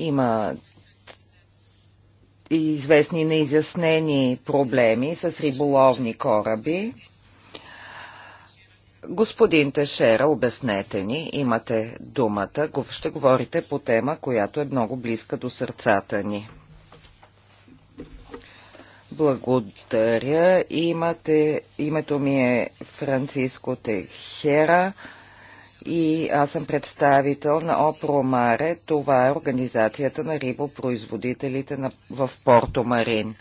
Има известни неизяснени проблеми с риболовни кораби. Господин Тешера, обяснете ни, имате думата, ще говорите по тема, която е много близка до сърцата ни. Благодаря. Имате, името ми е Франциско Техера и аз съм представител на Опромаре. Това е организацията на рибопроизводителите на, в Порто Марин.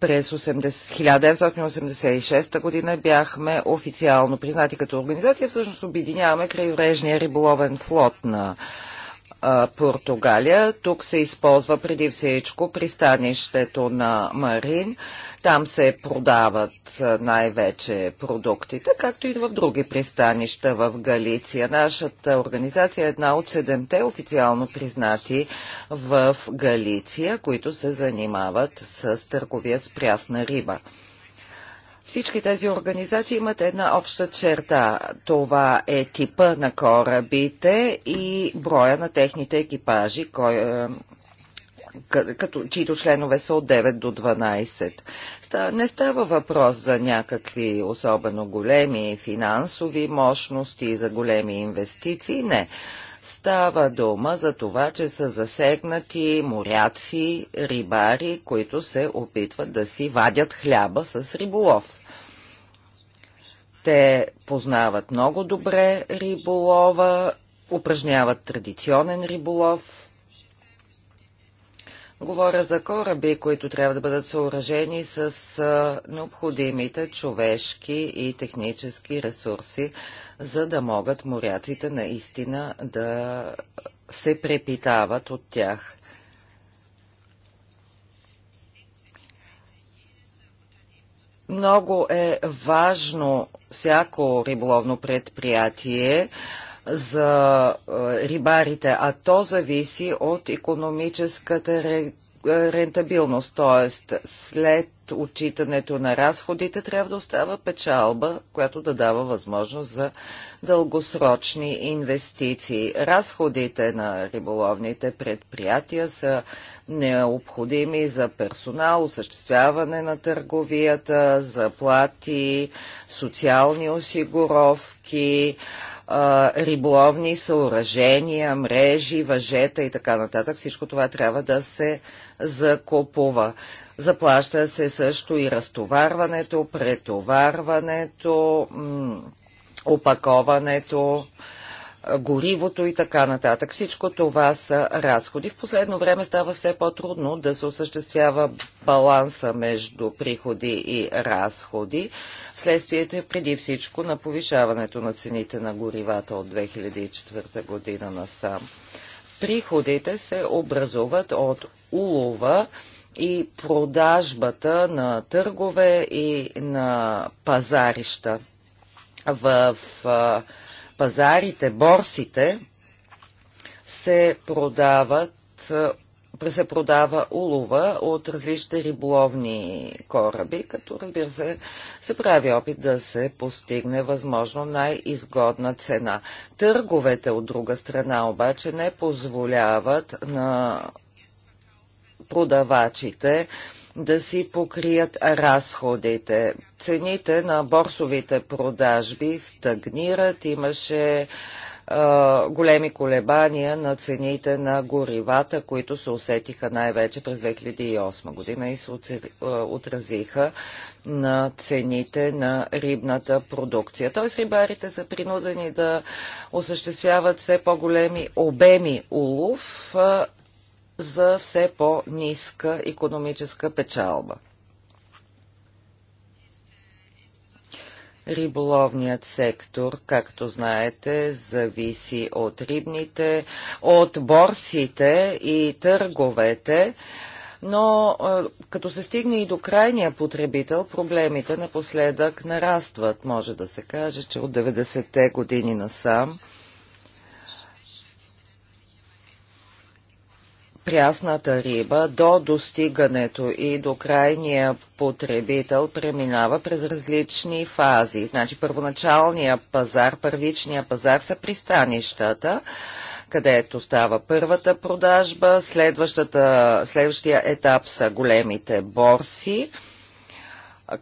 През 80, 1986 година бяхме официално признати като организация. Всъщност обединяваме крайорежния риболовен флот на Португалия. Тук се използва преди всичко пристанището на Марин. Там се продават най-вече продуктите, както и в други пристанища в Галиция. Нашата организация е една от седемте официално признати в Галиция, които се занимават с търговия с прясна риба. Всички тези организации имат една обща черта. Това е типа на корабите и броя на техните екипажи, кой, е, като, чието членове са от 9 до 12. Не става въпрос за някакви особено големи финансови мощности, за големи инвестиции, не. Става дума за това, че са засегнати моряци, рибари, които се опитват да си вадят хляба с риболов. Те познават много добре риболова, упражняват традиционен риболов, Говоря за кораби, които трябва да бъдат съоръжени с необходимите човешки и технически ресурси, за да могат моряците наистина да се препитават от тях. Много е важно всяко риболовно предприятие за е, рибарите, а то зависи от економическата е, рентабилност, т.е. след отчитането на разходите трябва да остава печалба, която да дава възможност за дългосрочни инвестиции. Разходите на риболовните предприятия са необходими за персонал, осъществяване на търговията, заплати, социални осигуровки, а, риболовни съоръжения, мрежи, въжета и така нататък. Всичко това трябва да се закупува. Заплаща се също и разтоварването, претоварването, опаковането горивото и така нататък. Всичко това са разходи. В последно време става все по-трудно да се осъществява баланса между приходи и разходи. Вследствието е преди всичко на повишаването на цените на горивата от 2004 година насам. Приходите се образуват от улова и продажбата на търгове и на пазарища. В пазарите, борсите, се продават е, се продава улова от различни риболовни кораби, като разбира се, се прави опит да се постигне възможно най-изгодна цена. Търговете от друга страна обаче не позволяват на продавачите да си покрият разходите. Цените на борсовите продажби стагнират, имаше големи колебания на цените на горивата, които се усетиха най-вече през 2008 година и се отразиха на цените на рибната продукция. Т.е. рибарите са принудени да осъществяват все по-големи обеми улов за все по-ниска економическа печалба. Риболовният сектор, както знаете, зависи от рибните, от борсите и търговете, но като се стигне и до крайния потребител, проблемите напоследък нарастват. Може да се каже, че от 90-те години насам прясната риба до достигането и до крайния потребител преминава през различни фази. Значи първоначалния пазар, първичния пазар са пристанищата, където става първата продажба, следващия етап са големите борси,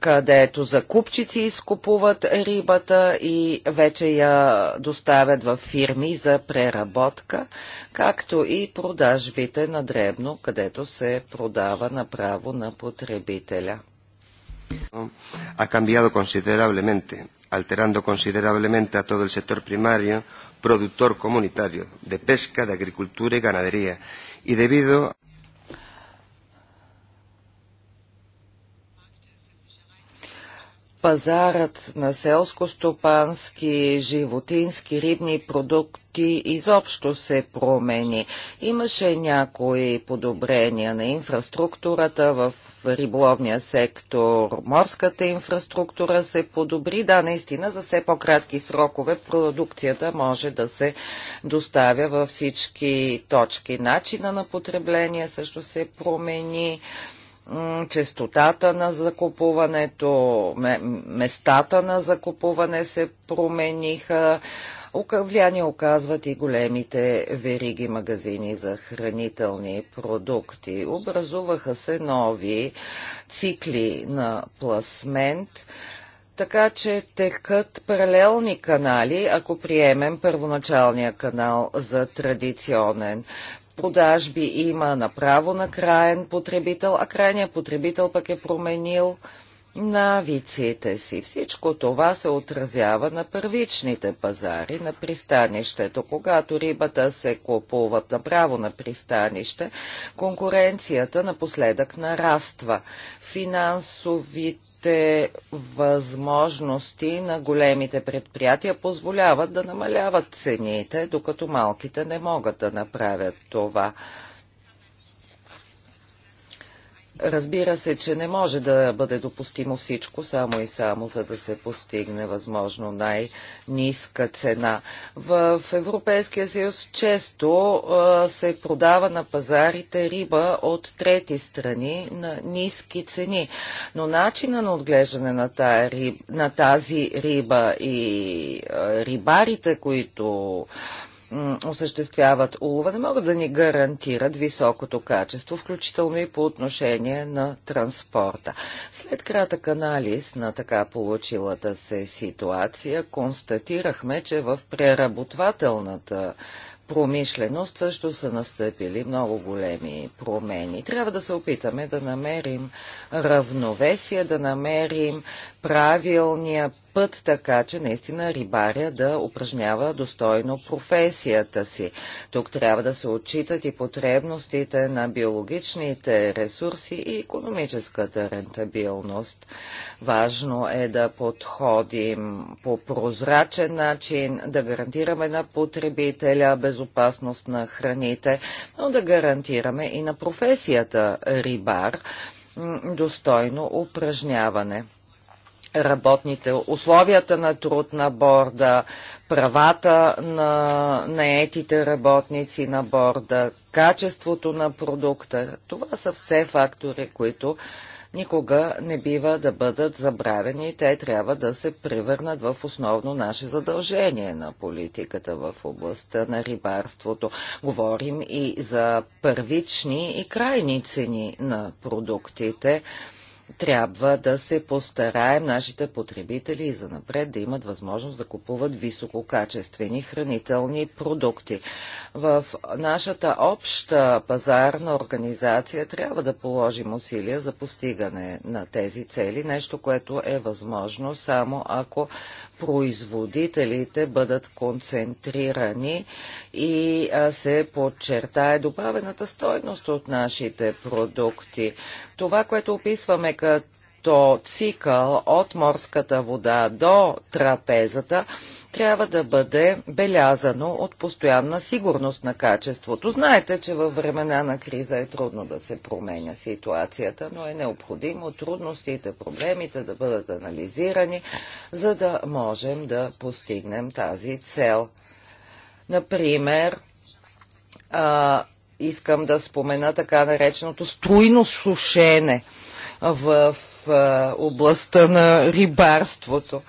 където закупчици изкупуват рибата и вече я доставят в фирми за преработка, както и продажбите на дребно, където се продава направо на потребителя. Ha cambiado considerablemente, alterando considerablemente a todo el sector primario, productor comunitario, de pesca, de agricultura y ganadería, y debido пазарът на селско-стопански, животински, рибни продукти изобщо се промени. Имаше някои подобрения на инфраструктурата в риболовния сектор. Морската инфраструктура се подобри. Да, наистина, за все по-кратки срокове продукцията може да се доставя във всички точки. Начина на потребление също се промени честотата на закупуването, местата на закупуване се промениха, влияние оказват и големите вериги магазини за хранителни продукти. Образуваха се нови цикли на пласмент, така че текат паралелни канали, ако приемем първоначалния канал за традиционен продажби има направо на краен потребител, а крайният потребител пък е променил навиците си. Всичко това се отразява на първичните пазари на пристанището. Когато рибата се купува направо на пристанище, конкуренцията напоследък нараства. Финансовите възможности на големите предприятия позволяват да намаляват цените, докато малките не могат да направят това. Разбира се, че не може да бъде допустимо всичко, само и само, за да се постигне възможно най-ниска цена. В Европейския съюз често се продава на пазарите риба от трети страни на ниски цени, но начина на отглеждане на, тая, на тази риба и рибарите, които осъществяват улова, не могат да ни гарантират високото качество, включително и по отношение на транспорта. След кратък анализ на така получилата се ситуация, констатирахме, че в преработвателната промишленост също са настъпили много големи промени. Трябва да се опитаме да намерим равновесие, да намерим правилния път, така че наистина рибаря да упражнява достойно професията си. Тук трябва да се отчитат и потребностите на биологичните ресурси и економическата рентабилност. Важно е да подходим по прозрачен начин, да гарантираме на потребителя безопасност на храните, но да гарантираме и на професията рибар достойно упражняване работните условията на труд на борда, правата на наетите работници на борда, качеството на продукта. Това са все фактори, които никога не бива да бъдат забравени и те трябва да се превърнат в основно наше задължение на политиката в областта на рибарството. Говорим и за първични и крайни цени на продуктите. Трябва да се постараем нашите потребители и за напред да имат възможност да купуват висококачествени хранителни продукти. В нашата обща пазарна организация трябва да положим усилия за постигане на тези цели, нещо, което е възможно само ако производителите бъдат концентрирани и се подчертае добавената стойност от нашите продукти. Това, което описваме като цикъл от морската вода до трапезата, трябва да бъде белязано от постоянна сигурност на качеството. Знаете, че във времена на криза е трудно да се променя ситуацията, но е необходимо трудностите, проблемите да бъдат анализирани, за да можем да постигнем тази цел. Например, а, искам да спомена така нареченото струйно сушене в, в областта на рибарството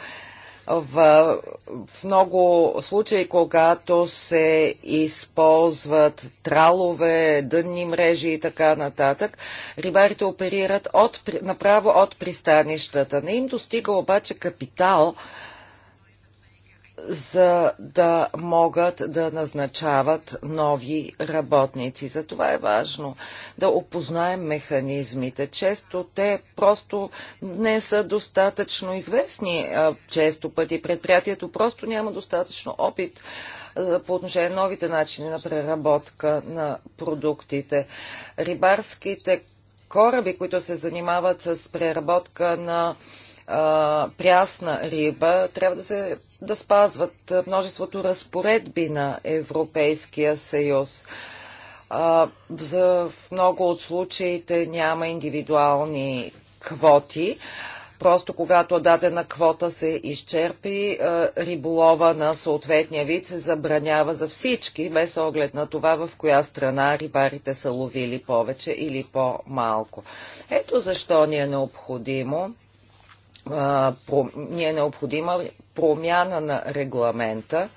в, в много случаи, когато се използват тралове, дънни мрежи и така нататък, рибарите оперират от, направо от пристанищата. Не им достига обаче капитал, за да могат да назначават нови работници. това е важно да опознаем механизмите. Често те просто не са достатъчно известни. Често пъти предприятието просто няма достатъчно опит по отношение на новите начини на преработка на продуктите. Рибарските кораби, които се занимават с преработка на а, прясна риба, трябва да, се, да спазват множеството разпоредби на Европейския съюз. А, за в много от случаите няма индивидуални квоти. Просто когато дадена квота се изчерпи, риболова на съответния вид се забранява за всички, без оглед на това в коя страна рибарите са ловили повече или по-малко. Ето защо ни е необходимо а, про, ни е необходима промяна на регламента,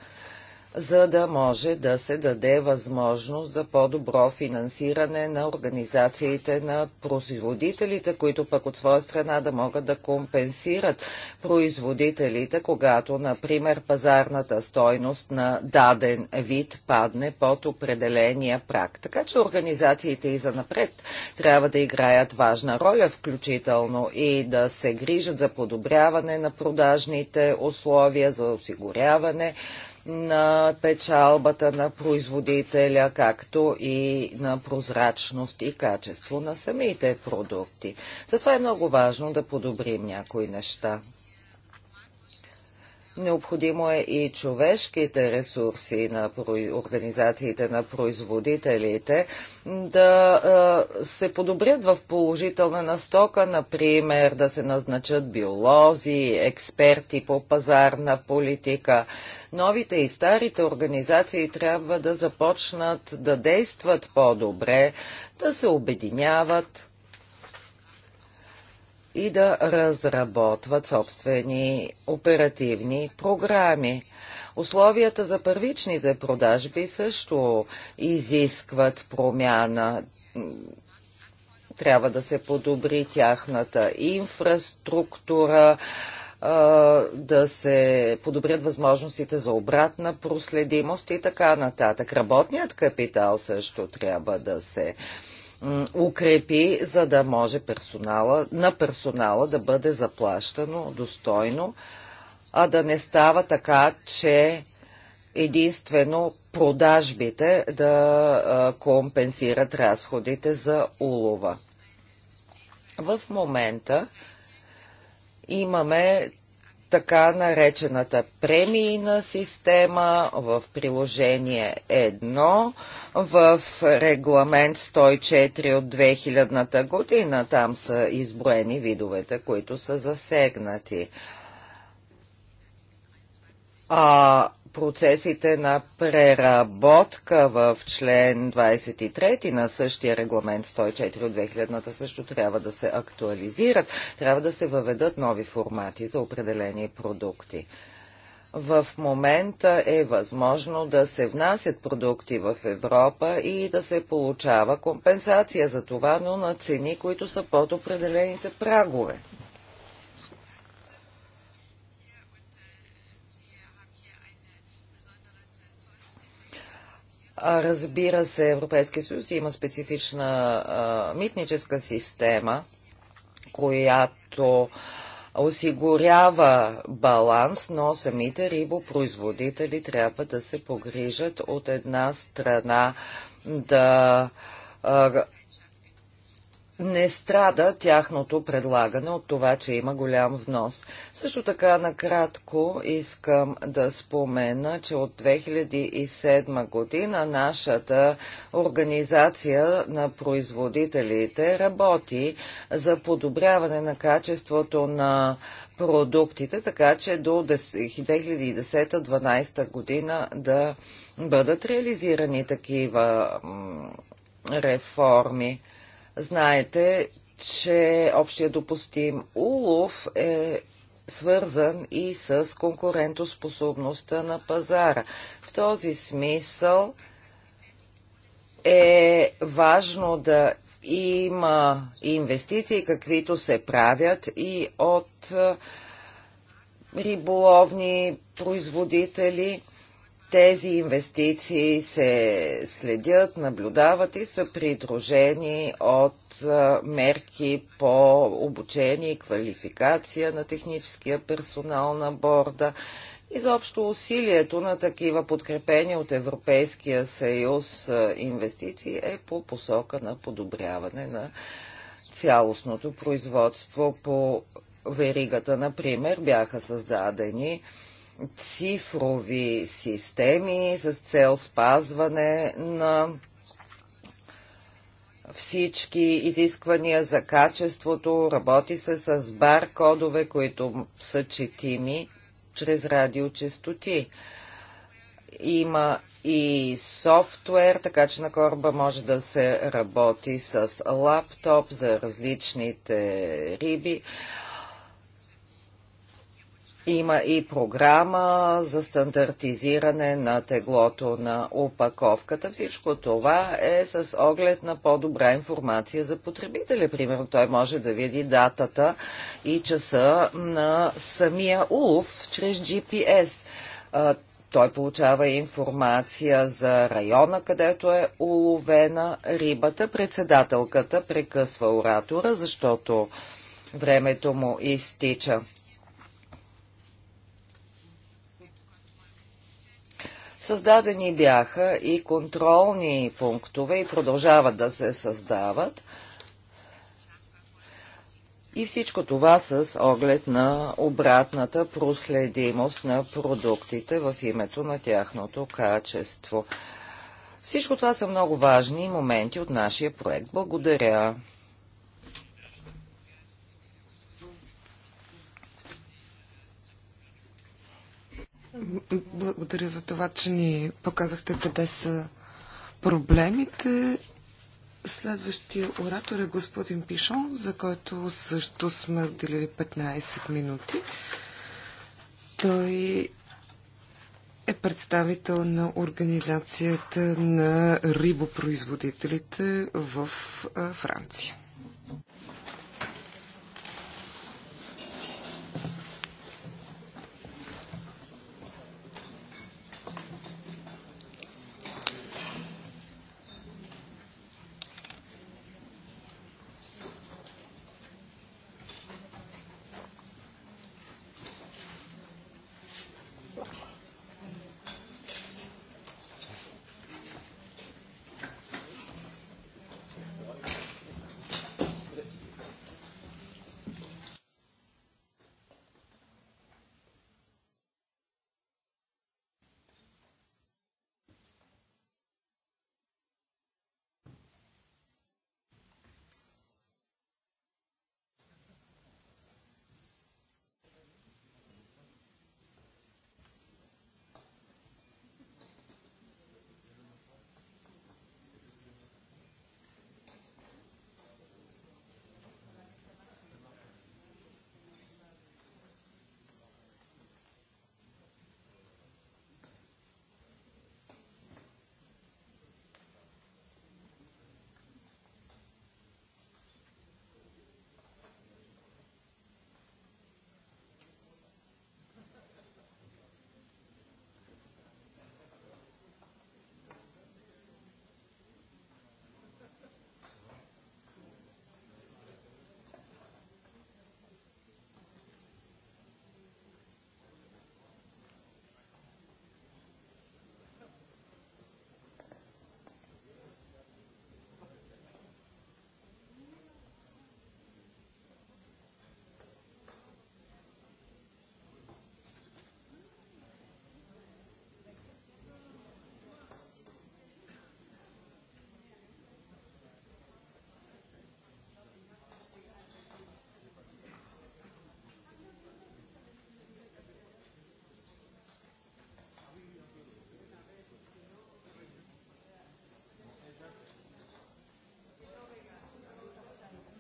за да може да се даде възможност за по-добро финансиране на организациите на производителите, които пък от своя страна да могат да компенсират производителите, когато, например, пазарната стойност на даден вид падне под определения прак. Така че организациите и за напред трябва да играят важна роля, включително и да се грижат за подобряване на продажните условия, за осигуряване на печалбата на производителя, както и на прозрачност и качество на самите продукти. Затова е много важно да подобрим някои неща. Необходимо е и човешките ресурси на организациите на производителите да се подобрят в положителна настока, например да се назначат биолози, експерти по пазарна политика. Новите и старите организации трябва да започнат да действат по-добре, да се обединяват, и да разработват собствени оперативни програми. Условията за първичните продажби също изискват промяна трябва да се подобри тяхната инфраструктура, да се подобрят възможностите за обратна проследимост и така нататък. Работният капитал също трябва да се укрепи, за да може персонала, на персонала да бъде заплащано достойно, а да не става така, че единствено продажбите да компенсират разходите за улова. В момента имаме така наречената премийна система в приложение 1 в регламент 104 от 2000-та година. Там са изброени видовете, които са засегнати. А процесите на преработка в член 23 на същия регламент 104 от 2000 също трябва да се актуализират, трябва да се въведат нови формати за определени продукти. В момента е възможно да се внасят продукти в Европа и да се получава компенсация за това, но на цени, които са под определените прагове. Разбира се, Европейския съюз има специфична а, митническа система, която осигурява баланс, но самите рибопроизводители трябва да се погрижат от една страна да а, не страда тяхното предлагане от това, че има голям внос. Също така, накратко искам да спомена, че от 2007 година нашата организация на производителите работи за подобряване на качеството на продуктите, така че до 2010-2012 година да бъдат реализирани такива реформи. Знаете, че общия допустим улов е свързан и с конкурентоспособността на пазара. В този смисъл е важно да има инвестиции, каквито се правят и от риболовни производители – тези инвестиции се следят, наблюдават и са придружени от мерки по обучение и квалификация на техническия персонал на борда. Изобщо усилието на такива подкрепени от Европейския съюз инвестиции е по посока на подобряване на цялостното производство по веригата. Например, бяха създадени цифрови системи с цел спазване на всички изисквания за качеството, работи се с баркодове, които са четими чрез радиочестоти. Има и софтуер, така че на кораба може да се работи с лаптоп за различните риби. Има и програма за стандартизиране на теглото на опаковката. Всичко това е с оглед на по-добра информация за потребителя. Примерно той може да види датата и часа на самия улов чрез GPS. Той получава информация за района, където е уловена рибата. Председателката прекъсва оратора, защото времето му изтича. Създадени бяха и контролни пунктове и продължават да се създават. И всичко това с оглед на обратната проследимост на продуктите в името на тяхното качество. Всичко това са много важни моменти от нашия проект. Благодаря. Благодаря за това, че ни показахте къде са проблемите. Следващия оратор е господин Пишон, за който също сме отделили 15 минути. Той е представител на организацията на рибопроизводителите в Франция.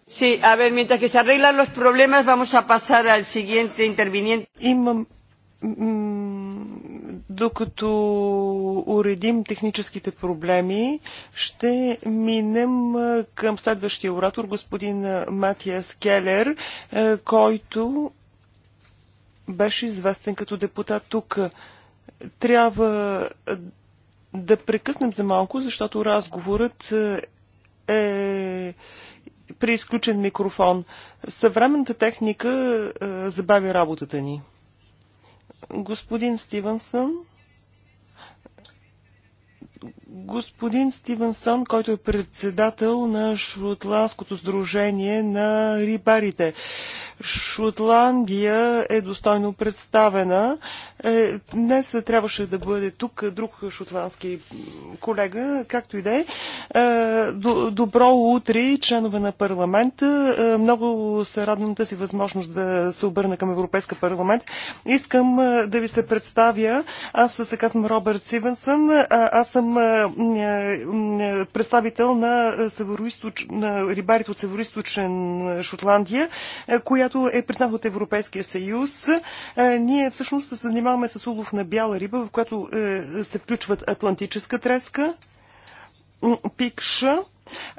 Sí, a ver, mientras que se arreglan los problemas, vamos a pasar al siguiente interviniente. Имам докато уредим техническите проблеми, ще минем към следващия оратор, господин Матиас Келер, който беше известен като депутат тук. Трябва да прекъснем за малко, защото разговорът е при изключен микрофон. Съвременната техника е, забави работата ни. Господин Стивенсън, господин Стивенсън, който е председател на Шотландското сдружение на рибарите. Шотландия е достойно представена. Е, днес трябваше да бъде тук друг шотландски колега, както и да е. е добро утре, членове на парламента. Е, много се радвам тази възможност да се обърна към Европейска парламент. Искам да ви се представя. Аз се казвам Робърт Сивенсън. Аз съм е, е, е, представител на, на рибарите от Североисточен Шотландия, която е призната от Европейския съюз. Ние всъщност се занимаваме с улов на бяла риба, в която се включват атлантическа треска, пикша,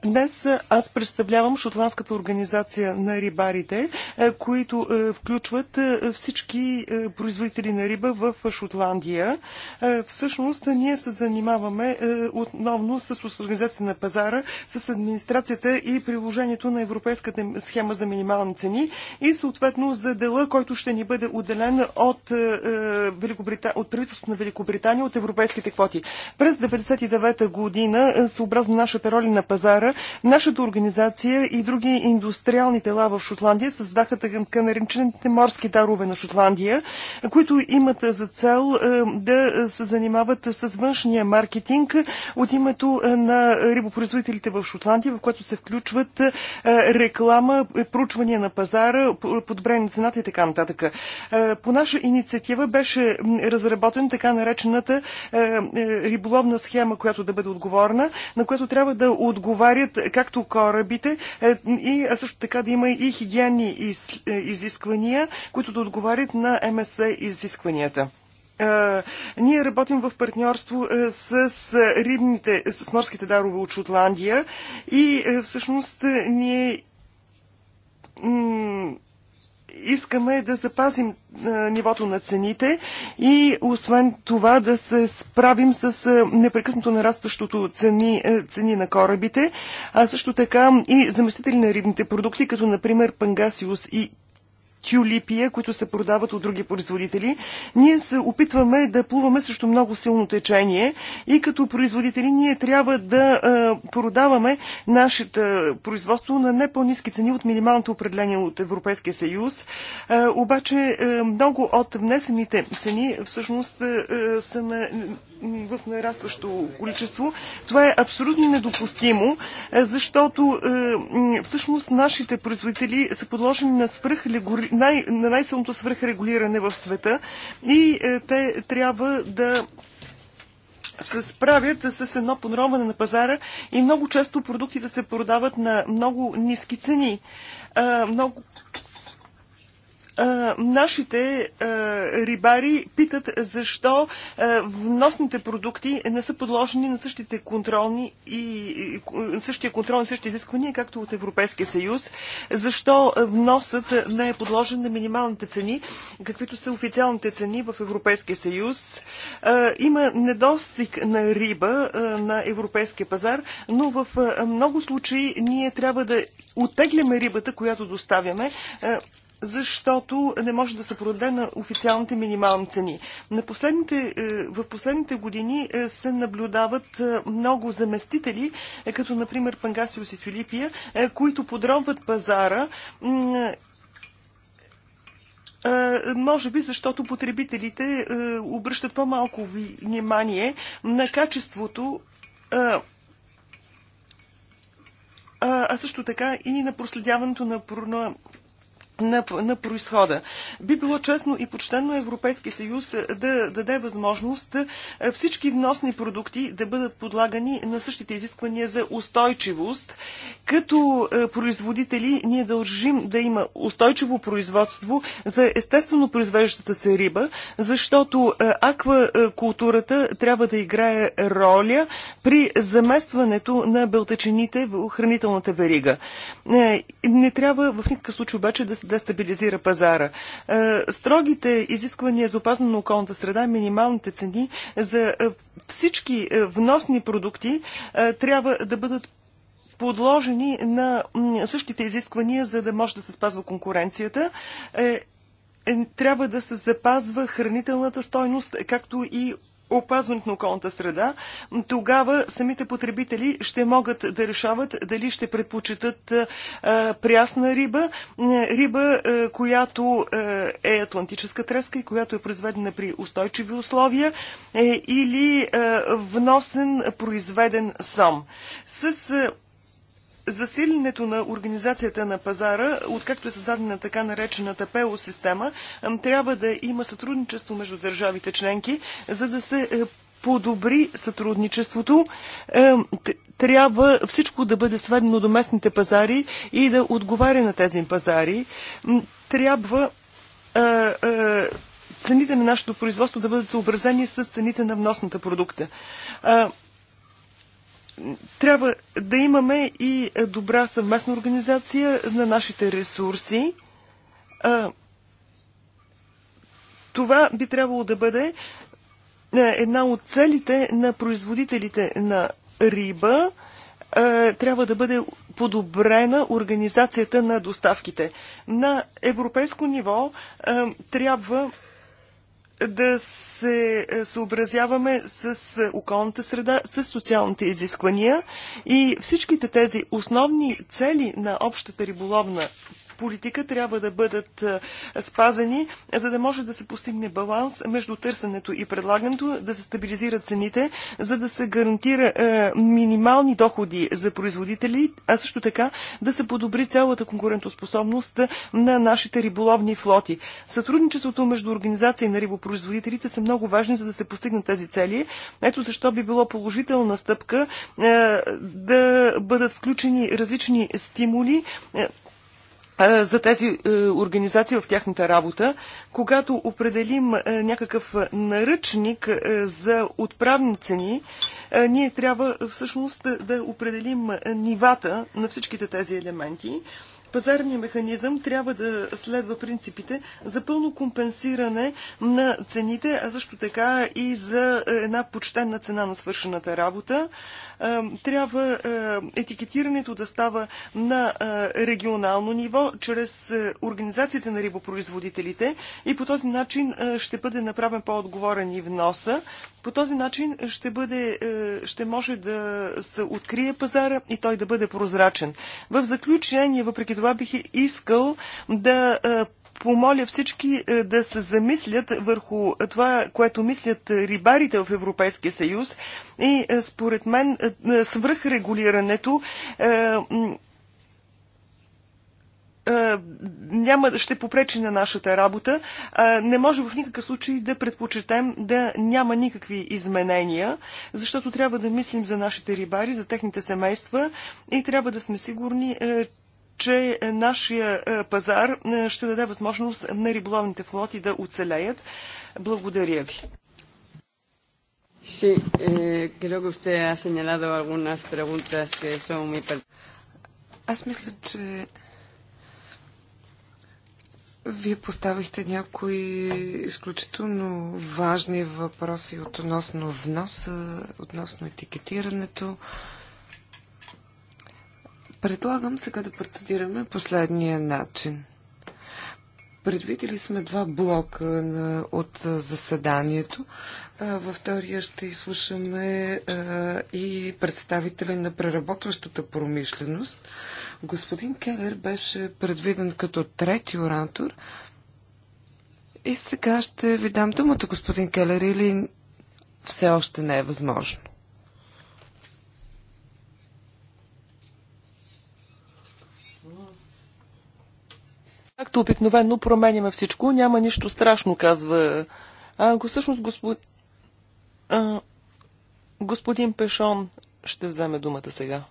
Днес аз представлявам Шотландската организация на рибарите, които включват всички производители на риба в Шотландия. Всъщност ние се занимаваме отново с организацията на пазара, с администрацията и приложението на европейската схема за минимални цени и съответно за дела, който ще ни бъде отделен от, Великобрита... от правителството на Великобритания от европейските квоти. През 1999 година, съобразно нашата роля на пазара, пазара, нашата организация и други индустриални тела в Шотландия създаха така наречените морски дарове на Шотландия, които имат за цел е, да се занимават с външния маркетинг от името е, на рибопроизводителите в Шотландия, в което се включват е, реклама, проучвания на пазара, подобрение на цената и така нататък. По наша инициатива беше разработен така наречената риболовна схема, която да бъде отговорна, на която трябва да отговори отговарят както корабите е, и също така да има и хигиенни е, изисквания, които да отговарят на МС изискванията. Е, ние работим в партньорство с рибните, с морските дарове от Шотландия и всъщност ние искаме да запазим нивото на цените и освен това да се справим с непрекъснато нарастващото цени, е, цени на корабите, а също така и заместители на рибните продукти, като например пангасиус и тюлипия, които се продават от други производители. Ние се опитваме да плуваме срещу много силно течение и като производители ние трябва да продаваме нашето производство на не по-низки цени от минималното определение от Европейския съюз. Обаче много от внесените цени всъщност са на в нарастващо количество. Това е абсолютно недопустимо, е, защото е, всъщност нашите производители са подложени на, свръхрегули... най... на най-силното свръхрегулиране в света и е, те трябва да се справят с едно подробване на пазара и много често продуктите се продават на много ниски цени. Много нашите рибари питат защо вносните продукти не са подложени на същите контролни и същия контрол и същите изисквания, както от Европейския съюз. Защо вносът не е подложен на минималните цени, каквито са официалните цени в Европейския съюз. Има недостиг на риба на европейския пазар, но в много случаи ние трябва да отегляме рибата, която доставяме защото не може да се продаде на официалните минимални цени. На последните, е, в последните години е, се наблюдават е, много заместители, като например Пангасиус и Филипия, които подробват пазара може би защото потребителите обръщат по-малко внимание на качеството, а също така и на проследяването на на, на происхода. Би било честно и почтено Европейски съюз е, да даде възможност е, всички вносни продукти да бъдат подлагани на същите изисквания за устойчивост. Като е, производители ние дължим да има устойчиво производство за естествено произвеждащата се риба, защото аквакултурата трябва да играе роля при заместването на белтъчините в хранителната верига. Не трябва в никакъв случай обаче да се да стабилизира пазара. Е, строгите изисквания за опазване на околната среда, минималните цени за е, всички е, вносни продукти трябва да бъдат подложени на същите изисквания, за да може да се спазва конкуренцията трябва да се запазва хранителната стойност, както и опазването на околната среда, тогава самите потребители ще могат да решават дали ще предпочитат прясна риба, риба, която е атлантическа треска и която е произведена при устойчиви условия е, или вносен произведен сом. С засилянето на организацията на пазара, откакто е създадена така наречената ПЕО система, трябва да има сътрудничество между държавите членки, за да се е, подобри сътрудничеството. Е, трябва всичко да бъде сведено до местните пазари и да отговаря на тези пазари. Трябва е, цените на нашето производство да бъдат съобразени с цените на вносната продукта трябва да имаме и добра съвместна организация на нашите ресурси. Това би трябвало да бъде е, една от целите на производителите на риба. Трябва да бъде подобрена организацията на доставките. На европейско ниво трябва да се е, съобразяваме с е, околната среда, с социалните изисквания и всичките тези основни цели на общата риболовна политика трябва да бъдат е, спазени, за да може да се постигне баланс между търсенето и предлагането, да се стабилизират цените, за да се гарантира е, минимални доходи за производители, а също така да се подобри цялата конкурентоспособност на нашите риболовни флоти. Сътрудничеството между организации на рибопроизводителите са много важни, за да се постигнат тези цели. Ето защо би било положителна стъпка е, да бъдат включени различни стимули за тези е, организации в тяхната работа, когато определим е, някакъв наръчник е, за отправници ни, ние трябва всъщност да определим нивата на всичките тези елементи Пазарният механизъм трябва да следва принципите за пълно компенсиране на цените, а също така и за е, една почтенна цена на свършената работа. Е, трябва е, етикетирането да става на регионално ниво, чрез организациите на рибопроизводителите и по този начин ще бъде направен по-отговорен и вноса. По този начин ще, бъде, е, ще може да се открие пазара и той да бъде прозрачен. В заключение, въпреки това, бих искал да е, помоля всички е, да се замислят върху това, което мислят рибарите в Европейския съюз и според мен свръхрегулирането няма, ще попречи на нашата работа. Не може в никакъв случай да предпочетем да няма никакви изменения, защото трябва да мислим за нашите рибари, за техните семейства и трябва да сме сигурни, че нашия пазар ще даде възможност на риболовните флоти да оцелеят. Благодаря ви. Sí, eh, creo que usted ha señalado algunas preguntas que son muy... Аз мисля, че вие поставихте някои изключително важни въпроси относно вноса, относно етикетирането. Предлагам сега да процедираме последния начин. Предвидели сме два блока от заседанието. Във втория ще изслушаме и представители на преработващата промишленост. Господин Келер беше предвиден като трети оратор. И сега ще ви дам думата, господин Келер, или все още не е възможно. Както обикновено променяме всичко, няма нищо страшно, казва. А, всъщност, господин Господин Пешон ще вземе думата сега.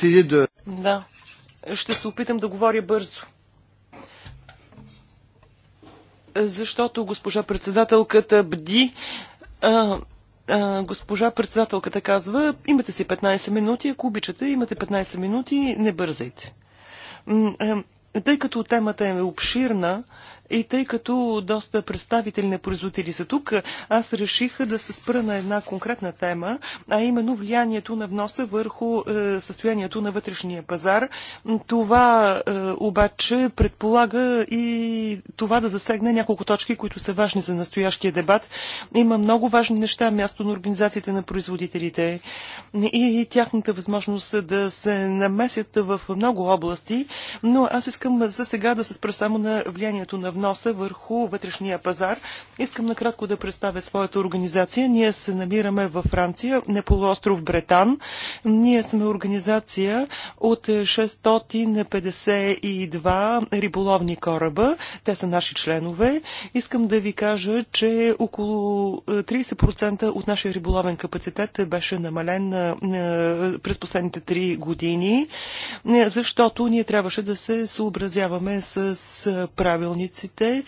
Да, ще се опитам да говоря бързо. Защото госпожа председателката бди а, а, госпожа председателката казва, имате си 15 минути, ако обичате, имате 15 минути, не бързайте. Тъй като темата е обширна, и тъй като доста представители на производители са тук, аз реших да се спра на една конкретна тема, а именно влиянието на вноса върху е, състоянието на вътрешния пазар. Това е, обаче предполага и това да засегне няколко точки, които са важни за настоящия дебат. Има много важни неща, място на организациите на производителите и тяхната възможност да се намесят в много области, но аз искам за сега да се спра само на влиянието на вноса вноса върху вътрешния пазар. Искам накратко да представя своята организация. Ние се намираме във Франция, на полуостров Бретан. Ние сме организация от 652 риболовни кораба. Те са наши членове. Искам да ви кажа, че около 30% е, от нашия риболовен капацитет беше намален е, е, през последните 3 години, защото ние трябваше да се съобразяваме с правилници санкциите,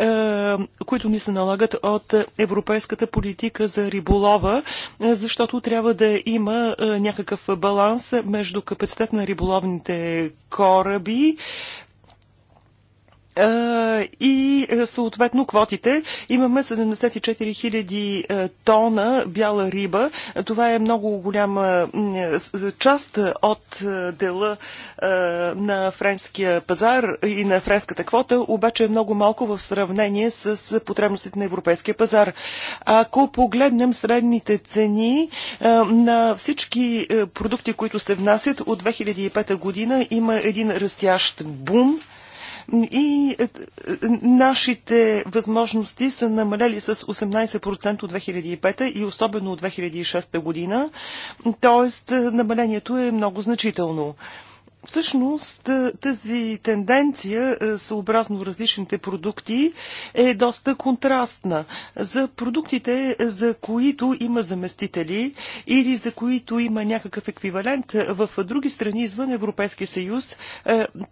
е, които ни се налагат от европейската политика за риболова, е, защото трябва да има е, някакъв баланс между капацитет на риболовните кораби, и е, съответно квотите. Имаме 74 000 е, тона бяла риба. Това е много голяма е, част от дела на френския пазар и на френската квота, обаче е много малко в сравнение с потребностите на европейския пазар. Ако погледнем средните цени на всички продукти, които се внасят от 2005 година, има един растящ бум и е, нашите възможности са намалели с 18% от 2005 и особено от 2006 година, т.е. намалението е много значително. Всъщност е, тази тенденция, е, съобразно различните продукти, е доста контрастна. За продуктите, е, за които има заместители или за които има някакъв еквивалент в други страни извън Европейския съюз,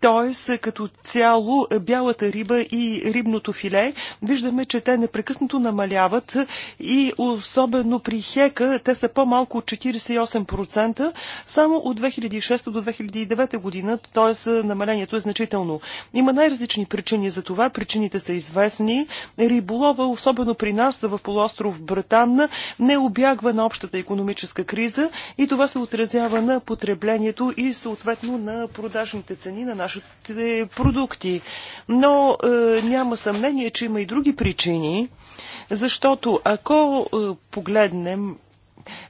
т.е. като цяло бялата риба и рибното филе, виждаме, че те непрекъснато намаляват и особено при хека те са по-малко от 48%, само от 2006 до 2009 година, т.е. намалението е значително. Има най-различни причини за това. Причините са известни. Риболова, особено при нас в полуостров Братан, не обягва на общата економическа криза и това се отразява на потреблението и съответно на продажните цени на нашите продукти. Но е, няма съмнение, че има и други причини, защото ако е, погледнем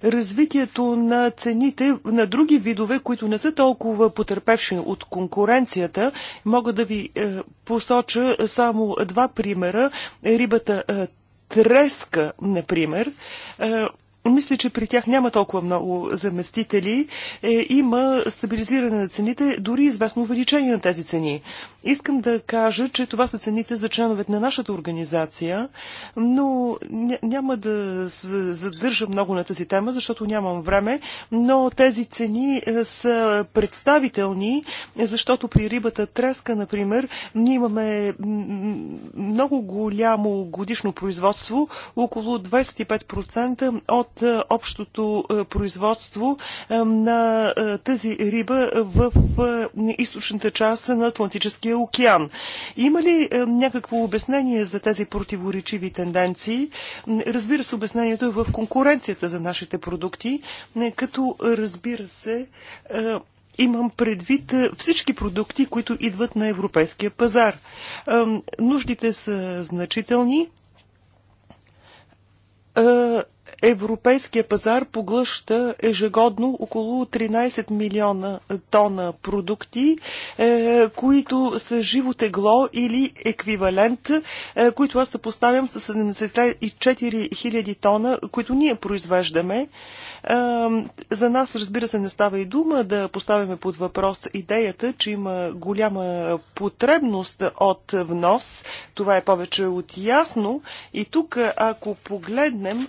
развитието на цените на други видове, които не са толкова потерпевши от конкуренцията. Мога да ви е, посоча само два примера. Рибата е, треска, например, е, мисля, че при тях няма толкова много заместители. Е, има стабилизиране на цените, дори известно увеличение на тези цени. Искам да кажа, че това са цените за членовете на нашата организация, но няма да се задържа много на тази тема, защото нямам време, но тези цени е, са представителни, защото при рибата треска, например, ние имаме много голямо годишно производство, около 25% от от е, общото е, производство е, на тази риба в източната част на Атлантическия океан. Има ли някакво обяснение за тези противоречиви тенденции? Разбира се, обяснението е в конкуренцията за нашите продукти, като разбира се, Имам предвид всички продукти, които идват на европейския пазар. Нуждите са значителни Европейския пазар поглъща ежегодно около 13 милиона тона продукти, е, които са живо тегло или еквивалент, е, които аз съпоставям с 74 хиляди тона, които ние произвеждаме. За нас, разбира се, не става и дума да поставяме под въпрос идеята, че има голяма потребност от внос. Това е повече от ясно. И тук, ако погледнем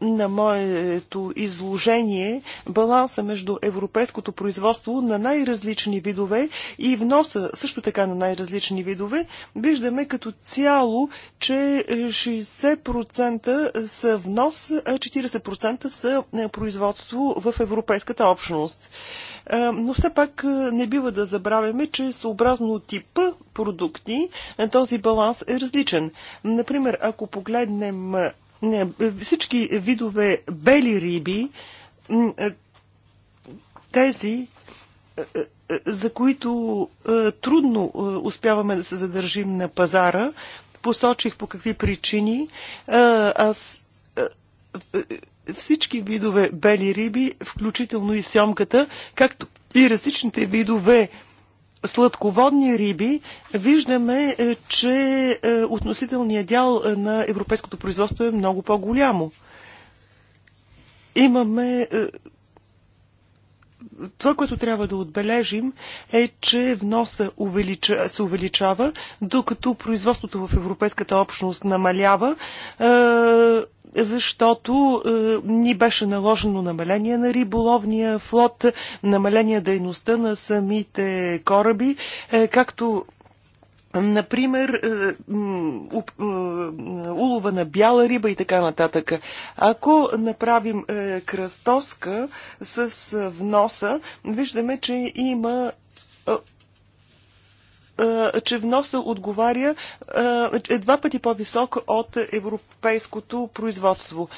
на моето изложение баланса между европейското производство на най-различни видове и вноса също така на най-различни видове, виждаме като цяло, че 60% са внос, а 40% са е, производство в Европейската общност. Е, но все пак е, не бива да забравяме, че съобразно типа продукти този баланс е различен. Например, ако погледнем всички видове бели риби, е, тези, е, е, за които трудно успяваме да се задържим на пазара, посочих по какви причини. Аз всички видове бели риби, включително и сьомката, както и различните видове сладководни риби, виждаме, е, че е, относителният дял е, на европейското производство е много по-голямо. Имаме това, което трябва да отбележим е, че вноса увелича, се увеличава, докато производството в Европейската общност намалява, е, защото е, ни беше наложено намаление на риболовния флот, намаление дейността на самите кораби, е, както Например, е, е, улова на бяла риба и така нататък. Ако направим е, кръстоска с вноса, виждаме, че има е, че вноса отговаря е, е два пъти по-висок от европейското производство.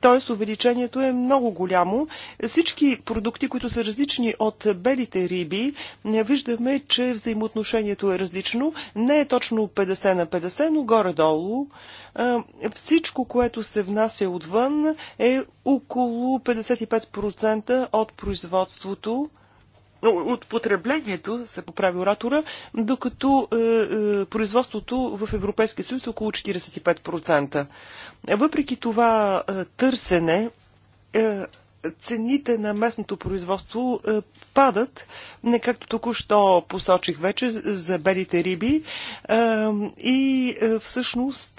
Тоест увеличението е много голямо. Всички продукти, които са различни от белите риби, виждаме, че взаимоотношението е различно. Не е точно 50 на 50, но горе-долу е, всичко, което се внася отвън е около 55% от производството от потреблението, се поправи оратора, докато е, е, производството в Европейския съюз е около 45%. Въпреки това е, търсене е, цените на местното производство е, падат, не както току-що посочих вече за белите риби е, и е, всъщност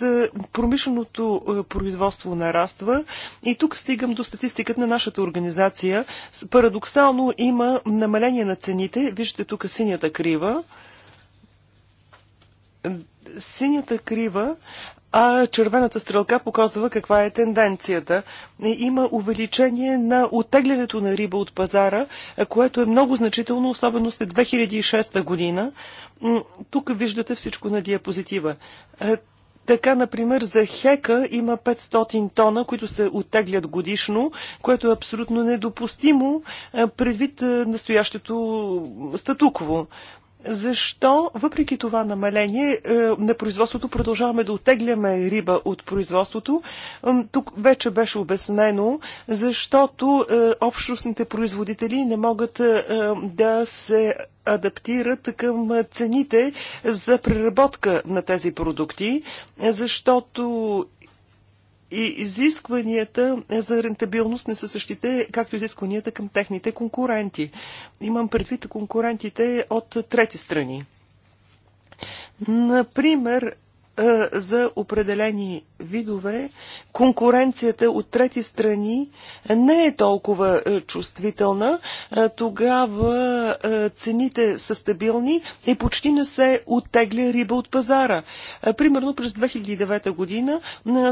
промишленото производство нараства и тук стигам до статистиката на нашата организация. Парадоксално има намаление на цените. Виждате тук синята крива синята крива а червената стрелка показва каква е тенденцията. Има увеличение на отеглянето на риба от пазара, което е много значително, особено след 2006 година. Тук виждате всичко на диапозитива. Е, така, например, за хека има 500 тона, които се оттеглят годишно, което е абсолютно недопустимо е, предвид е, настоящето статукво. Защо, въпреки това намаление е, на производството, продължаваме да отегляме риба от производството? Е, тук вече беше обяснено, защото е, общностните производители не могат да се адаптират към цените за преработка на тези продукти, защото и изискванията за рентабилност не са същите, както изискванията към техните конкуренти. Имам предвид конкурентите от трети страни. Например, е, за определени видове, конкуренцията от трети страни не е толкова е, чувствителна, е, тогава цените са стабилни и почти не се оттегля риба от пазара. Примерно през 2009 година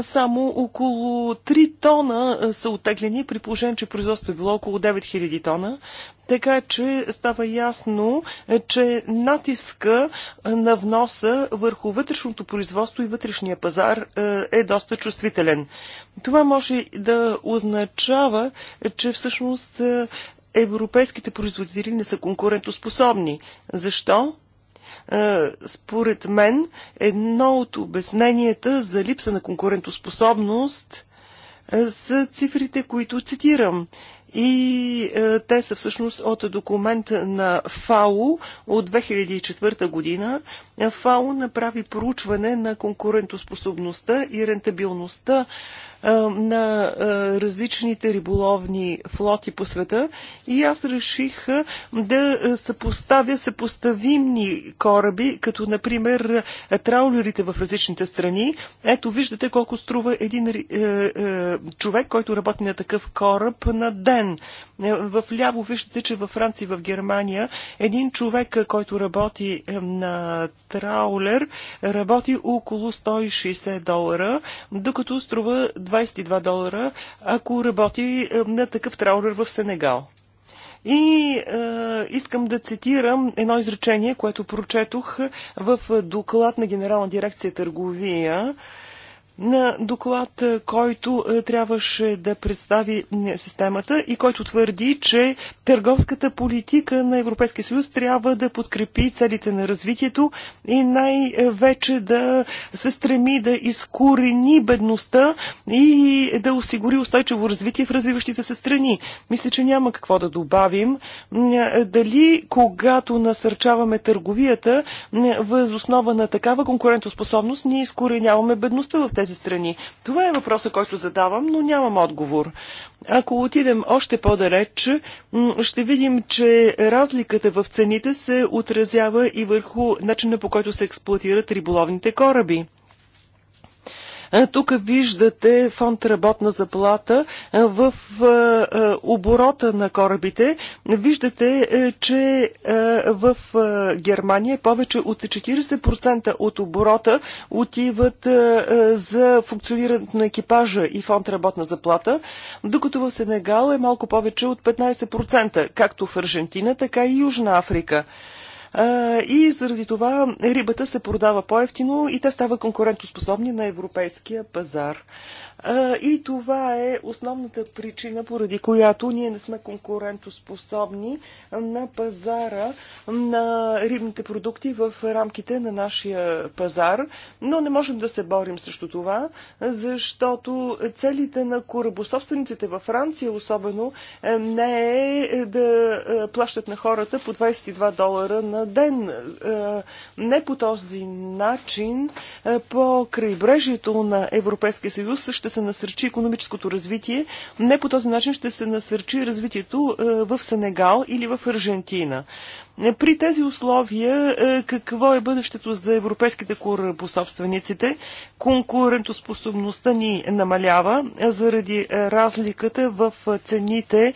само около 3 тона са оттеглени, при положение, че производството е било около 9000 тона. Така че става ясно, е, че натиска е, на вноса върху вътрешното производство и вътрешния пазар е, е доста чувствителен. Това може да означава, че всъщност европейските производители не са конкурентоспособни. Защо? Според мен, едно от обясненията за липса на конкурентоспособност са цифрите, които цитирам – и е, те са всъщност от документ на ФАО от 2004 година. ФАО направи проучване на конкурентоспособността и рентабилността на различните риболовни флоти по света и аз реших да съпоставя съпоставимни кораби, като например траулерите в различните страни. Ето виждате колко струва един човек, който работи на такъв кораб на ден. В ляво виждате, че във Франция и в Германия един човек, който работи на траулер, работи около 160 долара, докато струва 20 22 долара, ако работи е, на такъв траулер в Сенегал. И е, искам да цитирам едно изречение, което прочетох в доклад на Генерална дирекция търговия на доклад, е, който е, трябваше да представи системата и който твърди, че търговската политика на Европейския съюз трябва да подкрепи целите на развитието и най-вече да се стреми да изкорени бедността и да осигури устойчиво развитие в развиващите се страни. Мисля, че няма какво да добавим. Е, дали когато насърчаваме търговията, възоснова на такава конкурентоспособност, ние изкореняваме бедността в тези тези страни? Това е въпросът, който задавам, но нямам отговор. Ако отидем още по-далеч, ще видим, че разликата в цените се отразява и върху начина по който се експлуатират риболовните кораби. Тук виждате фонд работна заплата в оборота на корабите. Виждате, че в Германия повече от 40% от оборота отиват за функционирането на екипажа и фонд работна заплата, докато в Сенегал е малко повече от 15%, както в Аржентина, така и Южна Африка и заради това рибата се продава по-ефтино и те стават конкурентоспособни на европейския пазар. И това е основната причина, поради която ние не сме конкурентоспособни на пазара на рибните продукти в рамките на нашия пазар. Но не можем да се борим срещу това, защото целите на корабособствениците във Франция особено не е да плащат на хората по 22 долара на ден. Не по този начин по крайбрежието на Европейския съюз ще се насърчи економическото развитие, не по този начин ще се насърчи развитието е, в Сенегал или в Аржентина. Е, при тези условия, е, какво е бъдещето за европейските корабособствениците? Конкурентоспособността ни намалява заради разликата в цените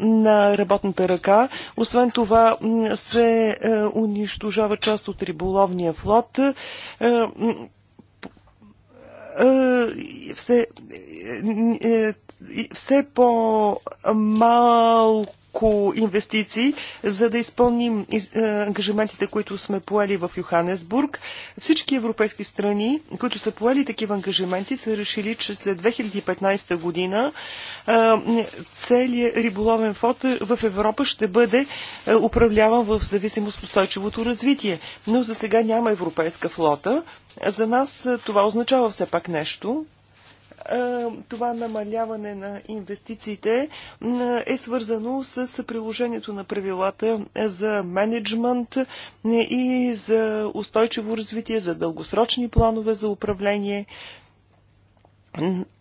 на работната ръка. Освен това се унищожава част от риболовния флот. Е, все, е, е, все по-малко инвестиции, за да изпълним ангажиментите, които сме поели в Йоханесбург. Всички европейски страни, които са поели такива ангажименти, са решили, че след 2015 година целият риболовен флот в Европа ще бъде управляван в зависимост от устойчивото развитие. Но за сега няма европейска флота. За нас е, това означава все пак нещо. Е, това намаляване на инвестициите е, е свързано с приложението на правилата за менеджмент и за устойчиво развитие, за дългосрочни планове за управление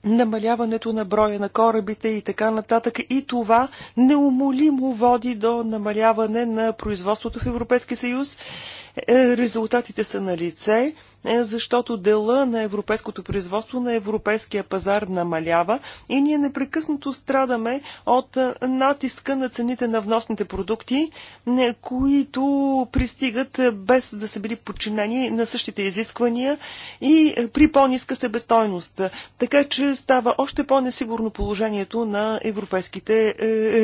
намаляването на броя на корабите и така нататък. И това неумолимо води до намаляване на производството в Европейския съюз. Е, резултатите са на лице, е, защото дела на европейското производство на европейския пазар намалява и ние непрекъснато страдаме от е, натиска на цените на вносните продукти, които пристигат без да са били подчинени на същите изисквания и при по-ниска себестойност. Така че става още по-несигурно положението на европейските е,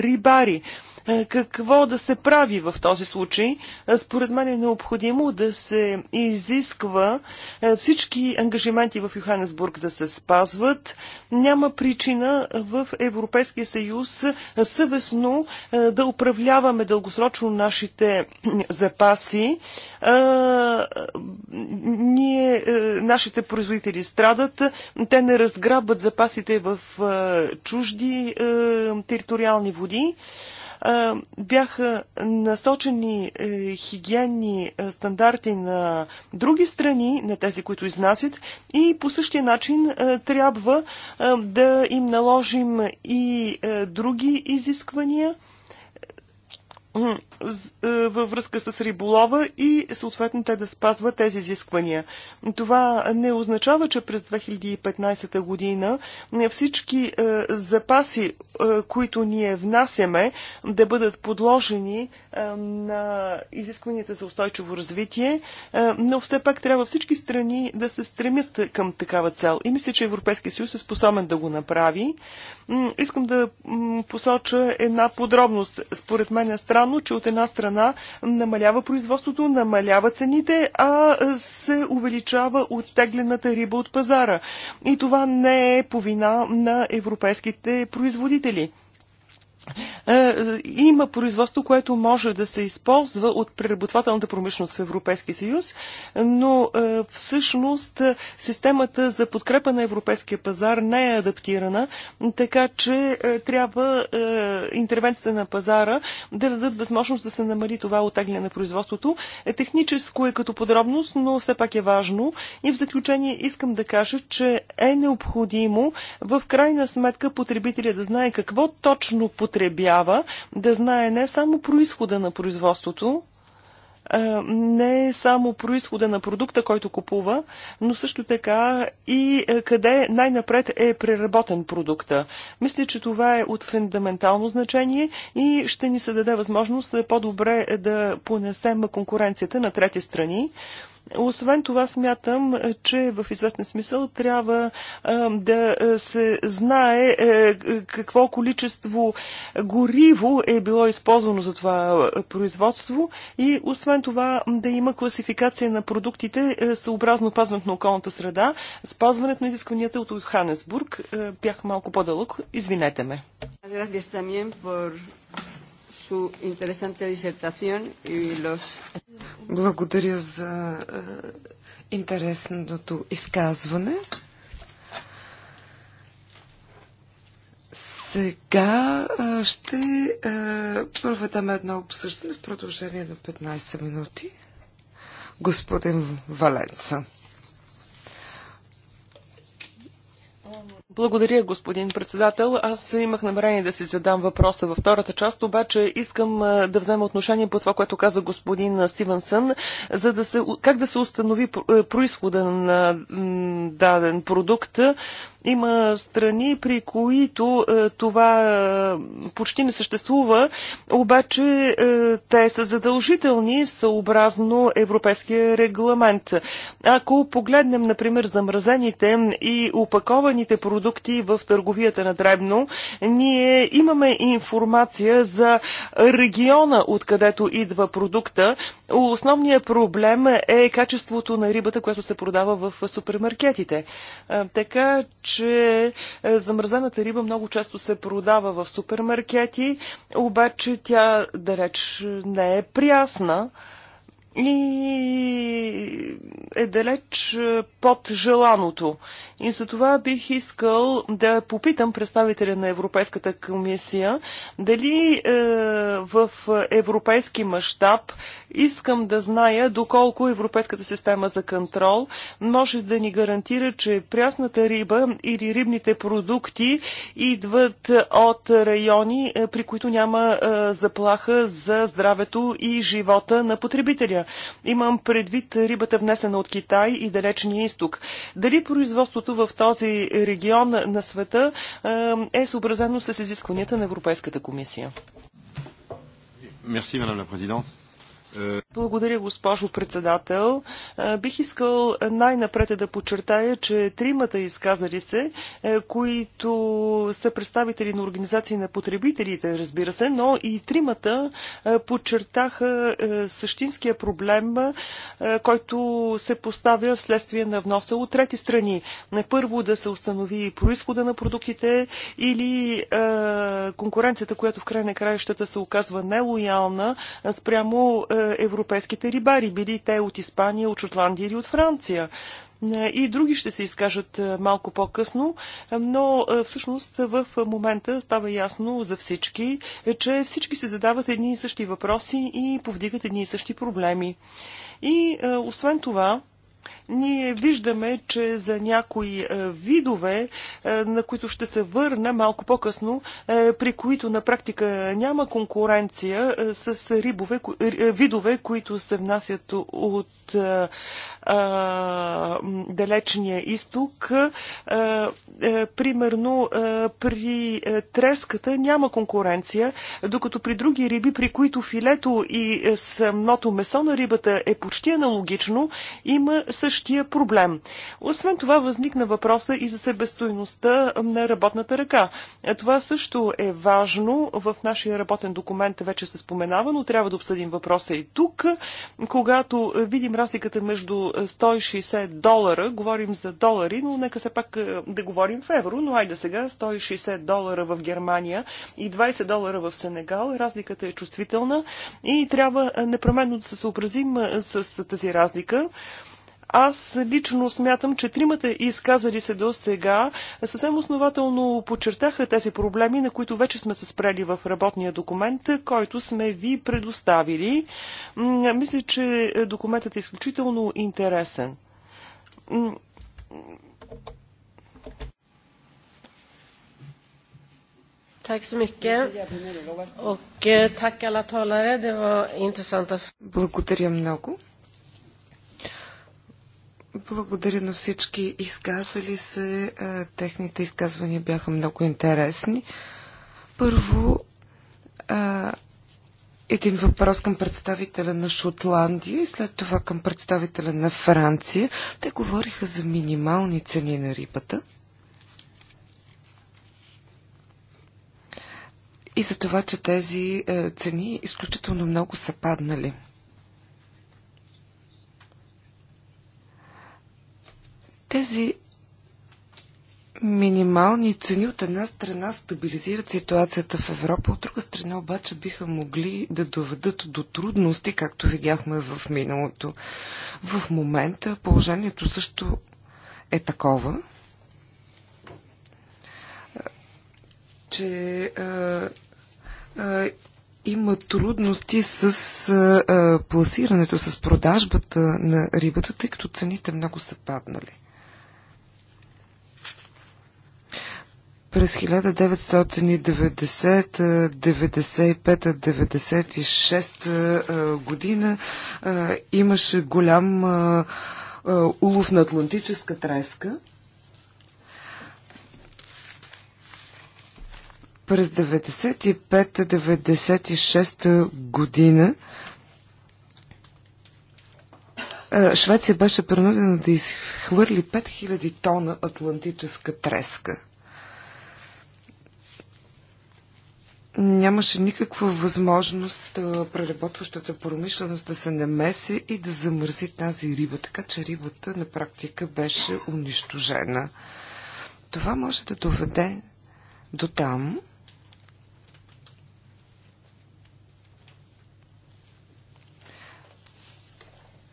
рибари. Е, какво да се прави в този случай? Е, според мен е необходимо да се изисква е, всички ангажименти в Йоханнесбург да се спазват. Няма причина в Европейския съюз съвестно да управляваме дългосрочно нашите запаси. Ние, нашите производители страдат, те не разграбват запасите в чужди териториални води бяха насочени е, хигиенни е, стандарти на други страни, на тези, които изнасят, и по същия начин е, трябва да им наложим и други изисквания – е, във връзка с риболова и съответно те да спазват тези изисквания. Това не означава, че през 2015 година всички е, запаси, е, които ние внасяме, да бъдат подложени на изискванията за устойчиво развитие, но все пак трябва всички страни да се стремят към такава цел. И мисля, че Европейския съюз е способен да го направи. Искам да посоча една подробност. Според мен е страна странно, че от една страна намалява производството, намалява цените, а се увеличава оттеглената риба от пазара. И това не е повина на европейските производители. Е, има производство, което може да се използва от преработвателната промишленост в Европейския съюз, но е, всъщност системата за подкрепа на европейския пазар не е адаптирана, така че е, трябва интервенцията на пазара да дадат възможност да се намали това отегляне на производството. Техническо е като подробност, но все пак е важно. И в заключение искам да кажа, че е необходимо в крайна сметка потребителя да знае какво точно потребителя потребява, да знае не само происхода на производството, не само происхода на продукта, който купува, но също така и къде най-напред е преработен продукта. Мисля, че това е от фундаментално значение и ще ни се даде възможност по-добре да понесем конкуренцията на трети страни. Освен това смятам, че в известен смисъл трябва да се знае е, какво количество гориво е било използвано за това производство и освен това да има класификация на продуктите е, съобразно пазването на околната среда, спазването на изискванията от Ханесбург. Е, бях малко по-дълъг. Извинете ме su interesante disertación y los... Благодаря за е, интересното изказване. Сега е, ще е, проведем едно обсъждане в продължение на 15 минути. Господин Валенца. Благодаря, господин председател. Аз имах намерение да си задам въпроса във втората част, обаче искам да взема отношение по това, което каза господин Стивенсън, за да се, как да се установи происхода на даден продукт има страни, при които е, това е, почти не съществува, обаче е, те са задължителни съобразно европейския регламент. Ако погледнем, например, замразените и опакованите продукти в търговията на Дребно, ние имаме информация за региона, откъдето идва продукта. Основният проблем е качеството на рибата, която се продава в супермаркетите. Така че е, замразената риба много често се продава в супермаркети, обаче тя, да реч, не е прясна и е далеч е, под желаното. И за това бих искал да попитам представителя на Европейската комисия дали е, в европейски мащаб Искам да зная доколко Европейската система за контрол може да ни гарантира, че прясната риба или рибните продукти идват от райони, е, при които няма е, заплаха за здравето и живота на потребителя. Имам предвид рибата внесена от Китай и Далечния изток. Дали производството в този регион на света е, е съобразено с изискванията на Европейската комисия? Merci, Madame la Présidente. Благодаря, госпожо председател. Бих искал най-напред да подчертая, че тримата изказали се, които са представители на организации на потребителите, разбира се, но и тримата подчертаха същинския проблем, който се поставя вследствие на вноса от трети страни. Първо да се установи происхода на продуктите или конкуренцията, която в край на краищата се оказва нелоялна спрямо е, европейските рибари, били те от Испания, от Шотландия или от Франция. Е, и други ще се изкажат е, малко по-късно, но всъщност в момента става ясно за всички, че всички се задават едни и същи въпроси и повдигат едни и същи проблеми. И освен това, ние виждаме, че за някои е, видове, е, на които ще се върна малко по-късно, е, при които на практика няма конкуренция с рибове, видове, които се внасят от Далечния изток. Примерно при треската няма конкуренция, докато при други риби, при които филето и самото месо на рибата е почти аналогично, има същия проблем. Освен това възникна въпроса и за себестойността на работната ръка. Това също е важно. В нашия работен документ вече се споменава, но трябва да обсъдим въпроса и тук. Когато видим разликата между 160 долара, говорим за долари, но нека се пак е, да говорим в евро, но айде сега 160 долара в Германия и 20 долара в Сенегал, разликата е чувствителна и трябва е, непременно да се съобразим е, с тази разлика. Аз лично смятам, че тримата изказали се до сега съвсем основателно подчертаха тези проблеми, на които вече сме се спрели в работния документ, който сме ви предоставили. Мисля, че документът е изключително интересен. Eh, Благодаря много. Благодаря на всички изказали се. Е, техните изказвания бяха много интересни. Първо, е, един въпрос към представителя на Шотландия и след това към представителя на Франция. Те говориха за минимални цени на рибата. И за това, че тези е, цени изключително много са паднали. Тези минимални цени от една страна стабилизират ситуацията в Европа, от друга страна обаче биха могли да доведат до трудности, както видяхме в миналото. В момента положението също е такова, че има трудности с а, пласирането, с продажбата на рибата, тъй като цените много са паднали. През 1990-95-96 година имаше голям улов на Атлантическа треска. През 95-96 година Швеция беше принудена да изхвърли 5000 тона атлантическа треска. нямаше никаква възможност преработващата промишленост да се намеси и да замързи тази риба, така че рибата на практика беше унищожена. Това може да доведе до там,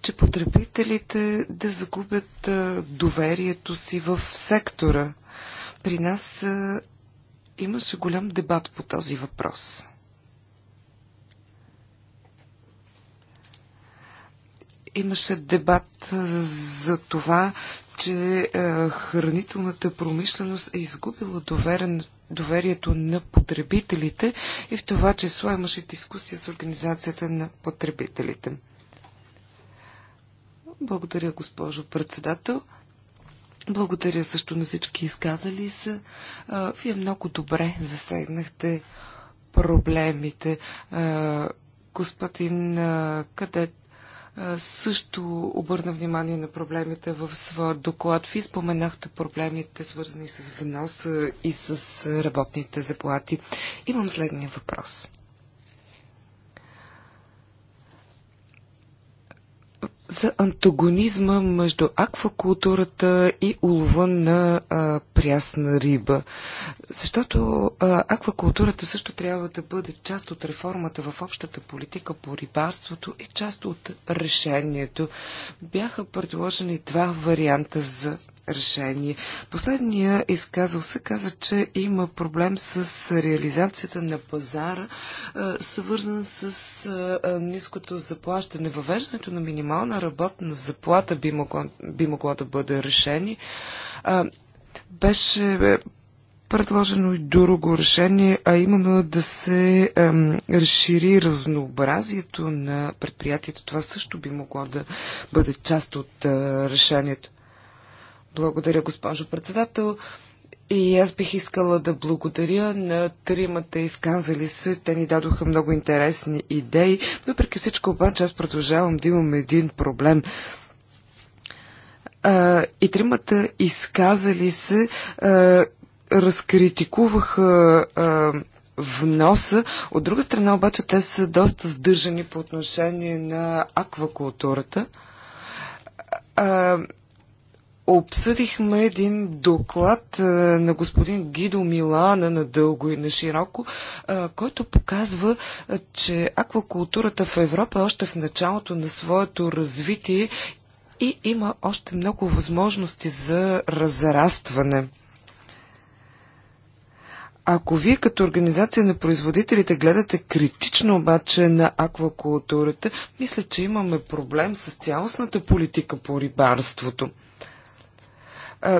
че потребителите да загубят доверието си в сектора. При нас Имаше голям дебат по този въпрос. Имаше дебат за това, че е, хранителната промишленост е изгубила доверието на потребителите и в това число имаше дискусия с Организацията на потребителите. Благодаря, госпожо председател. Благодаря също на всички изказали се. Вие много добре засегнахте проблемите. Господин Кадет също обърна внимание на проблемите в своя доклад. Ви споменахте проблемите, свързани с вноса и с работните заплати. Имам следния въпрос. за антагонизма между аквакултурата и улова на а, прясна риба. Защото а, аквакултурата също трябва да бъде част от реформата в общата политика по рибарството и част от решението. Бяха предложени два варианта за решение. Последния изказал се каза, че има проблем с реализацията на пазара, е, свързан с е, е, ниското заплащане. Въвеждането на минимална работна заплата би могло, би могло да бъде решение. Беше предложено и друго решение, а именно да се ем, разшири разнообразието на предприятието. Това също би могло да бъде част от е, решението. Благодаря, госпожо председател. И аз бих искала да благодаря на тримата изказали се. Те ни дадоха много интересни идеи. Въпреки всичко обаче аз продължавам да имам един проблем и тримата изказали се а, разкритикуваха а, вноса. От друга страна обаче те са доста сдържани по отношение на аквакултурата. А, обсъдихме един доклад е, на господин Гидо Милана на дълго и на широко, е, който показва, е, че аквакултурата в Европа още в началото на своето развитие и има още много възможности за разрастване. Ако вие като организация на производителите гледате критично обаче на аквакултурата, мисля, че имаме проблем с цялостната политика по рибарството.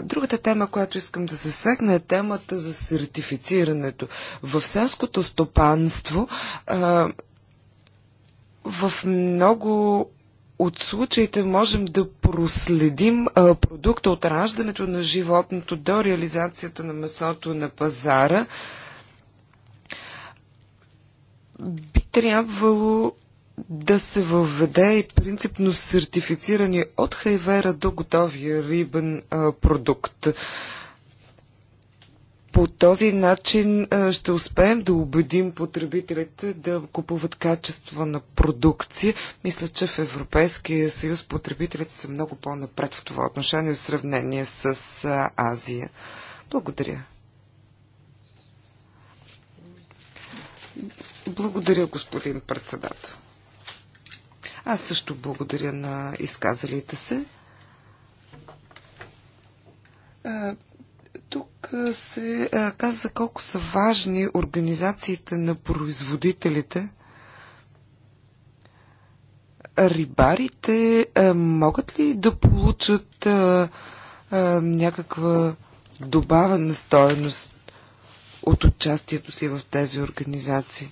Другата тема, която искам да засегна е темата за сертифицирането. В селското стопанство в много от случаите можем да проследим а, продукта от раждането на животното до реализацията на месото на пазара. Би трябвало да се въведе и принципно сертифициране от хайвера до готовия рибен а, продукт. По този начин а, ще успеем да убедим потребителите да купуват качество на продукция. Мисля, че в Европейския съюз потребителите са много по-напред в това отношение в сравнение с а, Азия. Благодаря. Благодаря, господин председател. Аз също благодаря на изказалите се. Тук се каза колко са важни организациите на производителите. Рибарите могат ли да получат някаква добавена стоеност от участието си в тези организации?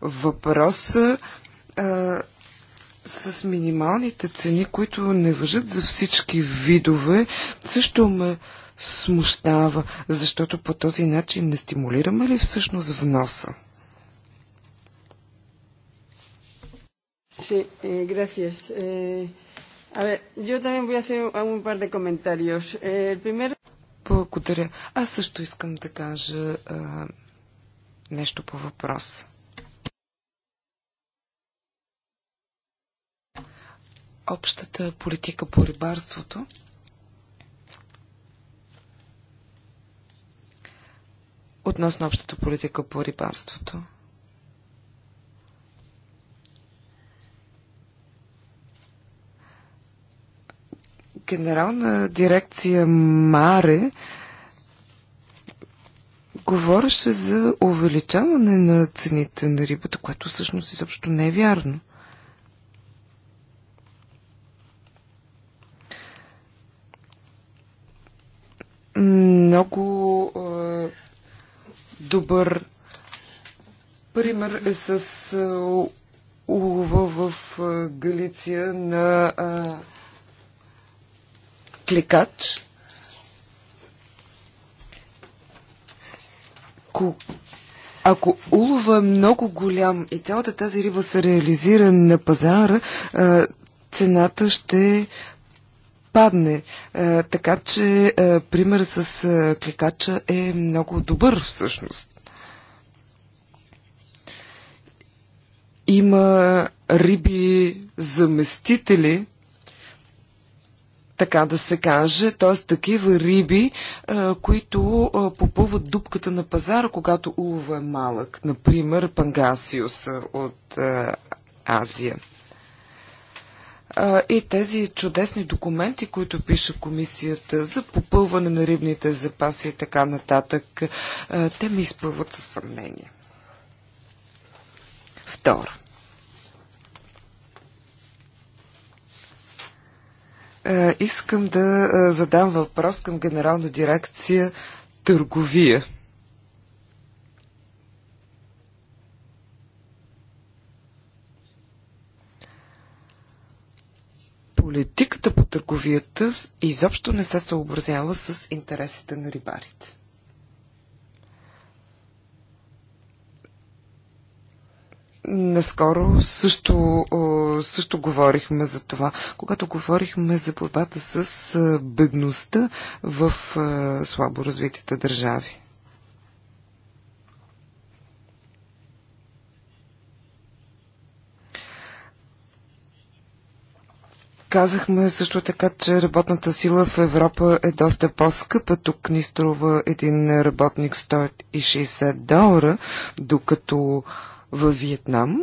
Въпроса а, с минималните цени, които не въжат за всички видове, също ме смущава, защото по този начин не стимулираме ли всъщност вноса? Sí, eh, gracias. Eh, a ver, yo también voy a hacer un par de comentarios. Eh, el primer... Благодаря. Аз също искам да кажа а, нещо по въпроса. общата политика по рибарството. Относно общата политика по рибарството. Генерална дирекция Маре говореше за увеличаване на цените на рибата, което всъщност изобщо не е вярно. Много а, добър пример е с а, улова в а, Галиция на а, кликач. Ако, ако улова е много голям и цялата тази риба се реализира на пазара, а, цената ще отпадне. Е, така че е, пример с е, кликача е много добър всъщност. Има риби заместители, така да се каже, т.е. такива риби, които попълват дупката на пазара, когато улова е малък, например пангасиус от Азия и тези чудесни документи, които пише комисията за попълване на рибните запаси и така нататък, те ми изпълват със съмнение. Второ. Искам да задам въпрос към Генерална дирекция Търговия. политиката по търговията изобщо не се съобразява с интересите на рибарите. Наскоро също, също говорихме за това, когато говорихме за борбата с бедността в слабо развитите държави. Казахме също така, че работната сила в Европа е доста по-скъпа. Тук ни струва един работник 160 долара, докато във Виетнам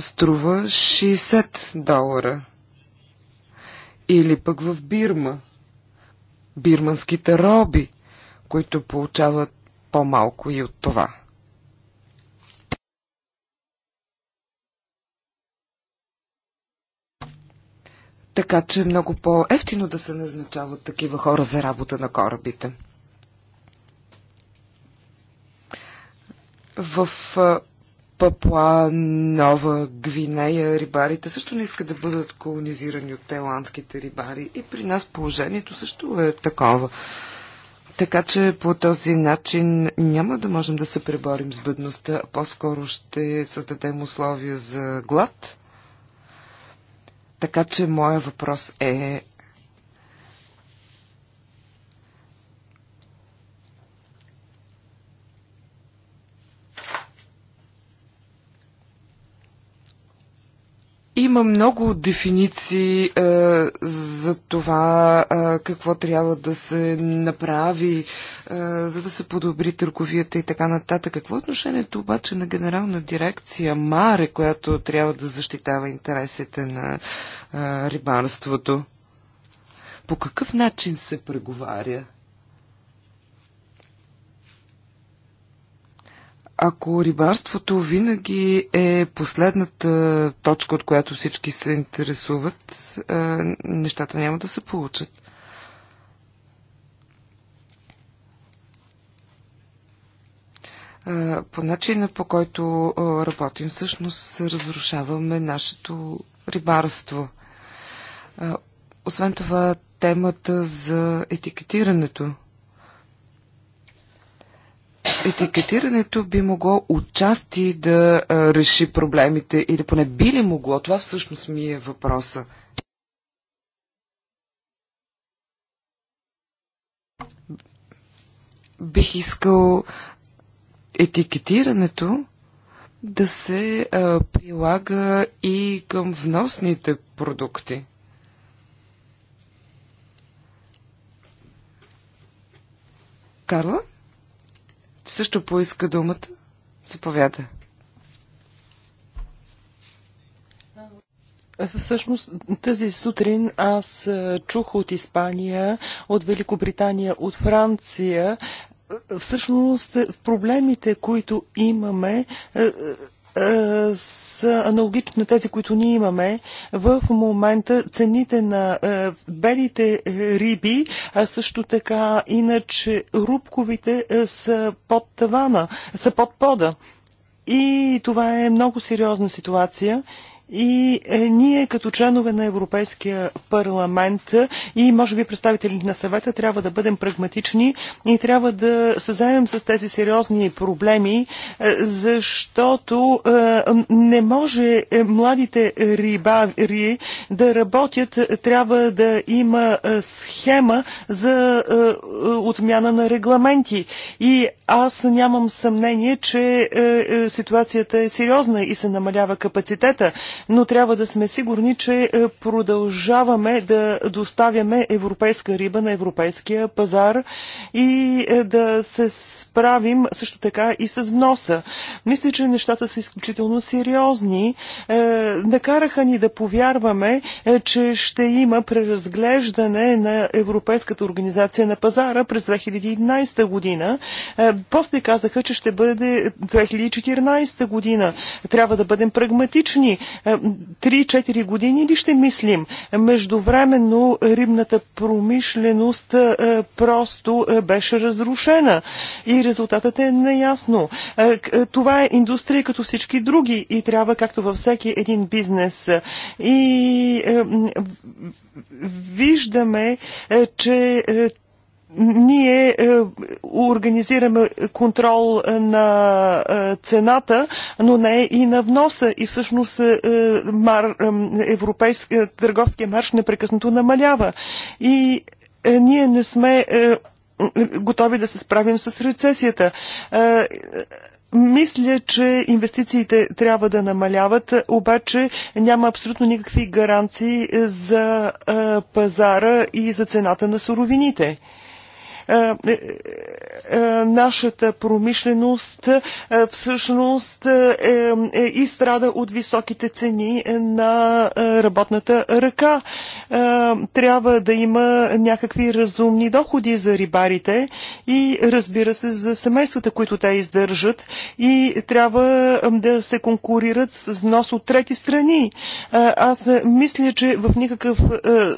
струва 60 долара. Или пък в Бирма. Бирманските роби, които получават по-малко и от това. така че е много по-ефтино да се назначават такива хора за работа на корабите. В Папуа, Нова Гвинея, рибарите също не искат да бъдат колонизирани от тайландските рибари и при нас положението също е такова. Така че по този начин няма да можем да се преборим с бедността, по-скоро ще създадем условия за глад така че моя въпрос е Има много дефиниции е, за това е, какво трябва да се направи, е, за да се подобри търговията и така нататък. Какво е отношението обаче на генерална дирекция Маре, която трябва да защитава интересите на е, рибарството? По какъв начин се преговаря? Ако рибарството винаги е последната точка, от която всички се интересуват, е, нещата няма да се получат. Е, по начина по който е, работим, всъщност разрушаваме нашето рибарство. Освен това, темата за етикетирането – етикетирането би могло отчасти да а, реши проблемите или поне би ли могло? Това всъщност ми е въпроса. Бих искал етикетирането да се а, прилага и към вносните продукти. Карла? също поиска думата. Заповяда. Всъщност тази сутрин аз е, чух от Испания, от Великобритания, от Франция. Е, всъщност е, проблемите, които имаме, е, са аналогични на тези, които ние имаме. В момента цените на е, белите е, риби, а също така иначе рубковите са под тавана, са под пода. И това е много сериозна ситуация и е, ние като членове на Европейския парламент и може би представители на съвета трябва да бъдем прагматични и трябва да се заемем с тези сериозни проблеми, е, защото е, не може е, младите рибари да работят, трябва да има е, схема за е, отмяна на регламенти. И аз нямам съмнение, че е, е ситуацията е сериозна и се намалява капацитета но трябва да сме сигурни, че е, продължаваме да доставяме европейска риба на европейския пазар и е, да се справим също така и с вноса. Мисля, че нещата са изключително сериозни. Е, накараха ни да повярваме, че ще има преразглеждане на Европейската организация на пазара през 2011 година. После казаха, че ще бъде 2014 година. Трябва да бъдем прагматични. 3-4 е, години ли ще мислим? Междувременно рибната промишленост е, просто е, беше разрушена и резултатът е неясно. Това е индустрия като всички други и трябва, както във всеки един бизнес. И виждаме, че ние е, организираме контрол на е, цената, но не и на вноса. И всъщност е, мар, е, европейски, е, търговския марш непрекъснато намалява. И е, ние не сме готови да се справим с рецесията. Мисля, че инвестициите трябва да намаляват, обаче няма абсолютно никакви гаранции за пазара и за цената на суровините. Uh, е, нашата промишленост е, всъщност е, е, е, и страда от високите цени на работната ръка. Трябва да има някакви разумни доходи за рибарите и разбира се за семействата, които те издържат и трябва да се конкурират с нос от трети страни. Аз мисля, че в никакъв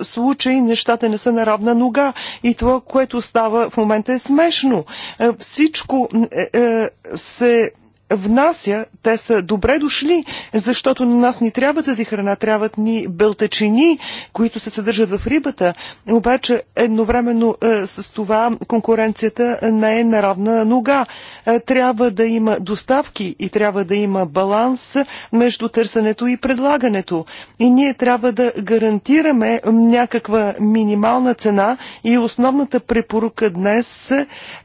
случай нещата не са на равна нога и това, което става в момента е смешно. Е, всичко е, е, се внася, те са добре дошли, защото на нас ни трябва тази храна, трябват ни белтачини, които се съдържат в рибата. Обаче едновременно е, с това конкуренцията не е наравна нога. Е, трябва да има доставки и трябва да има баланс между търсенето и предлагането. И ние трябва да гарантираме някаква минимална цена и основната препоръка днес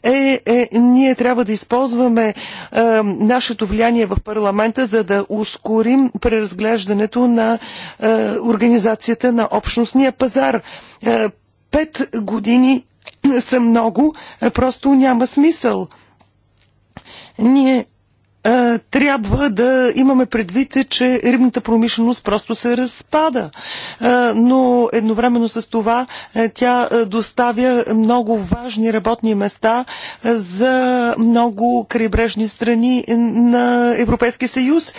е, е ние трябва да използваме е, нашето влияние в парламента, за да ускорим преразглеждането на е, организацията на общностния пазар. Е, пет години са много, е, просто няма смисъл. Ние е, трябва да имаме предвид, че рибната промишленост просто се разпада. Е, но едновременно с това е, тя доставя много важни работни места за много крайбрежни страни на Европейския съюз.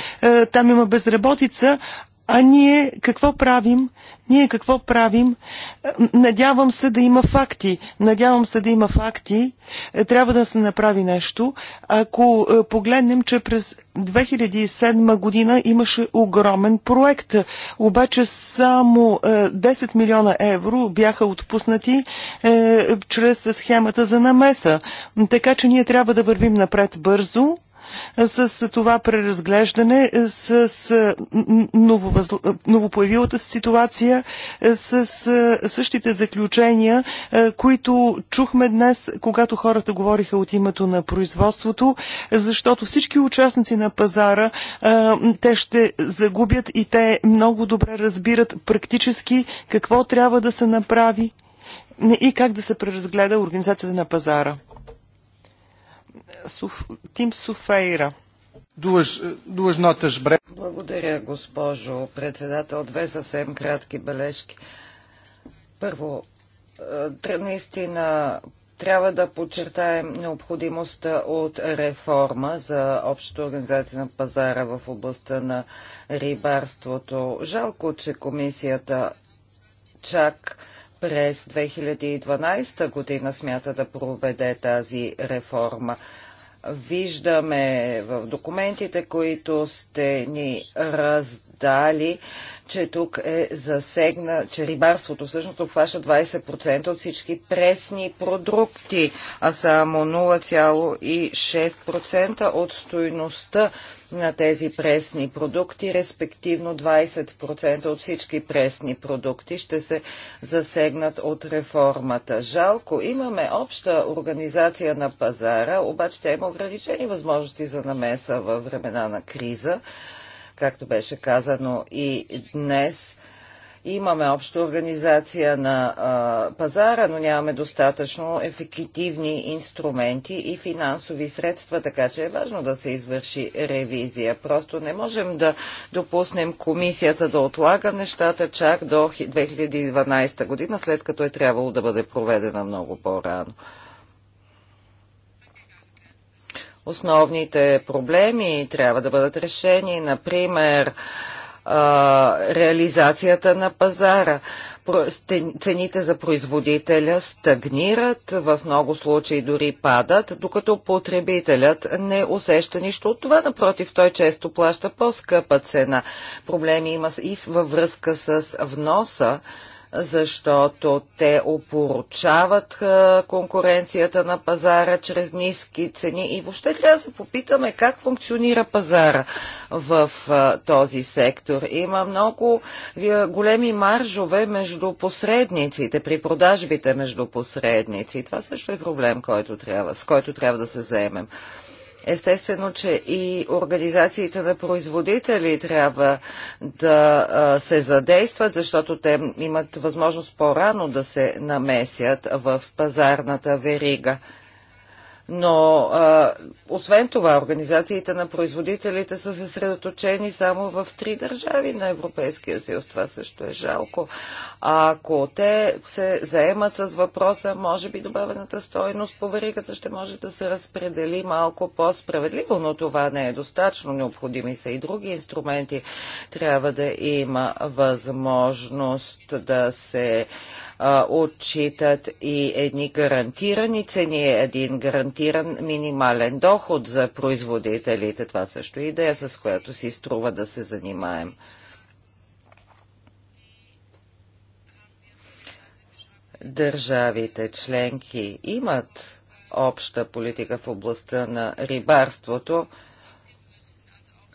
Там има безработица, а ние какво правим? Ние какво правим? Надявам се да има факти. Надявам се да има факти. Трябва да се направи нещо. Ако е, погледнем, че през 2007 година имаше огромен проект, обаче само 10 е, милиона евро бяха отпуснати е, чрез схемата за намеса. Така че ние трябва да вървим напред бързо с това преразглеждане, е, с е, новопоявилата новопоявилата ситуация, е, с същите заключения, които чухме днес, когато хората говориха от името на производството, защото всички участници на пазара, те ще загубят и те много добре разбират практически какво трябва да се направи и как да се преразгледа организацията на пазара. Тим Суфейра. Благодаря, госпожо председател. Две съвсем кратки бележки. Първо, е, наистина трябва да подчертаем необходимостта от реформа за общата организация на пазара в областта на рибарството. Жалко, че комисията чак през 2012 година смята да проведе тази реформа. Виждаме в документите, които сте ни раздали, че тук е засегна, че рибарството всъщност обхваща 20% от всички пресни продукти, а само 0,6% от стоеността на тези пресни продукти, респективно 20% от всички пресни продукти ще се засегнат от реформата. Жалко, имаме обща организация на пазара, обаче тя има ограничени възможности за намеса във времена на криза както беше казано и днес. Имаме обща организация на а, пазара, но нямаме достатъчно ефективни инструменти и финансови средства, така че е важно да се извърши ревизия. Просто не можем да допуснем комисията да отлага нещата чак до 2012 година, след като е трябвало да бъде проведена много по-рано. Основните проблеми трябва да бъдат решени, например, реализацията на пазара. Цените за производителя стагнират, в много случаи дори падат, докато потребителят не усеща нищо от това. Напротив, той често плаща по-скъпа цена. Проблеми има и във връзка с вноса защото те опоручават конкуренцията на пазара чрез ниски цени и въобще трябва да се попитаме как функционира пазара в този сектор. Има много големи маржове между посредниците, при продажбите между посредници. Това също е проблем, който трябва, с който трябва да се заемем. Естествено, че и организациите на производители трябва да се задействат, защото те имат възможност по-рано да се намесят в пазарната верига. Но а, освен това, организациите на производителите са съсредоточени само в три държави на Европейския съюз. Това също е жалко. А ако те се заемат с въпроса, може би добавената стойност по веригата ще може да се разпредели малко по-справедливо, но това не е достатъчно. Необходими са и други инструменти. Трябва да има възможност да се отчитат и едни гарантирани цени, един гарантиран минимален доход за производителите. Това също е идея, с която си струва да се занимаем. Държавите членки имат обща политика в областта на рибарството,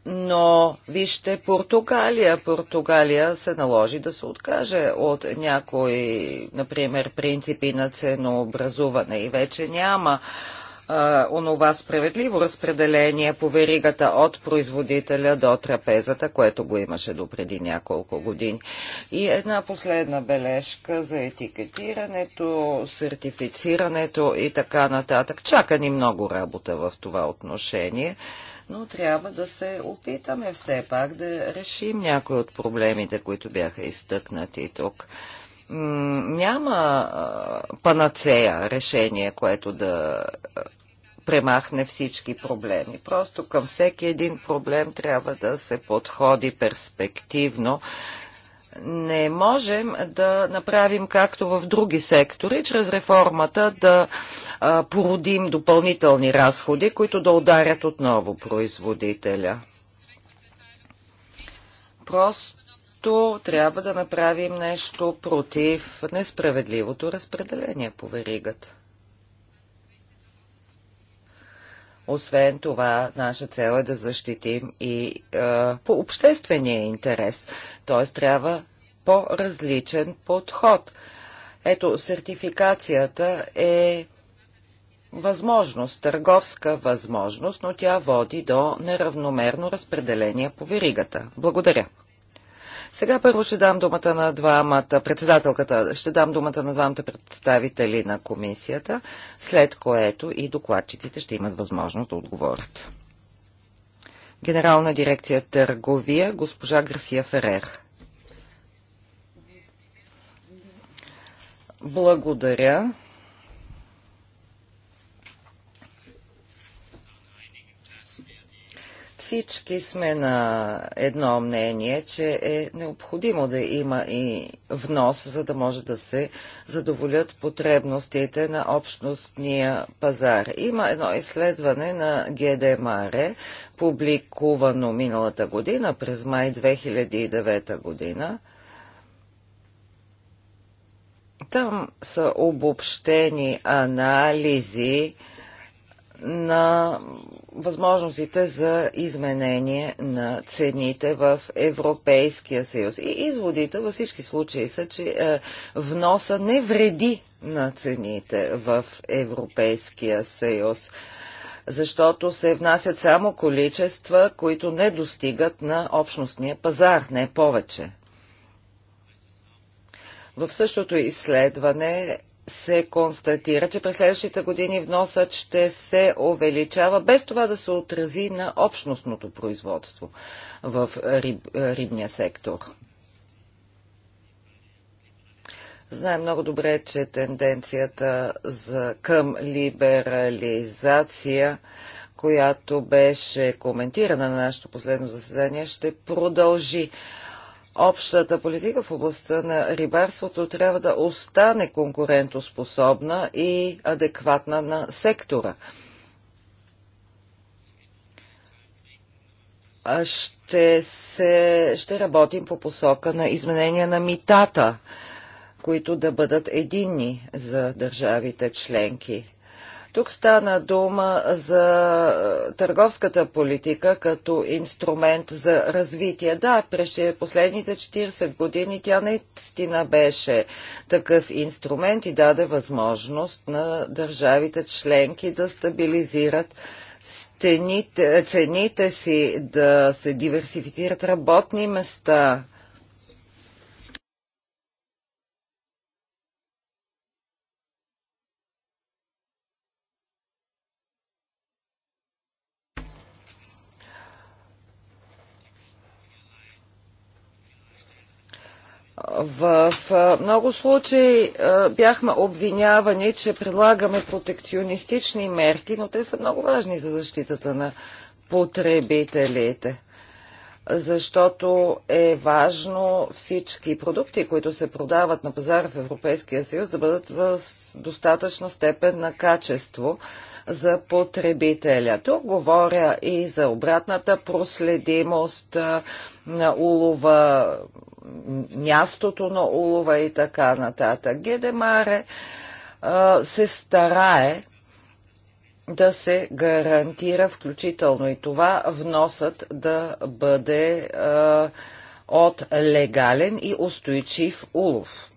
но вижте Португалия. Португалия се наложи да се откаже от някои, например, принципи на ценообразуване и вече няма а, онова справедливо разпределение по веригата от производителя до трапезата, което го имаше до преди няколко години. И една последна бележка за етикетирането, сертифицирането и така нататък. Чака ни много работа в това отношение но трябва да се опитаме все пак да решим някои от проблемите, които бяха изтъкнати тук няма панацея решение, което да премахне всички проблеми. Просто към всеки един проблем трябва да се подходи перспективно, не можем да направим както в други сектори, чрез реформата да породим допълнителни разходи, които да ударят отново производителя. Просто трябва да направим нещо против несправедливото разпределение по веригата. Освен това, наша цел е да защитим и е, по обществения интерес. Т.е. трябва по-различен подход. Ето, сертификацията е възможност, търговска възможност, но тя води до неравномерно разпределение по веригата. Благодаря. Сега първо ще дам думата на двамата, председателката, ще дам думата на двамата представители на комисията, след което и докладчиците ще имат възможност да отговорят. Генерална дирекция Търговия, госпожа Гарсия Ферер. Благодаря. всички сме на едно мнение, че е необходимо да има и внос, за да може да се задоволят потребностите на общностния пазар. Има едно изследване на ГД публикувано миналата година, през май 2009 година. Там са обобщени анализи на възможностите за изменение на цените в Европейския съюз. И изводите във всички случаи са, че е, вноса не вреди на цените в Европейския съюз, защото се внасят само количества, които не достигат на общностния пазар, не повече. В същото изследване се констатира, че през следващите години вносът ще се увеличава, без това да се отрази на общностното производство в риб, рибния сектор. Знаем много добре, че тенденцията за, към либерализация, която беше коментирана на нашето последно заседание, ще продължи общата политика в областта на рибарството трябва да остане конкурентоспособна и адекватна на сектора. Ще, се, ще работим по посока на изменения на митата, които да бъдат единни за държавите членки. Тук стана дума за е, търговската политика като инструмент за развитие. Да, през е, последните 40 години тя наистина беше такъв инструмент и даде възможност на държавите членки да стабилизират стените, цените си, да се диверсифицират работни места, В много случаи е, бяхме обвинявани, че предлагаме протекционистични мерки, но те са много важни за защитата на потребителите защото е важно всички продукти, които се продават на пазара в Европейския съюз, да бъдат в достатъчна степен на качество за потребителя. Тук говоря и за обратната проследимост на улова, мястото на улова и така нататък. Гедемаре се старае да се гарантира включително и това вносът да бъде е, от легален и устойчив улов.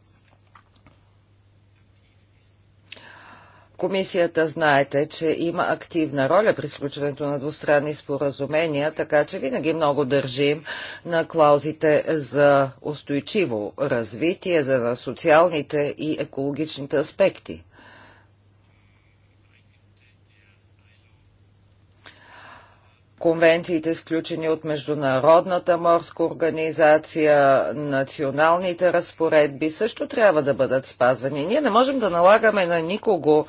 Комисията знаете, че има активна роля при сключването на двустранни споразумения, така че винаги много държим на клаузите за устойчиво развитие, за на социалните и екологичните аспекти. конвенциите, сключени от Международната морска организация, националните разпоредби също трябва да бъдат спазвани. Ние не можем да налагаме на никого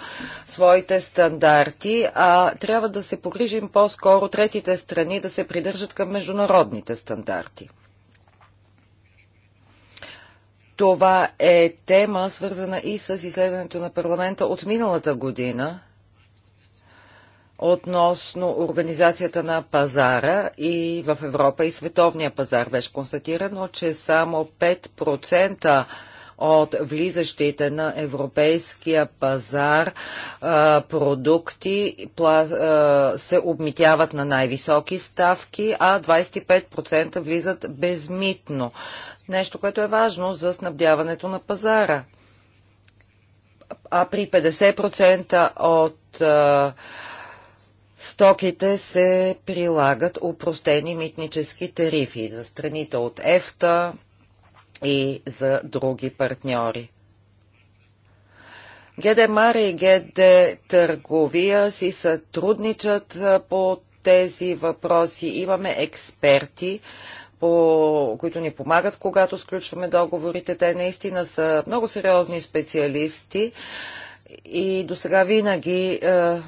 своите стандарти, а трябва да се погрижим по-скоро третите страни да се придържат към международните стандарти. Това е тема, свързана и с изследването на парламента от миналата година – относно организацията на пазара и в Европа и световния пазар. Беше констатирано, че само 5% от влизащите на европейския пазар продукти се обмитяват на най-високи ставки, а 25% влизат безмитно. Нещо, което е важно за снабдяването на пазара. А при 50% от а, стоките се прилагат упростени митнически тарифи за страните от ЕФТА и за други партньори. ГД и ГД Търговия си сътрудничат по тези въпроси. Имаме експерти, по, които ни помагат, когато сключваме договорите. Те наистина са много сериозни специалисти и до сега винаги е,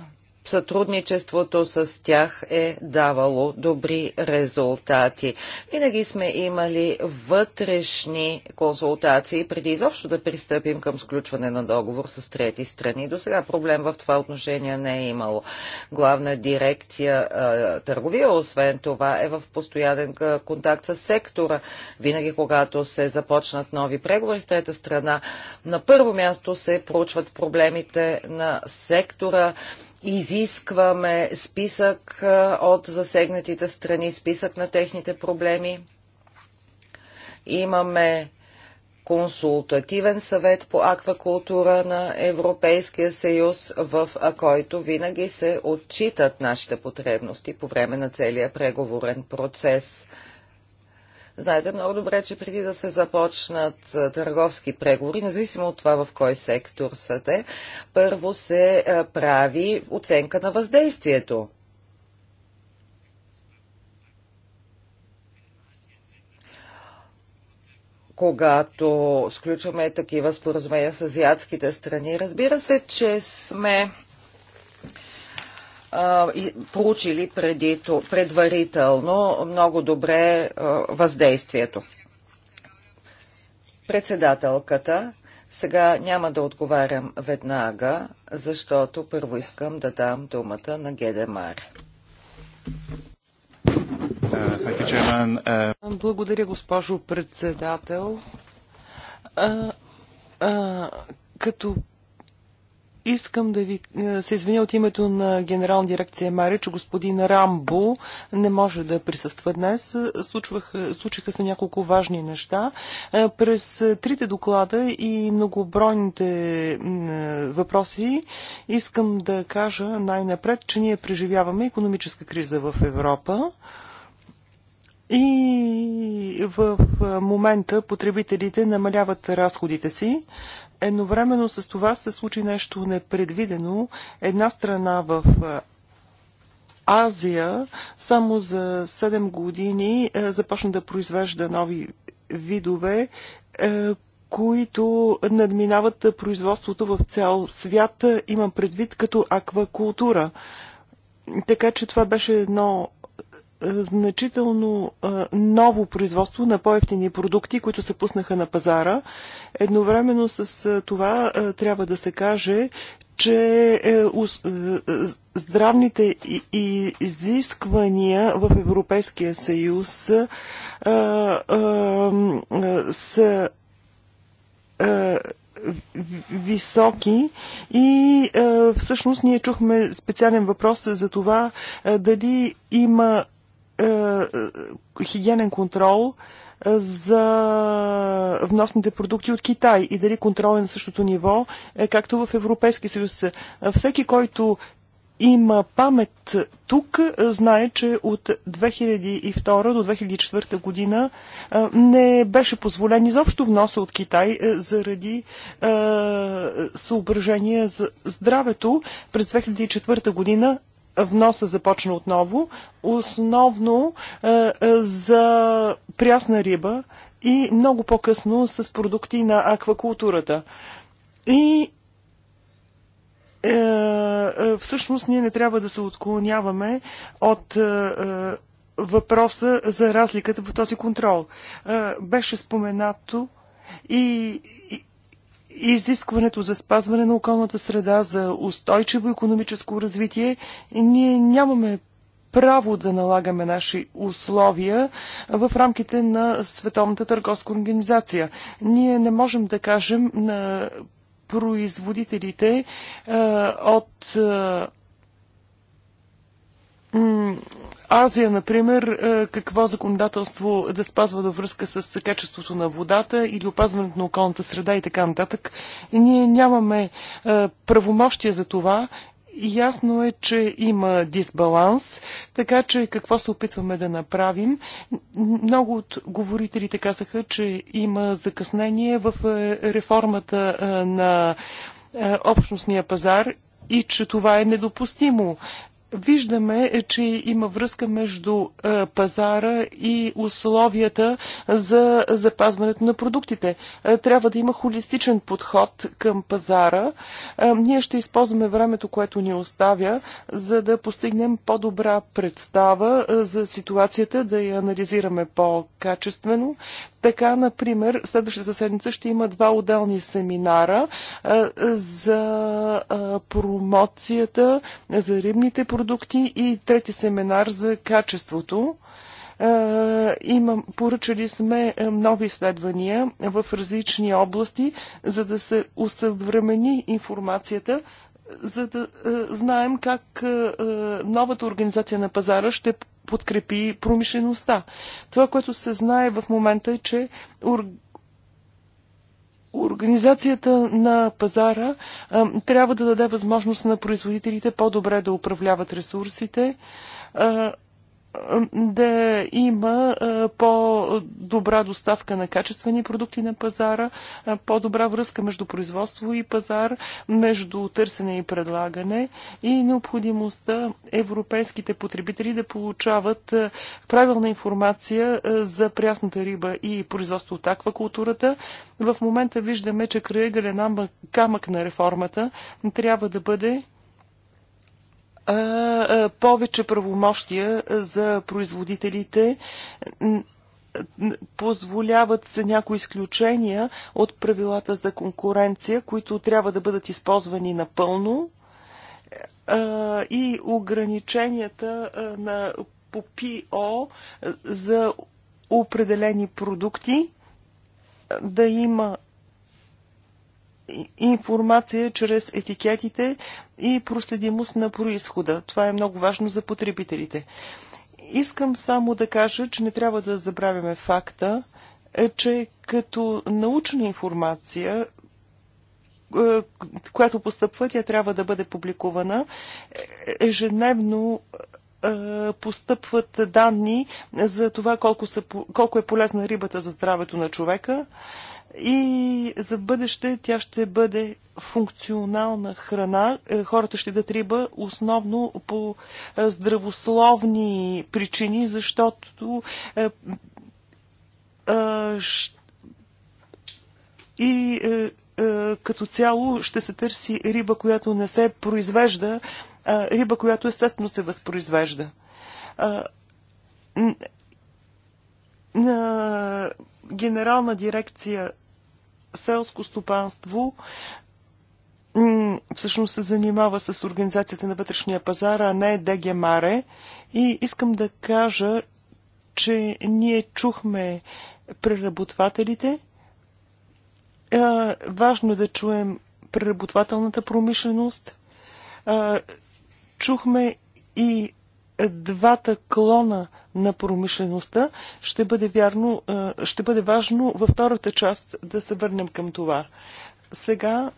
сътрудничеството с тях е давало добри резултати. Винаги сме имали вътрешни консултации преди изобщо да пристъпим към сключване на договор с трети страни. До сега проблем в това отношение не е имало. Главна дирекция търговия, освен това, е в постоянен контакт с сектора. Винаги, когато се започнат нови преговори с трета страна, на първо място се проучват проблемите на сектора, изискваме списък от засегнатите страни, списък на техните проблеми. Имаме консултативен съвет по аквакултура на Европейския съюз, в който винаги се отчитат нашите потребности по време на целия преговорен процес – Знаете много добре, че преди да се започнат търговски преговори, независимо от това в кой сектор са те, първо се прави оценка на въздействието. когато сключваме такива споразумения с азиатските страни. Разбира се, че сме проучили предито, предварително много добре въздействието. Председателката, сега няма да отговарям веднага, защото първо искам да дам думата на Гедемар. Благодаря, госпожо председател. като Искам да ви е, се извиня от името на генерална дирекция Мари, че господин Рамбо не може да присъства днес. Случваха, случиха се няколко важни неща. Е, през трите доклада и многобройните е, въпроси искам да кажа най-напред, че ние преживяваме економическа криза в Европа. И в момента потребителите намаляват разходите си, Едновременно с това се случи нещо непредвидено. Една страна в Азия само за 7 години започна да произвежда нови видове, които надминават производството в цял свят. Имам предвид като аквакултура. Така че това беше едно значително ново производство на по-ефтини продукти, които се пуснаха на пазара. Едновременно с това трябва да се каже, че е, е, е, здравните изисквания в Европейския съюз са високи и всъщност ние чухме специален въпрос за това дали има е, е, хигиенен контрол е, за вносните продукти от Китай и дали контрол е на същото ниво, както в Европейски съюз. Всеки, който има памет тук, знае, че от 2002 до 2004 година не беше позволен изобщо вноса от Китай заради съображения за здравето. През 2004 година вноса започна отново, основно е, е, за прясна риба и много по-късно с продукти на аквакултурата. И е, всъщност ние не трябва да се отклоняваме от въпроса за разликата в този контрол. Беше споменато и, и изискването за спазване на околната среда, за устойчиво економическо развитие, ние нямаме право да налагаме наши условия в рамките на Световната търговска организация. Ние не можем да кажем на производителите е, от е, Азия, например, е, какво законодателство да спазва във връзка с качеството на водата или опазването на околната среда и така нататък. Ние нямаме е, правомощия за това Ясно е, че има дисбаланс, така че какво се опитваме да направим? Много от говорителите казаха, че има закъснение в е, реформата на общностния пазар и че това е недопустимо. Виждаме, че има връзка между е, пазара и условията за запазването на продуктите. Е, трябва да има холистичен подход към пазара. Е, ние ще използваме времето, което ни оставя, за да постигнем по-добра представа за ситуацията, да я анализираме по-качествено. Така, например, следващата седмица ще има два отделни семинара за промоцията за рибните продукти и трети семинар за качеството имам, поръчали сме нови изследвания в различни области, за да се усъвремени информацията, за да знаем как новата организация на пазара ще подкрепи промишлеността. Това, което се знае в момента е, че Организацията на пазара а, трябва да даде възможност на производителите по-добре да управляват ресурсите. А, да има по-добра доставка на качествени продукти на пазара, по-добра връзка между производство и пазар, между търсене и предлагане и необходимостта европейските потребители да получават правилна информация за прясната риба и производство от аквакултурата. В момента виждаме, че крайъгълен камък на реформата трябва да бъде повече правомощия за производителите позволяват се някои изключения от правилата за конкуренция, които трябва да бъдат използвани напълно и ограниченията на по за определени продукти да има информация чрез етикетите и проследимост на происхода. Това е много важно за потребителите. Искам само да кажа, че не трябва да забравяме факта, е, че като научна информация, е, която постъпва, тя трябва да бъде публикувана. Ежедневно е, постъпват данни за това колко, колко е полезна рибата за здравето на човека и за бъдеще тя ще бъде функционална храна. Е, хората ще дадат риба основно по е, здравословни причини, защото е, и като цяло ще се търси риба, която не се произвежда, а риба, която естествено се възпроизвежда. Генерална дирекция селско стопанство всъщност се занимава с организацията на вътрешния пазар, а не ДГ Маре. И искам да кажа, че ние чухме преработвателите. Важно е да чуем преработвателната промишленост. Чухме и двата клона – на промишлеността, ще бъде, вярно, е, ще бъде важно във втората част да се върнем към това. Сега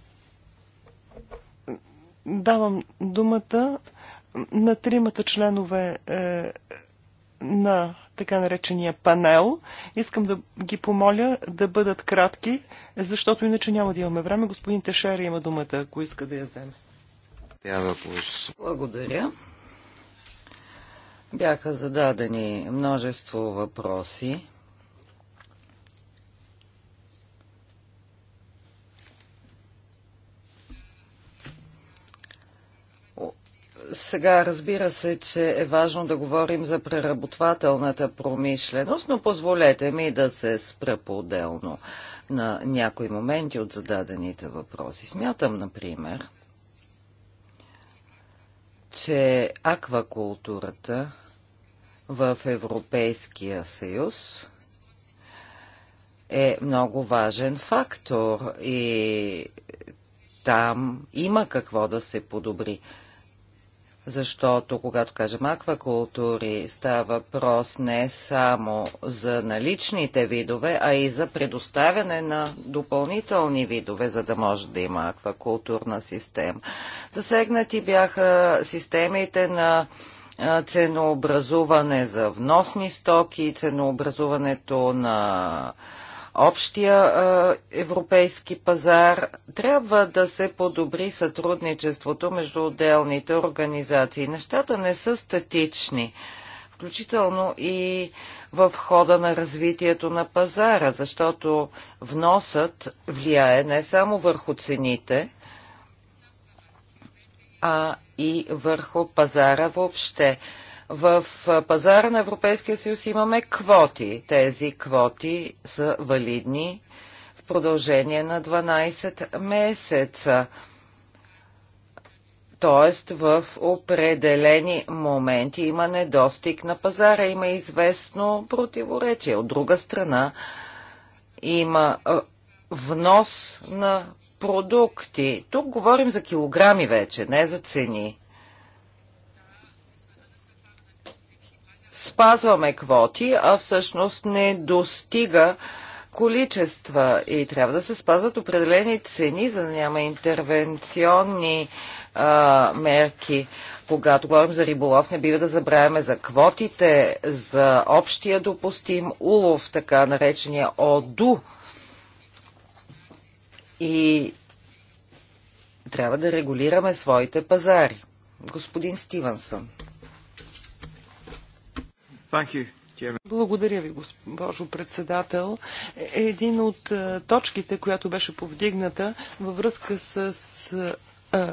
давам думата на тримата членове е, на така наречения панел. Искам да ги помоля да бъдат кратки, защото иначе няма да имаме време. Господин Тешери има думата, ако иска да я вземе. Благодаря. Бяха зададени множество въпроси. Сега разбира се, че е важно да говорим за преработвателната промишленост, но позволете ми да се спра по-отделно на някои моменти от зададените въпроси. Смятам, например, че аквакултурата в Европейския съюз е много важен фактор и там има какво да се подобри защото когато кажем аквакултури, става въпрос не само за наличните видове, а и за предоставяне на допълнителни видове, за да може да има аквакултурна система. Засегнати бяха системите на ценообразуване за вносни стоки, ценообразуването на общия европейски пазар, трябва да се подобри сътрудничеството между отделните организации. Нещата не са статични, включително и в хода на развитието на пазара, защото вносът влияе не само върху цените, а и върху пазара въобще. В пазара на Европейския съюз имаме квоти. Тези квоти са валидни в продължение на 12 месеца. Тоест в определени моменти има недостиг на пазара, има известно противоречие. От друга страна има внос на продукти. Тук говорим за килограми вече, не за цени. спазваме квоти, а всъщност не достига количества и трябва да се спазват определени цени, за да няма интервенционни а, мерки. Когато говорим за риболов, не бива да забравяме за квотите, за общия допустим улов, така наречения ОДУ. И трябва да регулираме своите пазари. Господин Стивенсън. Благодаря ви, госпожо председател. Един от е, точките, която беше повдигната във връзка с е, е,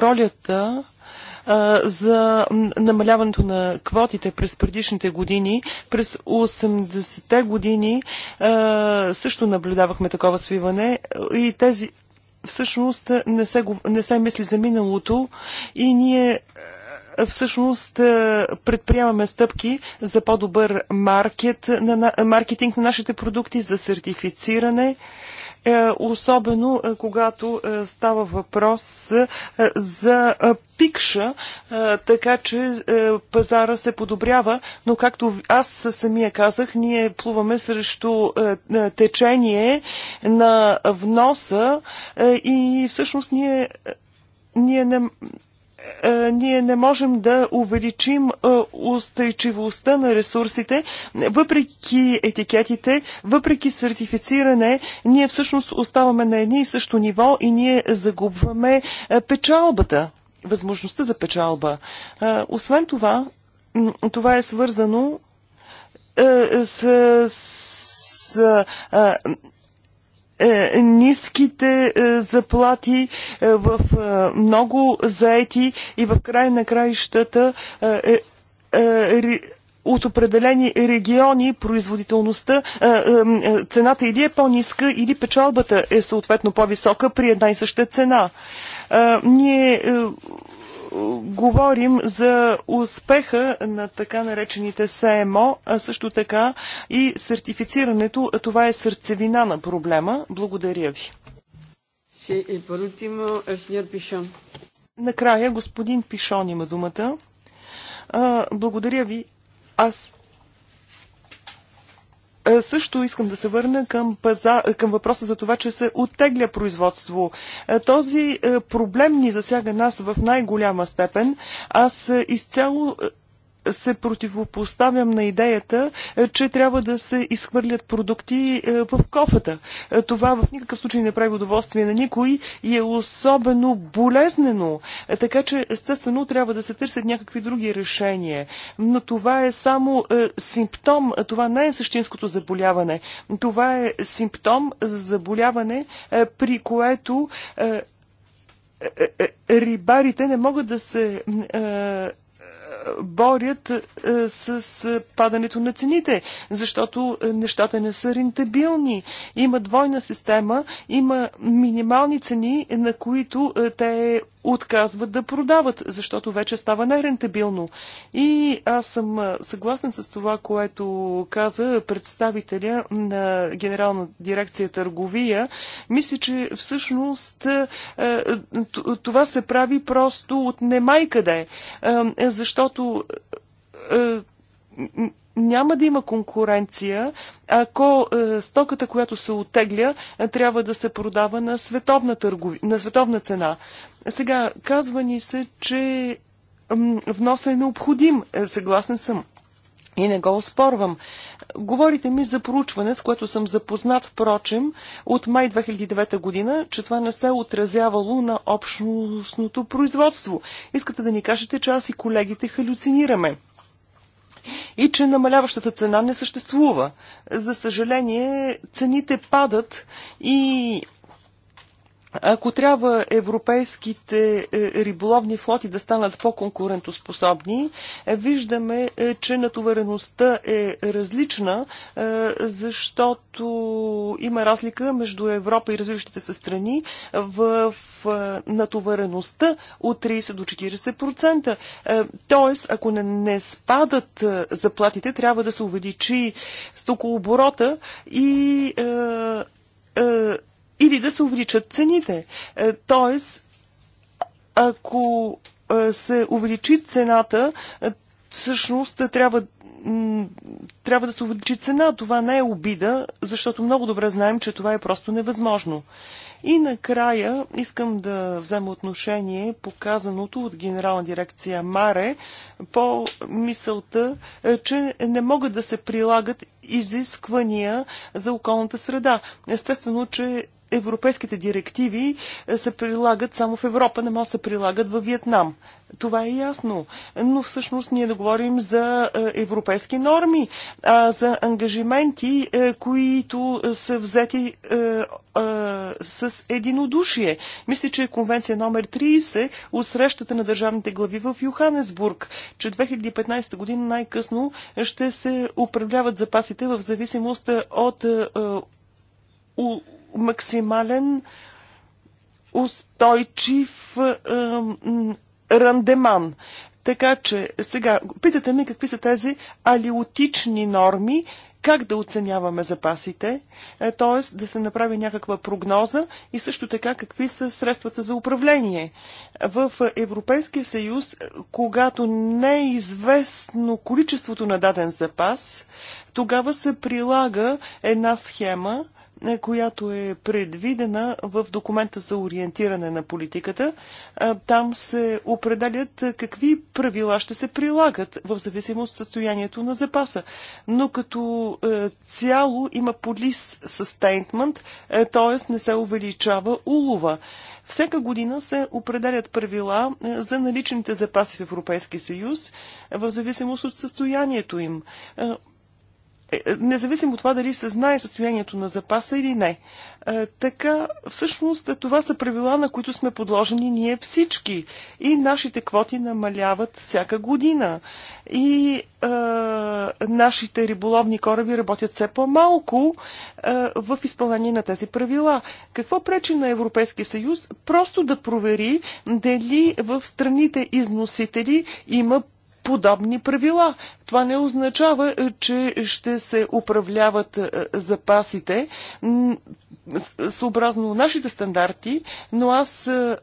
ролята за намаляването на квотите през предишните години. През 80-те години също наблюдавахме такова свиване и тези всъщност не се, не се мисли за миналото и ние е, всъщност е, предприемаме стъпки за по-добър маркет, на, маркетинг на нашите продукти, за сертифициране, е, особено когато става въпрос за пикша, така че пазара се подобрява, но както аз самия казах, ние плуваме срещу течение на вноса и всъщност ние ние не, е, ние не можем да увеличим е, устойчивостта на ресурсите, въпреки етикетите, въпреки сертифициране, ние всъщност оставаме на едни и също ниво и ние загубваме е, печалбата, възможността за печалба. Освен това, това е свързано с, с е, ниските е, заплати е, в много заети и в край на краищата от определени региони производителността, цената или е по-ниска, или печалбата е съответно по-висока при една и съща цена. Ние говорим за успеха на така наречените СМО, а също така и сертифицирането. Това е сърцевина на проблема. Благодаря ви. Е, Накрая господин Пишон има думата. Благодаря ви. Аз е, също искам да се върна към, паза, към въпроса за това, че се оттегля производство. Е, този е, проблем ни засяга нас в най-голяма степен. Аз изцяло се противопоставям на идеята, е, че трябва да се изхвърлят продукти е, в кофата. Е, това в никакъв случай не прави удоволствие на никой и е особено болезнено. Така че, естествено, трябва да се търсят някакви други решения. Но това е само симптом, това не е същинското заболяване. Това е симптом за заболяване, при което рибарите не могат да се борят е, с е, падането на цените, защото е, нещата не са рентабилни. Има двойна система, има минимални цени, на които те отказват да продават, защото вече става нерентабилно. И аз съм съгласен с това, което каза представителя на Генерална дирекция търговия. Мисля, че всъщност това се прави просто от немай къде, защото няма да има конкуренция, ако е, стоката, която се отегля, е, трябва да се продава на световна, търгови... на световна цена. Сега, казва ни се, че внос е необходим. Е, съгласен съм. И не го оспорвам. Говорите ми за проучване, с което съм запознат, впрочем, от май 2009 година, че това не се е отразявало на общностното производство. Искате да ни кажете, че аз и колегите халюцинираме. И че намаляващата цена не съществува. За съжаление, цените падат и ако трябва европейските е, риболовни флоти да станат по-конкурентоспособни, е, виждаме, е, че натовареността е различна, защото има разлика между Европа и развиващите се страни в натовареността от 30 до 40%. Тоест, ако не, спадат заплатите, трябва да се увеличи стокооборота и или да се увеличат цените. Е, тоест, ако е, се увеличи цената, е, всъщност трябва трябва да се увеличи цена. Това не е обида, защото много добре знаем, че това е просто невъзможно. И накрая искам да взема отношение по казаното от генерална дирекция Маре по мисълта, че не могат да се прилагат изисквания за околната среда. Естествено, че европейските директиви е, се прилагат само в Европа, не могат да се прилагат във Виетнам. Това е ясно. Но всъщност ние да говорим за е, европейски норми, а за ангажименти, е, които са взети а, а, с единодушие. Мисля, че е конвенция номер 30 от срещата на държавните глави в Йоханесбург, че 2015 година най-късно ще се управляват запасите в зависимост от а, максимален устойчив рандеман. Така че сега питате ми какви са тези алиотични норми, как да оценяваме запасите, е, т.е. да се направи някаква прогноза и също така какви са средствата за управление. В Европейския съюз, когато не е известно количеството на даден запас, тогава се прилага една схема, която е предвидена в документа за ориентиране на политиката. Там се определят какви правила ще се прилагат в зависимост от състоянието на запаса. Но като е, цяло има полис състейнтмент, т.е. не се увеличава улова. Всяка година се определят правила е, за наличните запаси в Европейския съюз е, в зависимост от състоянието им. Е, е, независимо от това дали се знае състоянието на запаса или не. Е, така, всъщност, това са правила, на които сме подложени ние всички. И нашите квоти намаляват всяка година. И е, нашите риболовни кораби работят все по-малко е, в изпълнение на тези правила. Какво пречи на Европейския съюз? Просто да провери дали в страните износители има подобни правила. Това не означава, е, че ще се управляват е, запасите съобразно нашите стандарти, но аз е,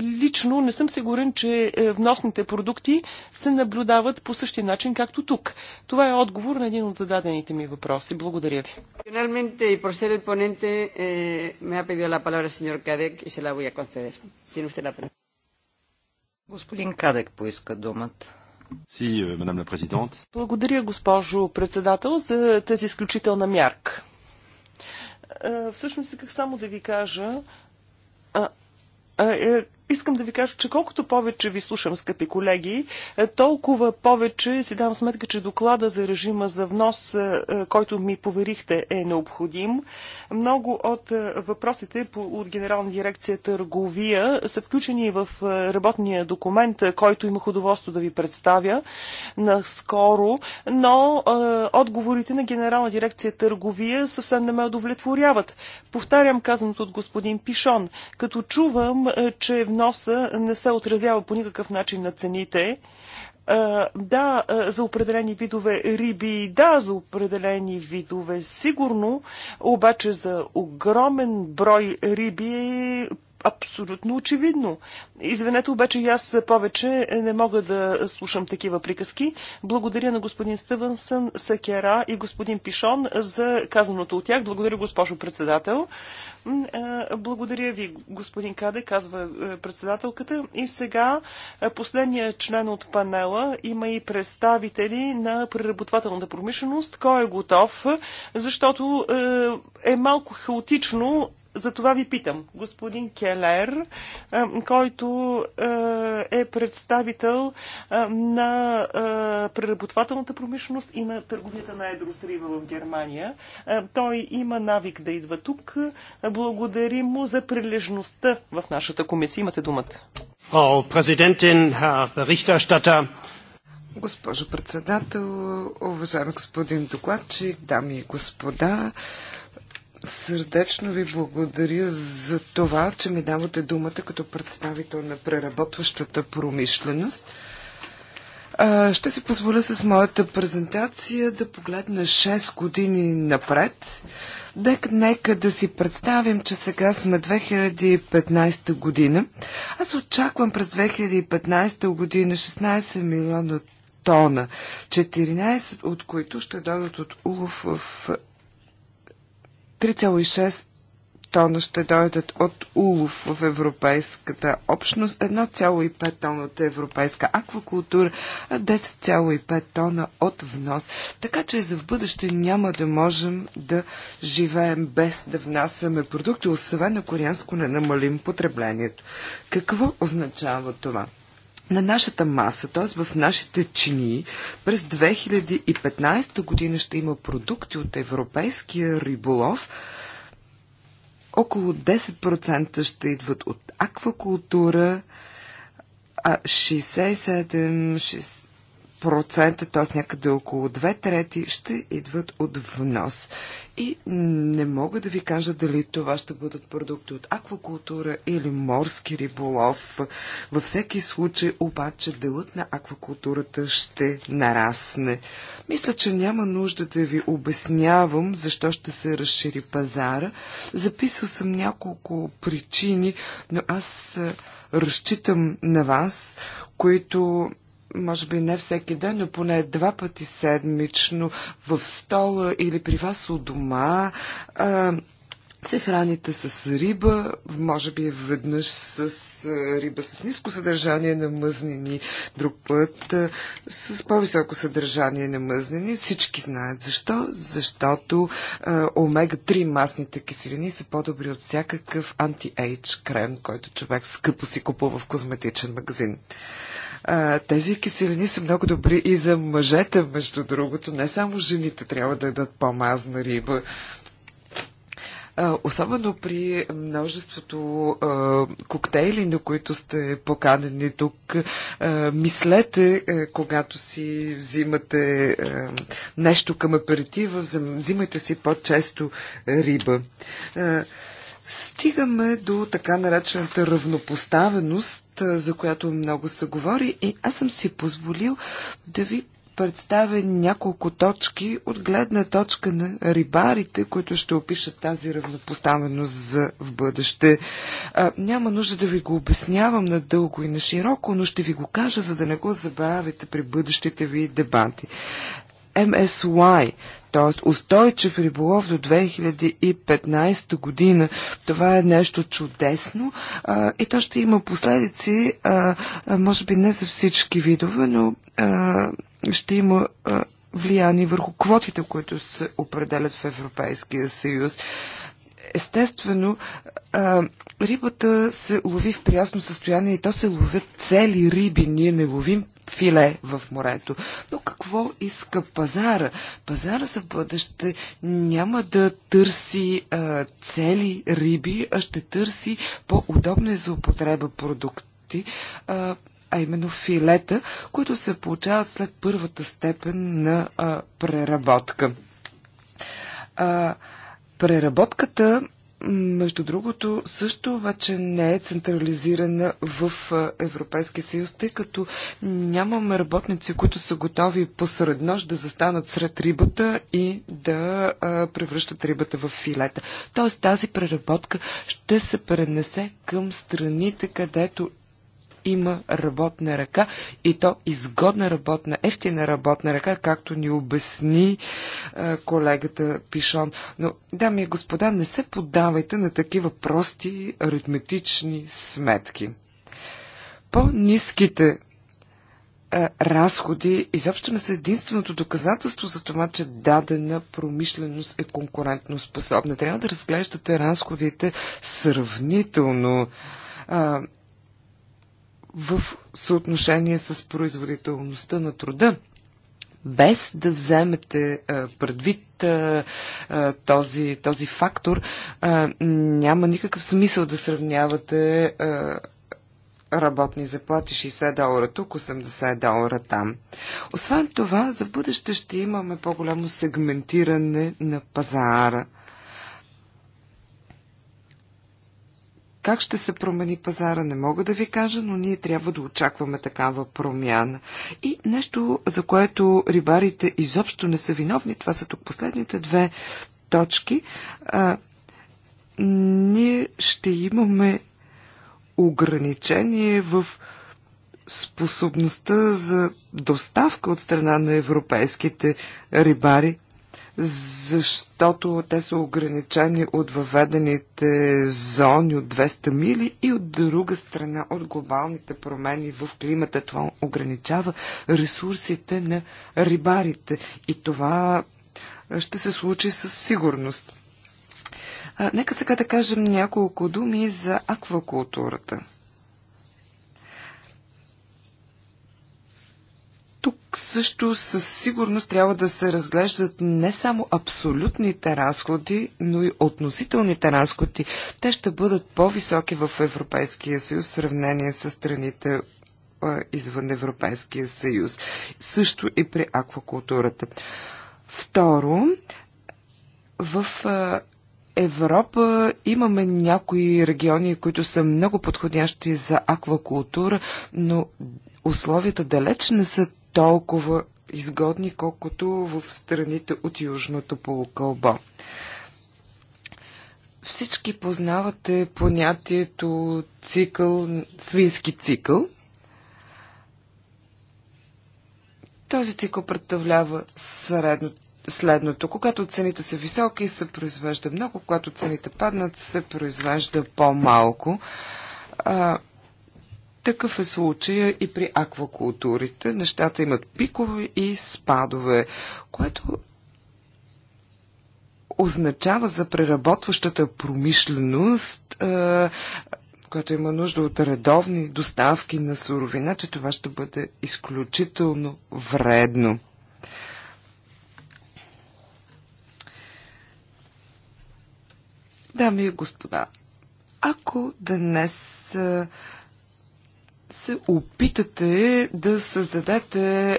лично не съм сигурен, че вносните продукти се наблюдават по същия начин, както тук. Това е отговор на един от зададените ми въпроси. Благодаря ви. Finalmente, и por el ponente, eh, ha pedido la palabra señor Cadec y se la voy a conceder. Господин Кадек поиска думата. Euh, Благодаря, госпожо председател, за тази изключителна мярка. Е, всъщност, как само да ви кажа, е, искам да ви кажа, че колкото повече ви слушам, скъпи колеги, е, толкова повече си давам сметка, че доклада за режима за внос, е, е, който ми поверихте, е необходим. Много от въпросите от Генерална дирекция търговия са включени в работния документ, който имах удоволство да ви представя наскоро, но отговорите на Генерална дирекция търговия съвсем не ме удовлетворяват. Повтарям казаното от господин Пишон. Като чувам, че вноса не се отразява по никакъв начин на цените. Е, да, е, за определени видове риби, да, за определени видове сигурно, обаче за огромен брой риби е абсолютно очевидно. Извинете, обаче и аз повече не мога да слушам такива приказки. Благодаря на господин Стъвансън, Сакера и господин Пишон за казаното от тях. Благодаря, госпожо председател. Благодаря ви, господин Каде, казва е, председателката. И сега е, последния член от панела има и представители на преработвателната промишленост. Кой е готов? Защото е, е малко хаотично за това ви питам. Господин Келер, който е представител на преработвателната промишленост и на търговията на едро с риба в Германия. Той има навик да идва тук. Благодарим му за прилежността в нашата комисия. Имате думата. Госпожо председател, уважаеми господин докладчик, дами и господа, Сърдечно ви благодаря за това, че ми давате думата като представител на преработващата промишленост. Ще си позволя с моята презентация да погледна 6 години напред. Дек, нека да си представим, че сега сме 2015 година. Аз очаквам през 2015 година 16 милиона тона, 14 от които ще дойдат от улов в 3,6 тона ще дойдат от улов в Европейската общност, 1,5 тона от европейска аквакултура, 10,5 тона от внос. Така че за в бъдеще няма да можем да живеем без да внасяме продукти, освен на кореанско, не намалим потреблението. Какво означава това? на нашата маса, т.е. в нашите чини, през 2015 година ще има продукти от европейския риболов. Около 10% ще идват от аквакултура, а 67, 6, процента, т.е. някъде около две трети, ще идват от внос. И не мога да ви кажа дали това ще бъдат продукти от аквакултура или морски риболов. Във всеки случай обаче делът на аквакултурата ще нарасне. Мисля, че няма нужда да ви обяснявам защо ще се разшири пазара. Записал съм няколко причини, но аз разчитам на вас, които може би не всеки ден, но поне два пъти седмично в стола или при вас у дома. А, се храните с риба, може би веднъж с риба с ниско съдържание на мъзнини, друг път с по-високо съдържание на мъзнини. Всички знаят защо. Защото а, омега-3 масните киселини са по-добри от всякакъв анти-ейдж крем, който човек скъпо си купува в козметичен магазин. А, тези киселини са много добри и за мъжете, между другото. Не само жените трябва да дадат по-мазна риба. Особено при множеството а, коктейли, на които сте поканени тук, а, мислете, а, когато си взимате а, нещо към аперитива, взимайте си по-често риба. А, стигаме до така наречената равнопоставеност за която много се говори и аз съм си позволил да ви представя няколко точки от гледна точка на рибарите, които ще опишат тази равнопоставеност за в бъдеще. А, няма нужда да ви го обяснявам надълго и на широко, но ще ви го кажа, за да не го забравите при бъдещите ви дебати. MSY, т.е. устойчив риболов до 2015 година. Това е нещо чудесно а, и то ще има последици, а, а, може би не за всички видове, но а, ще има а, влияние върху квотите, които се определят в Европейския съюз. Естествено, а, рибата се лови в приясно състояние и то се ловят цели риби. Ние не ловим филе в морето. Но какво иска пазара? Пазара за бъдеще няма да търси а, цели риби, а ще търси по-удобни за употреба продукти. А, а именно филета, които се получават след първата степен на а, преработка. А, преработката между другото, също обаче не е централизирана в Европейския съюз, тъй като нямаме работници, които са готови посред нощ да застанат сред рибата и да а, превръщат рибата в филета. Тоест тази преработка ще се пренесе към страните, където има работна ръка и то изгодна работна, ефтина работна ръка, както ни обясни а, е, колегата Пишон. Но, дами и господа, не се поддавайте на такива прости аритметични сметки. По-низките е, разходи изобщо не са единственото доказателство за това, че дадена промишленост е конкурентно способна. Трябва да разглеждате разходите сравнително в съотношение с производителността на труда без да вземете предвид този, този фактор, няма никакъв смисъл да сравнявате работни заплати 60 долара тук, 80 долара там. Освен това, за бъдеще ще имаме по-голямо сегментиране на пазара. Как ще се промени пазара, не мога да ви кажа, но ние трябва да очакваме такава промяна. И нещо, за което рибарите изобщо не са виновни, това са тук последните две точки. А, ние ще имаме ограничение в способността за доставка от страна на европейските рибари защото те са ограничени от въведените зони от 200 мили и от друга страна от глобалните промени в климата. Това ограничава ресурсите на рибарите и това ще се случи със сигурност. А, нека сега да кажем няколко думи за аквакултурата. също със сигурност трябва да се разглеждат не само абсолютните разходи, но и относителните разходи. Те ще бъдат по-високи в Европейския съюз в сравнение с страните извън Европейския съюз. Също и при аквакултурата. Второ, в Европа имаме някои региони, които са много подходящи за аквакултура, но условията далеч не са толкова изгодни, колкото в страните от Южното полукълбо. Всички познавате понятието цикъл, свински цикъл. Този цикъл представлява средно, следното. Когато цените са високи, се произвежда много, когато цените паднат, се произвежда по-малко. Такъв е случая и при аквакултурите. Нещата имат пикове и спадове, което означава за преработващата промишленост, която има нужда от редовни доставки на суровина, че това ще бъде изключително вредно. Дами и господа, ако днес се опитате да създадете е,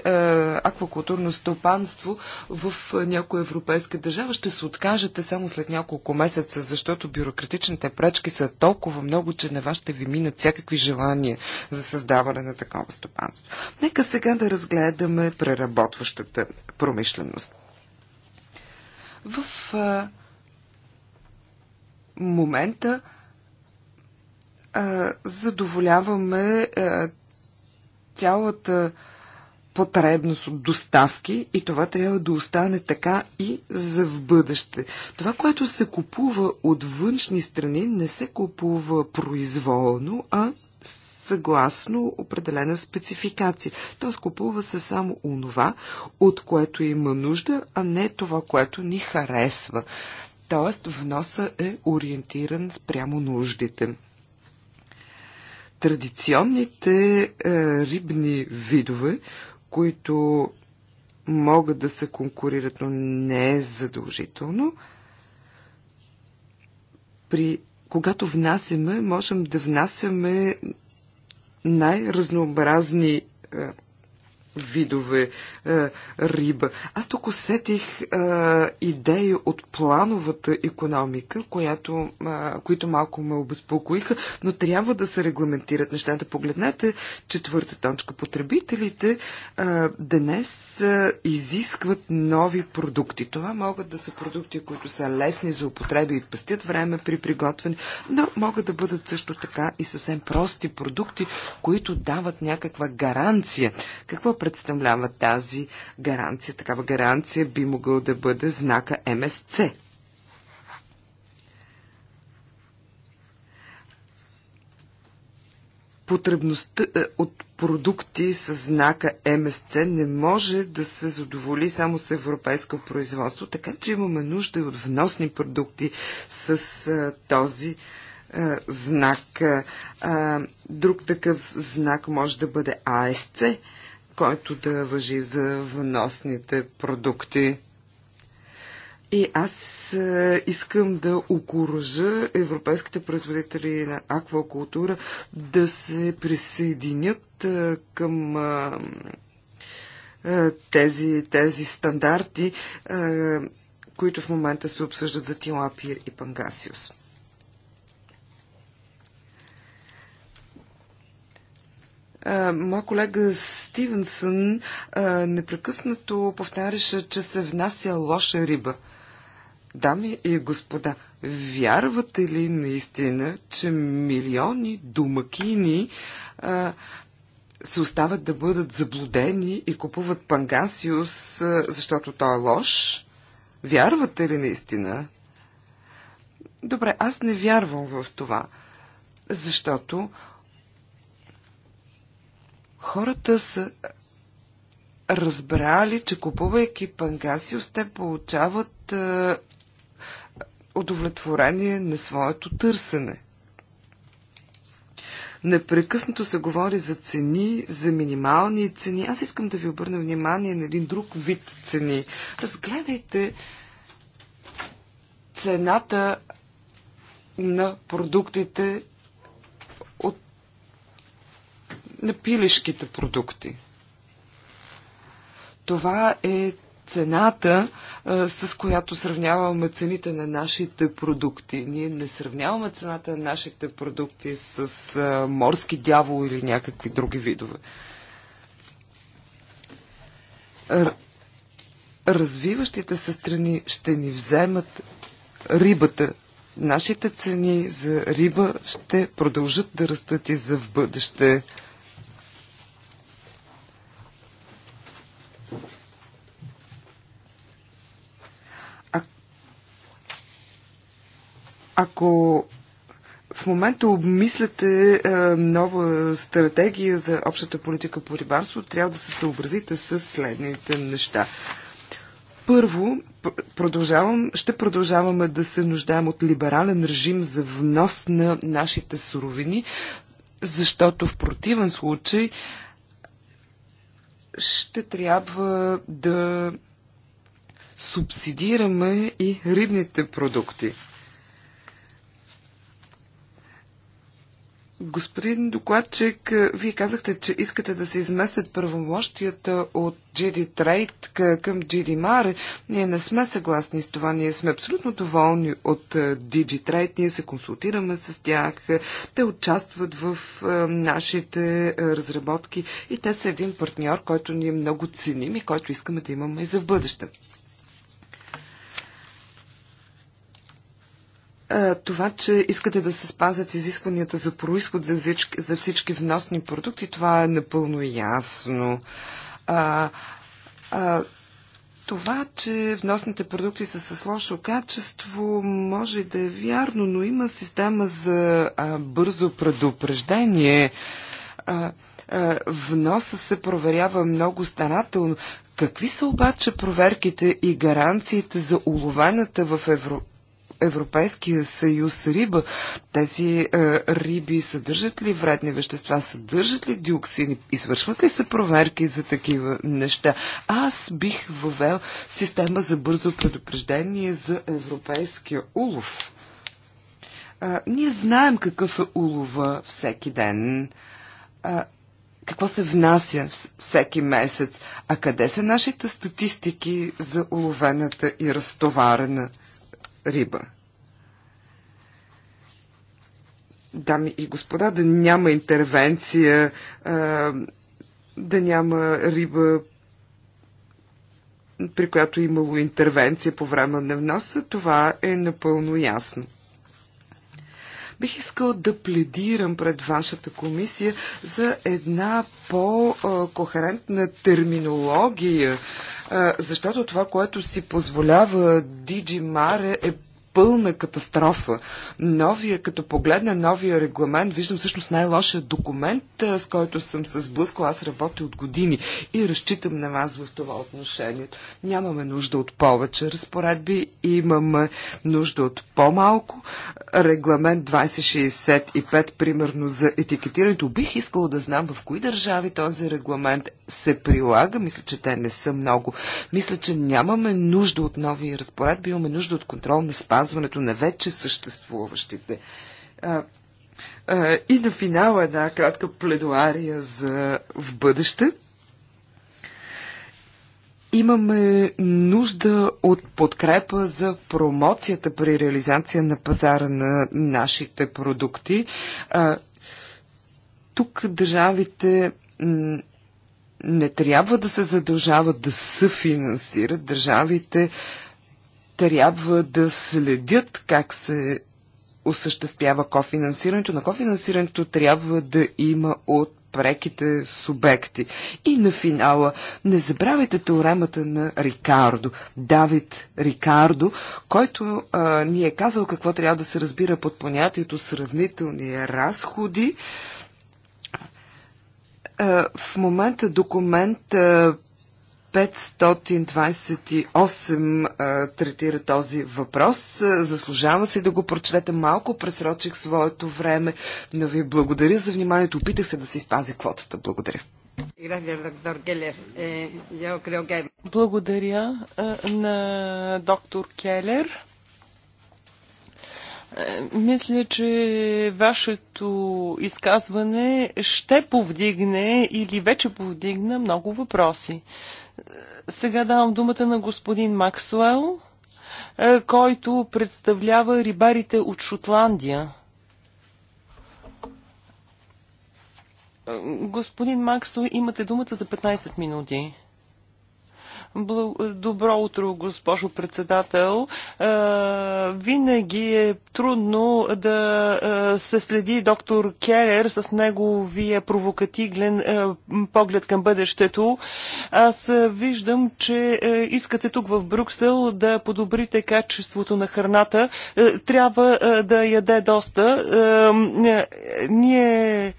аквакултурно стопанство в някоя европейска държава. Ще се откажете само след няколко месеца, защото бюрократичните пречки са толкова много, че на вас ще ви минат всякакви желания за създаване на такова стопанство. Нека сега да разгледаме преработващата промишленост. В е, момента задоволяваме цялата потребност от доставки и това трябва да остане така и за в бъдеще. Това, което се купува от външни страни, не се купува произволно, а съгласно определена спецификация. Т.е. купува се само онова, от което има нужда, а не това, което ни харесва. Тоест, вноса е ориентиран спрямо нуждите традиционните е, рибни видове, които могат да се конкурират, но не е задължително. При, когато внасяме, можем да внасяме най-разнообразни е, видове е, риба. Аз тук усетих е, идеи от плановата економика, която, е, които малко ме обезпокоиха, но трябва да се регламентират нещата. Погледнете четвърта точка. Потребителите е, днес е, изискват нови продукти. Това могат да са продукти, които са лесни за употреба и пъстят време при приготвяне, но могат да бъдат също така и съвсем прости продукти, които дават някаква гаранция. Какво представлява тази гаранция. Такава гаранция би могъл да бъде знака МСЦ. потребността е, от продукти с знака МСЦ не може да се задоволи само с европейско производство, така че имаме нужда от вносни продукти с е, този е, знак. друг такъв знак може да бъде АСЦ който да въжи за вносните продукти. И аз е, искам да окоръжа европейските производители на аквакултура да се присъединят е, към е, тези, тези стандарти, които в момента се обсъждат за Тилапия и Пангасиус. Мой колега Стивенсън непрекъснато повтаряше, че се внася лоша риба. Дами и господа, вярвате ли наистина, че милиони домакини а, се остават да бъдат заблудени и купуват пангасиус, а, защото той е лош? Вярвате ли наистина? Добре, аз не вярвам в това, защото Хората са разбрали, че купувайки пангасиус, те получават а, е, удовлетворение на своето търсене. Непрекъснато се говори за цени, за минимални цени. Аз искам да ви обърна внимание на един друг вид цени. Разгледайте цената на продуктите на пилешките продукти. Това е цената, с която сравняваме цените на нашите продукти. Ние не сравняваме цената на нашите продукти с морски дявол или някакви други видове. Развиващите се страни ще ни вземат рибата. Нашите цени за риба ще продължат да растат и за в бъдеще. Ако в момента обмисляте е, нова стратегия за общата политика по рибарство, трябва да се съобразите с следните неща. Първо, продължавам, ще продължаваме да се нуждаем от либерален режим за внос на нашите суровини, защото в противен случай ще трябва да субсидираме и рибните продукти. Господин докладчик, вие казахте, че искате да се изместят правомощията от GD Trade към GD Mare. Ние не сме съгласни с това. Ние сме абсолютно доволни от DG е, Trade. Ние се консултираме с тях. Те участват в е, нашите е, разработки и те са един партньор, който ние много ценим и който искаме да имаме и за в бъдеще. Е, това, че искате да се спазят изискванията за происход за всички, за всички вносни продукти, това е напълно ясно. А, а, това, че вносните продукти са с лошо качество, може да е вярно, но има система за а, бързо предупреждение. А, а, вноса се проверява много старателно. Какви са обаче проверките и гаранциите за уловената в Европа? Европейския съюз риба. Тези е, риби съдържат ли вредни вещества, съдържат ли диоксини, извършват ли се проверки за такива неща? Аз бих въвел система за бързо предупреждение за европейския улов. А, ние знаем какъв е улова всеки ден. А, какво се внася всеки месец, а къде са нашите статистики за уловената и разтоварена риба. Дами и господа, да няма интервенция, да няма риба, при която е имало интервенция по време на вноса, това е напълно ясно. Бих искал да пледирам пред вашата комисия за една по-кохерентна терминология защото това, което си позволява Диджи Маре е пълна катастрофа. Новия, като погледна новия регламент, виждам всъщност най-лошия документ, с който съм се сблъскала. Аз работя от години и разчитам на вас в това отношение. Нямаме нужда от повече разпоредби, имаме нужда от по-малко. Регламент 2065, примерно за етикетирането, бих искала да знам в кои държави този регламент се прилага. Мисля, че те не са много. Мисля, че нямаме нужда от нови разпоредби, имаме нужда от контрол на спазването запазването на вече съществуващите. И на финала една кратка пледуария за в бъдеще. Имаме нужда от подкрепа за промоцията при реализация на пазара на нашите продукти. Тук държавите не трябва да се задължават да съфинансират. Държавите трябва да следят как се осъществява кофинансирането. На кофинансирането трябва да има от преките субекти. И на финала не забравяйте теоремата на Рикардо, Давид Рикардо, който а, ни е казал какво трябва да се разбира под понятието сравнителни разходи. А, в момента документ а, 528 третира този въпрос. Заслужава се да го прочетете малко. Пресрочих своето време. Но ви благодаря за вниманието. Опитах се да си спази квотата. Благодаря. Eh, благодаря на доктор Келер. Е, мисля, че вашето изказване ще повдигне или вече повдигна много въпроси. Сега давам думата на господин Максуел, е, който представлява рибарите от Шотландия. Е, господин Максуел, имате думата за 15 минути. Добро утро, госпожо председател. Е, винаги е трудно да е, се следи доктор Келер с неговия провокативен е, поглед към бъдещето. Аз виждам, че искате тук в Брюксел да подобрите качеството на храната. Трябва да яде доста. Ние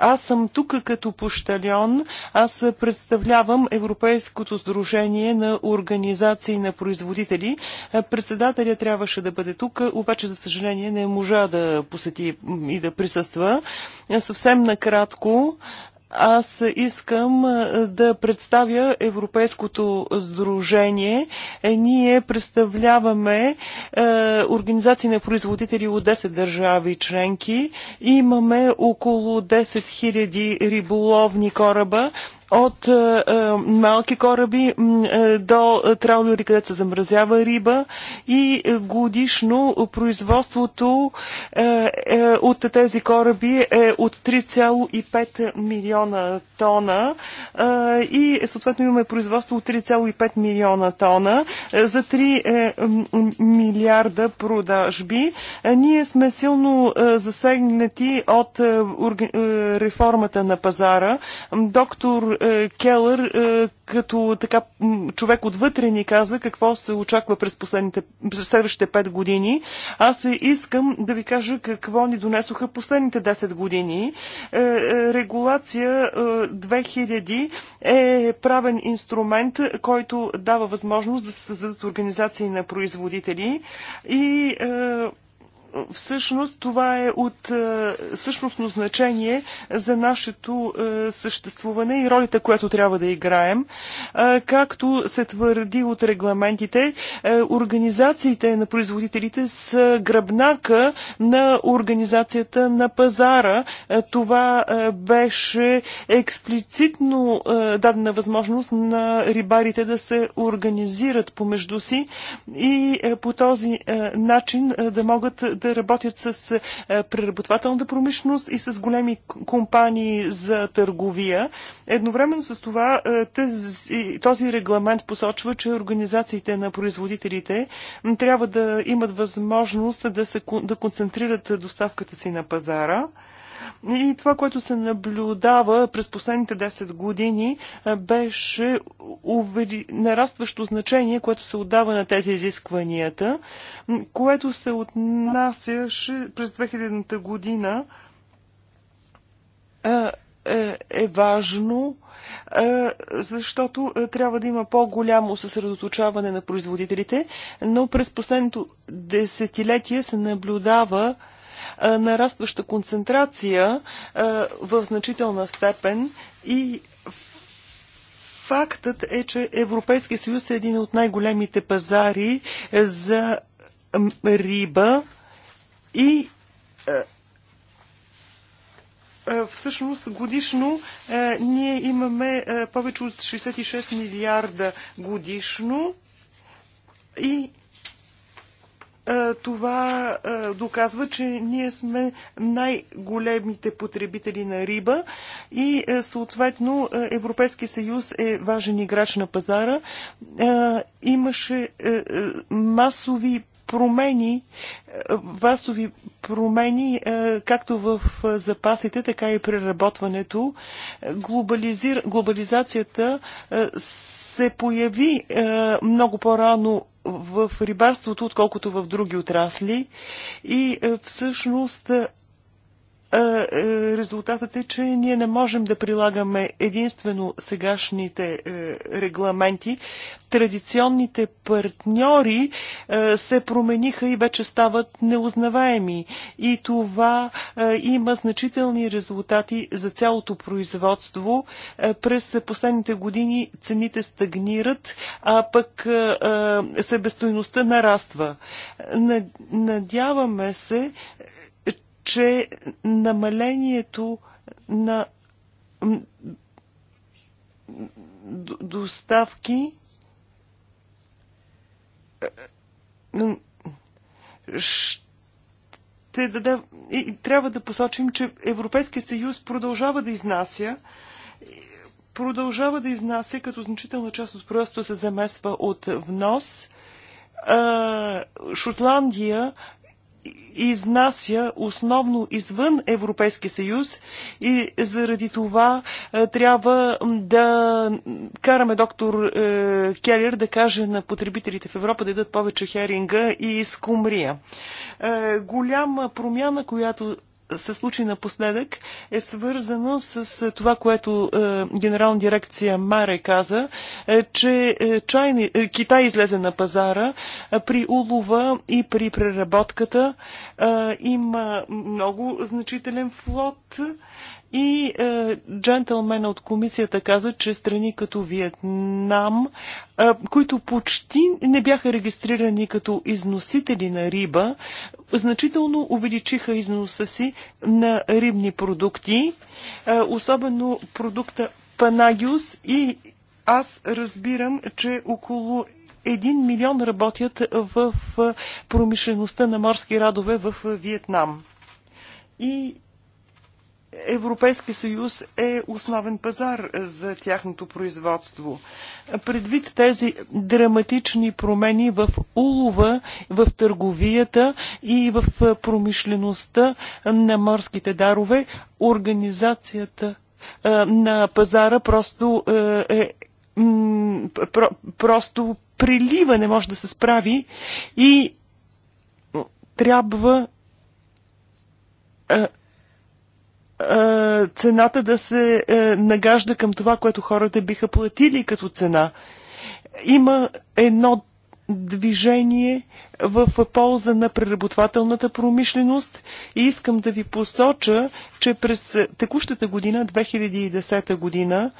аз съм тук като пощальон. Аз представлявам Европейското сдружение на организации на производители. Председателя трябваше да бъде тук, обаче, за съжаление, не можа да посети и да присъства. Съвсем накратко, аз искам да представя Европейското сдружение. Е, ние представляваме е, организации на производители от 10 държави членки. Имаме около 10 000 риболовни кораба, от е, е, малки кораби е, до траулери, където се замразява риба и годишно производството е, е, от тези кораби е от 3,5 милиона тона е, и съответно имаме производство от 3,5 милиона тона е, за 3 е, милиарда продажби. Е, ние сме силно е, засегнати от е, е реформата на пазара. Доктор е, Келър, е, като така човек отвътре ни каза какво се очаква през, последните, през следващите 5 години. Аз искам да ви кажа какво ни донесоха последните 10 години. Е, регулация 2000 е правен инструмент, който дава възможност да се създадат организации на производители и всъщност това е от е, същностно значение за нашето е, съществуване и ролята, която трябва да играем. Е, както се твърди от регламентите, организациите на производителите са гръбнака на организацията на пазара. Това беше експлицитно дадена възможност на рибарите да се организират помежду си и по този начин да могат да да работят с е, преработвателната промишленост и с големи компании за търговия. Едновременно с това е, тези, този регламент посочва, че организациите на производителите трябва да имат възможност да, се, да концентрират доставката си на пазара. И това, което се наблюдава през последните 10 години, е, беше нарастващо значение, което се отдава на тези изискванията, което се отнасяше през 2000-та година е, е, е важно, защото трябва да има по-голямо съсредоточаване на производителите, но през последното десетилетие се наблюдава нарастваща концентрация в значителна степен и фактът е, че Европейския съюз е един от най-големите пазари за риба и всъщност годишно ние имаме повече от 66 милиарда годишно и е, това е, доказва, че ние сме най-големите потребители на риба и е, съответно Европейския съюз е важен играч на пазара. Имаше масови промени, васови промени, както в запасите, така и преработването. Глобализир... Глобализацията се появи много по-рано в рибарството, отколкото в други отрасли. И е, всъщност е, резултатът е, че ние не можем да прилагаме единствено сегашните е, регламенти. Традиционните партньори е, се промениха и вече стават неузнаваеми. И това има значителни резултати за цялото производство. През последните години цените стагнират, а пък себестойността нараства. Надяваме се, че намалението на доставки е, ще даде... И трябва да посочим, че Европейския съюз продължава да изнася продължава да изнася, като значителна част от просто се замесва от внос. Е, Шотландия изнася основно извън Европейския съюз и заради това е, трябва да караме доктор е, Келер да каже на потребителите в Европа да дадат повече херинга и скумрия. Е, голяма промяна, която се случи напоследък, е свързано с е, това, което е, генерална дирекция Маре каза, е, че е, чайни, е, Китай излезе на пазара е, при улова и при преработката. Е, има много значителен флот и е, джентълмена от комисията каза, че страни като Виетнам, е, които почти не бяха регистрирани като износители на риба, значително увеличиха износа си на рибни продукти, е, особено продукта Панагиус и аз разбирам, че около 1 милион работят в е, промишлеността на морски радове в е, Виетнам. И Европейски съюз е основен пазар за тяхното производство. Предвид тези драматични промени в улова, в търговията и в промишлеността на морските дарове, организацията на пазара просто е просто прилива, не може да се справи и трябва цената да се нагажда към това, което хората биха платили като цена. Има едно движение в полза на преработвателната промишленост и искам да ви посоча, че през текущата година, 2010 година,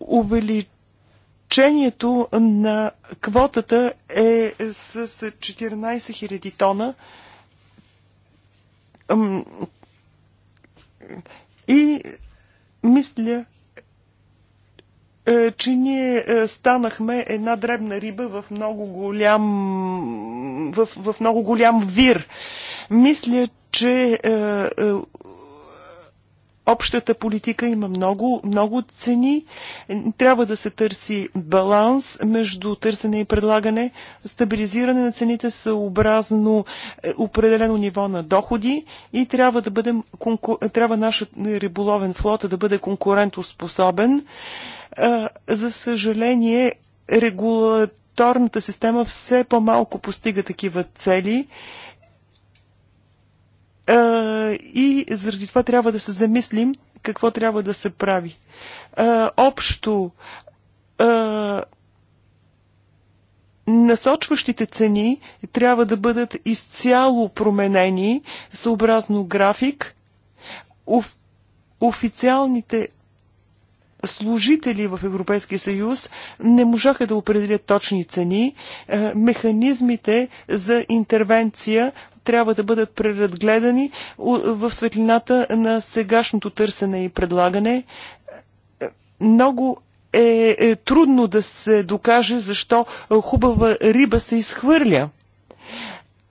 увеличението на квотата е с 14 000 тона и мисля, е, че ние е, станахме една дребна риба в много голям, в, в много голям вир. Мисля, че е, общата политика има много, много цени. Трябва да се търси баланс между търсене и предлагане, стабилизиране на цените съобразно е, определено ниво на доходи и трябва да бъдем, трябва нашият риболовен флот да бъде конкурентоспособен. Е, за съжаление, регулаторната система все по-малко постига такива цели и заради това трябва да се замислим какво трябва да се прави. Общо насочващите цени трябва да бъдат изцяло променени съобразно график. Оф, официалните служители в Европейския съюз не можаха да определят точни цени. Механизмите за интервенция трябва да бъдат преразгледани в светлината на сегашното търсене и предлагане. Много е, е трудно да се докаже защо хубава риба се изхвърля.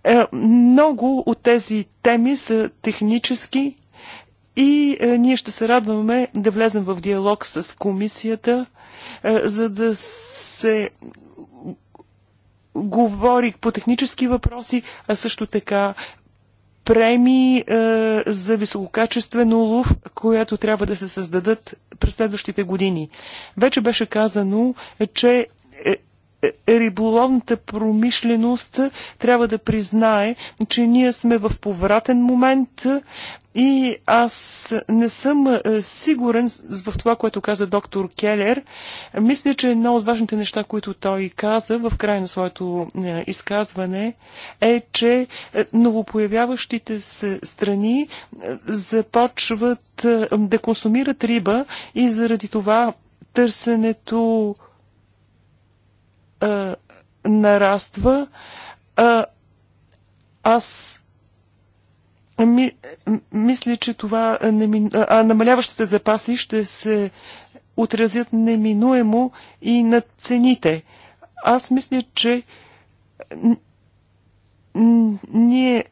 Е, много от тези теми са технически и е, ние ще се радваме да влезем в диалог с комисията, е, за да се говорих по технически въпроси, а също така премии е, за висококачествено улов, която трябва да се създадат през следващите години. Вече беше казано, е, че е, е, риболовната промишленост трябва да признае, че ние сме в повратен момент и аз не съм е, сигурен в това, което каза доктор Келер. Мисля, че едно от важните неща, които той каза в края на своето е, изказване е, че новопоявяващите се страни започват да консумират риба и заради това търсенето а, е, нараства. А, аз ми, мисля, че това а, намаляващите запаси ще се отразят неминуемо и на цените. Аз мисля, че ние е,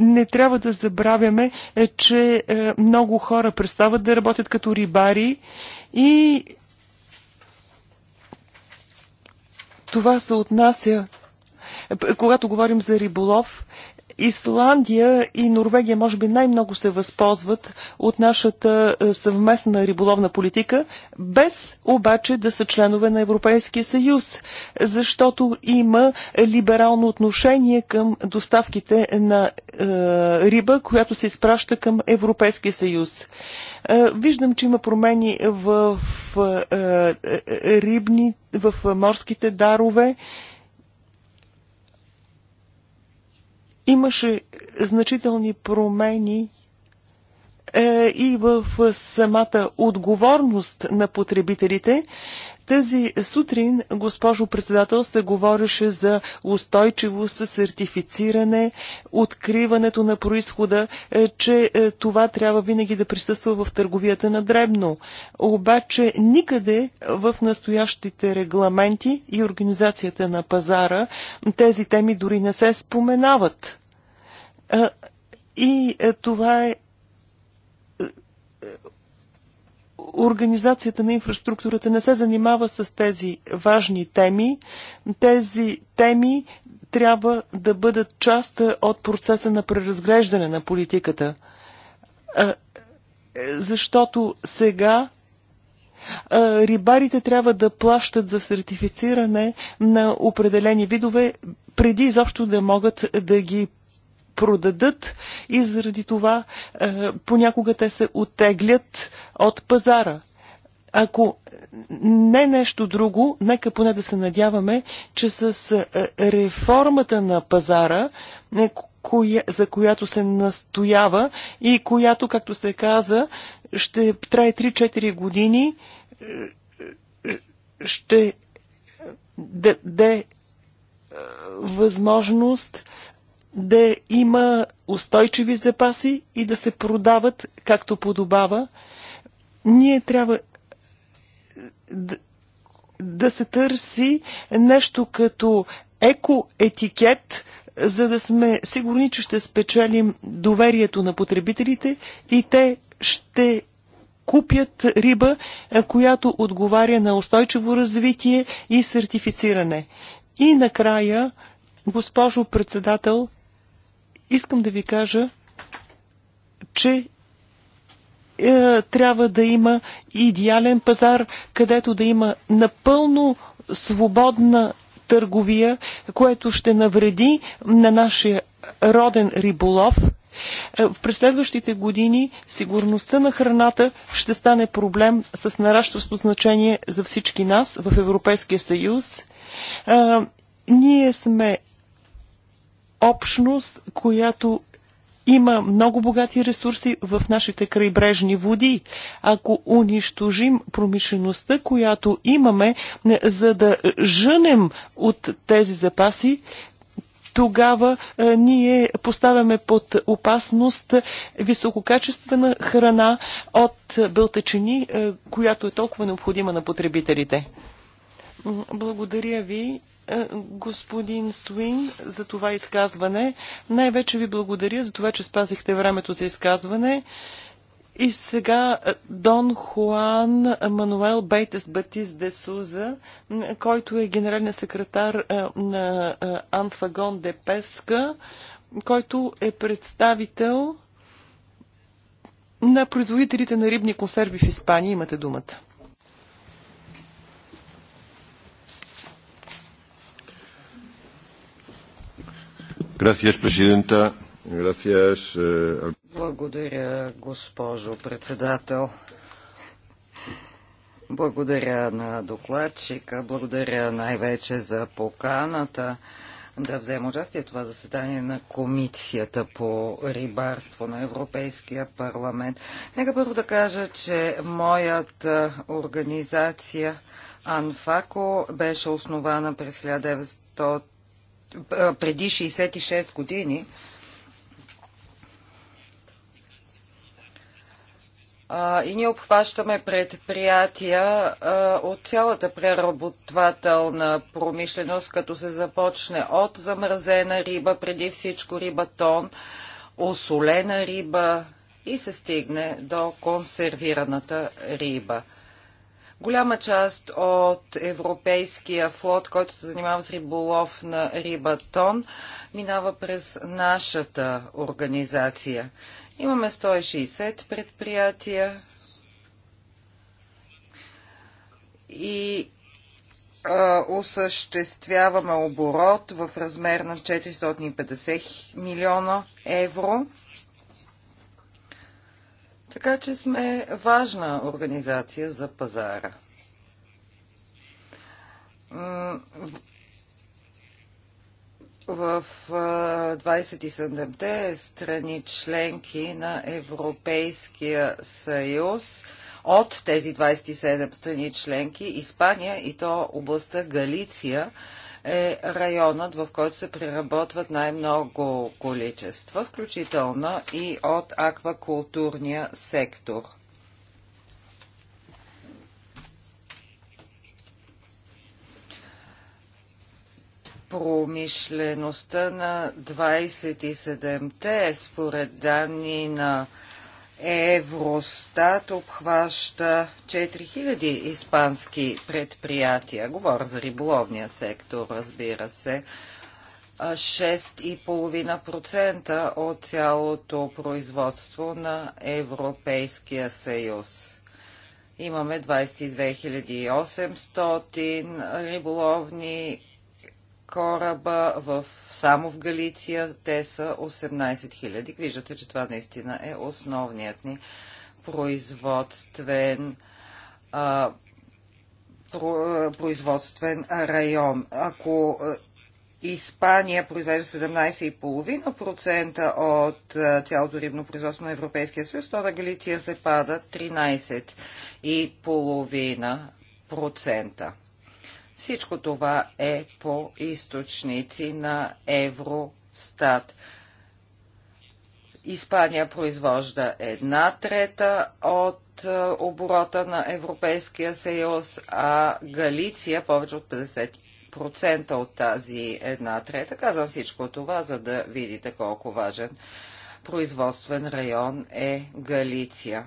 не трябва да забравяме, е, че много хора престават да работят като рибари и Това се отнася, когато говорим за риболов, Исландия и Норвегия може би най-много се възползват от нашата е, съвместна риболовна политика, без обаче да са членове на Европейския съюз, защото има либерално отношение към доставките на е, риба, която се изпраща към Европейския съюз. Е, виждам, че има промени в е, е, е рибни, в морските дарове. Е, Имаше значителни промени е, и в самата отговорност на потребителите. Тази сутрин, госпожо председател, се говореше за устойчивост, сертифициране, откриването на происхода, е, че е, това трябва винаги да присъства в търговията на дребно. Обаче никъде в настоящите регламенти и организацията на пазара тези теми дори не се споменават. И е, това е, е Организацията на инфраструктурата не се занимава с тези важни теми. Тези теми трябва да бъдат част от процеса на преразглеждане на политиката. Е, защото сега рибарите трябва да плащат за сертифициране на определени видове, преди изобщо да могат да ги продадат и заради това е, понякога те се оттеглят от пазара. Ако не нещо друго, нека поне да се надяваме, че с е, реформата на пазара, е, коя, за която се настоява и която, както се каза, ще трае 3-4 години, ще даде възможност да има устойчиви запаси и да се продават както подобава. Ние трябва да, да се търси нещо като екоетикет, за да сме сигурни, че ще спечелим доверието на потребителите и те ще купят риба, която отговаря на устойчиво развитие и сертифициране. И накрая, госпожо председател, Искам да ви кажа, че е, трябва да има идеален пазар, където да има напълно свободна търговия, което ще навреди на нашия роден риболов. Е, през следващите години сигурността на храната ще стане проблем с наращащо значение за всички нас в Европейския съюз. Е, ние сме общност, която има много богати ресурси в нашите крайбрежни води. Ако унищожим промишлеността, която имаме, е, за да женем от тези запаси, тогава е, ние поставяме под опасност висококачествена храна от бълтачини, е, която е толкова необходима на потребителите. Благодаря ви. Е, господин Суин, за това изказване. Най-вече ви благодаря за това, че спазихте времето за изказване. И сега е, Дон Хуан Мануел Бейтес Батис де Суза, който е генерален секретар е, на Анфагон де Песка, който е представител на производителите на рибни консерви в Испания. Имате думата. Gracias, Gracias, eh, Благодаря, госпожо председател. Благодаря на докладчика, благодаря най-вече за поканата да взема участие в това заседание на Комисията по рибарство на Европейския парламент. Нека първо да кажа, че моята организация Анфако беше основана през 1900 преди 66 години, и ние обхващаме предприятия от цялата преработвателна промишленост, като се започне от замразена риба, преди всичко риба тон, осолена риба и се стигне до консервираната риба. Голяма част от европейския флот, който се занимава с риболов на рибатон, минава през нашата организация. Имаме 160 предприятия и осъществяваме оборот в размер на 450 милиона евро. Така че сме важна организация за пазара. В 27-те страни членки на Европейския съюз от тези 27 страни членки Испания и то областта Галиция е районът, в който се преработват най-много количества, включително и от аквакултурния сектор. Промишлеността на 27-те, е според данни на Евростат обхваща 4000 испански предприятия. Говоря за риболовния сектор, разбира се. 6,5% от цялото производство на Европейския съюз. Имаме 22 800 риболовни кораба в, само в Галиция. Те са 18 000. Виждате, че това наистина е основният ни производствен а, про, производствен район. Ако Испания произвежда 17,5% от цялото рибно производство на Европейския съюз, то на Галиция се пада 13,5%. Всичко това е по източници на Евростат. Испания произвожда една трета от е, оборота на Европейския съюз, а Галиция повече от 50% от тази една трета. Казвам всичко това, за да видите колко важен производствен район е Галиция.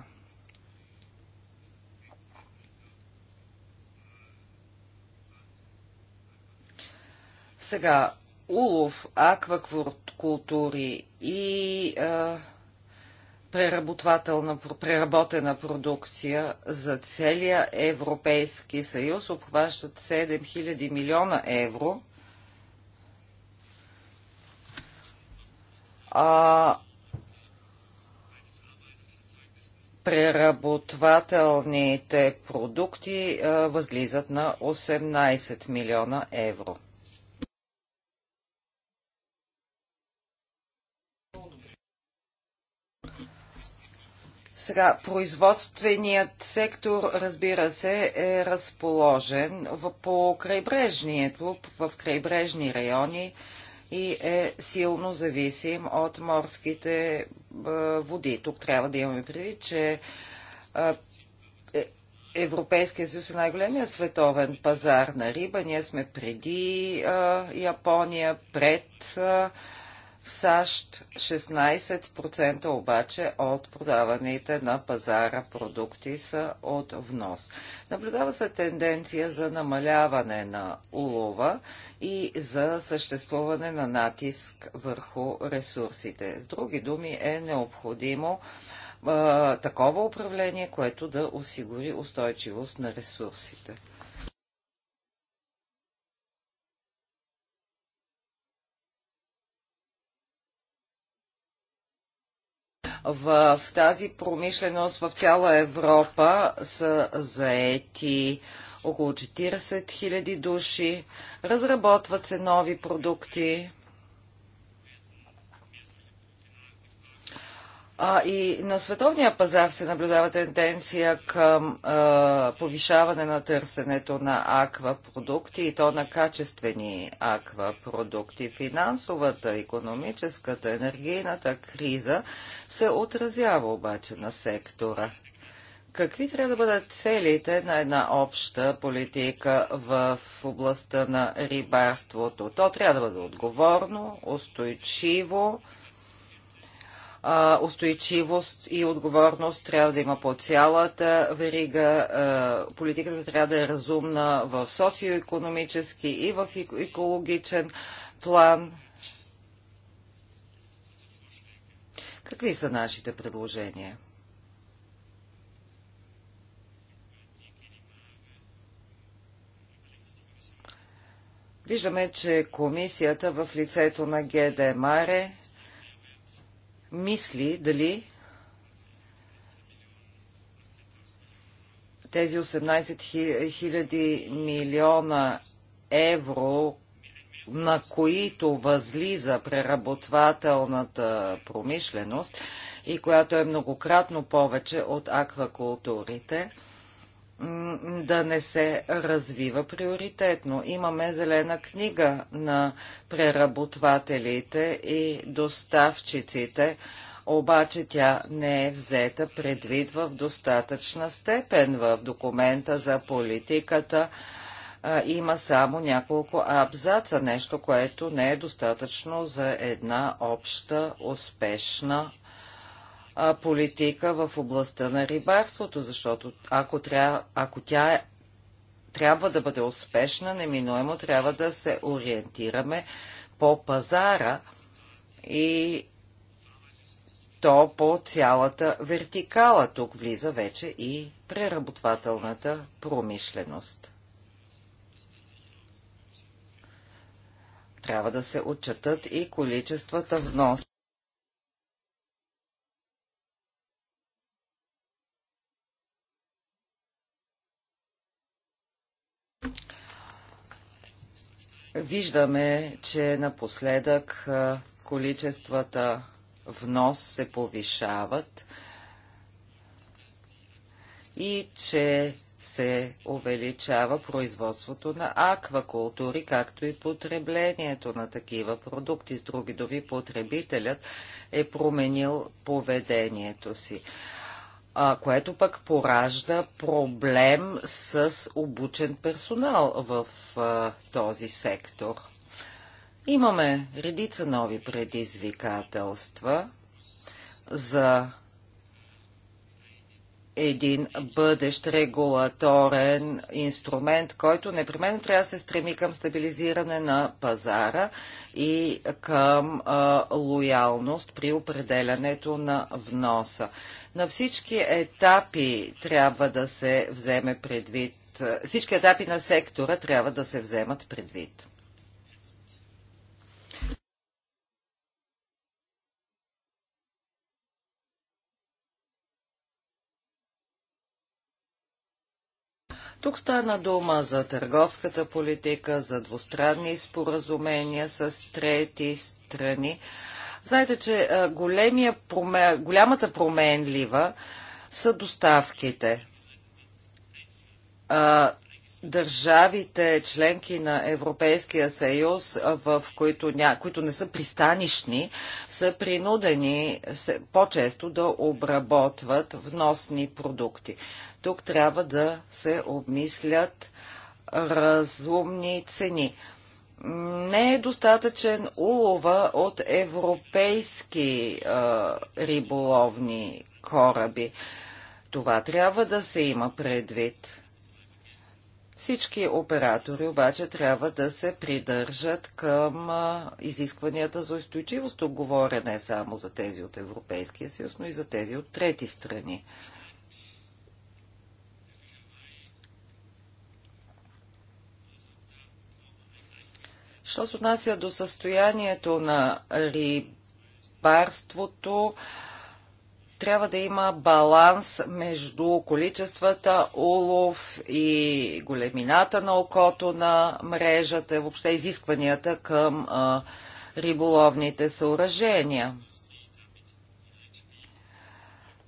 Сега, улов, аквакултури и а, преработвателна, преработена продукция за целия Европейски съюз обхващат 7000 милиона евро. А преработвателните продукти а, възлизат на 18 милиона евро. Сега, производственият сектор, разбира се, е разположен в, по крайбрежнието, в крайбрежни райони и е силно зависим от морските води. Тук трябва да имаме предвид, че е, Европейския съюз е най-големия световен пазар на риба. Ние сме преди Япония, пред а, в САЩ 16% обаче от продаваните на пазара продукти са от внос. Наблюдава се тенденция за намаляване на улова и за съществуване на натиск върху ресурсите. С други думи е необходимо а, такова управление, което да осигури устойчивост на ресурсите. В тази промишленост в цяла Европа са заети около 40 000 души, разработват се нови продукти, А и на световния пазар се наблюдава тенденция към а, повишаване на търсенето на аквапродукти и то на качествени аквапродукти. Финансовата, економическата, енергийната криза се отразява обаче на сектора. Какви трябва да бъдат целите на една обща политика в областта на рибарството? То трябва да бъде отговорно, устойчиво, устойчивост и отговорност трябва да има по цялата верига. политиката трябва да е разумна в социо-економически и в екологичен план. Какви са нашите предложения? Виждаме, че комисията в лицето на ГД Маре мисли дали тези 18 000 милиона евро, на които възлиза преработвателната промишленост и която е многократно повече от аквакултурите, да не се развива приоритетно. Имаме зелена книга на преработвателите и доставчиците, обаче тя не е взета предвид в достатъчна степен в документа за политиката. има само няколко абзаца, нещо, което не е достатъчно за една обща успешна политика в областта на рибарството, защото ако, трябва, ако тя е, трябва да бъде успешна, неминуемо трябва да се ориентираме по пазара и то по цялата вертикала. Тук влиза вече и преработвателната промишленост. Трябва да се отчетат и количествата внос. Виждаме, че напоследък количествата внос се повишават и че се увеличава производството на аквакултури, както и потреблението на такива продукти. С други думи, потребителят е променил поведението си а, което пък поражда проблем с обучен персонал в а, този сектор. Имаме редица нови предизвикателства за един бъдещ регулаторен инструмент, който непременно трябва да се стреми към стабилизиране на пазара и към а, лоялност при определянето на вноса. На всички етапи трябва да се вземе предвид. Всички етапи на сектора трябва да се вземат предвид. Тук стана дума за търговската политика, за двустранни споразумения с трети страни. Знаете, че големия, голямата променлива са доставките. Държавите, членки на Европейския съюз, в които, ня... които не са пристанищни, са принудени по-често да обработват вносни продукти. Тук трябва да се обмислят разумни цени не е достатъчен улова от европейски а, риболовни кораби. Това трябва да се има предвид. Всички оператори обаче трябва да се придържат към а, изискванията за устойчивост. говоря не само за тези от Европейския съюз, но и за тези от трети страни. Що се отнася до състоянието на рибарството, трябва да има баланс между количествата улов и големината на окото на мрежата, въобще изискванията към риболовните съоръжения.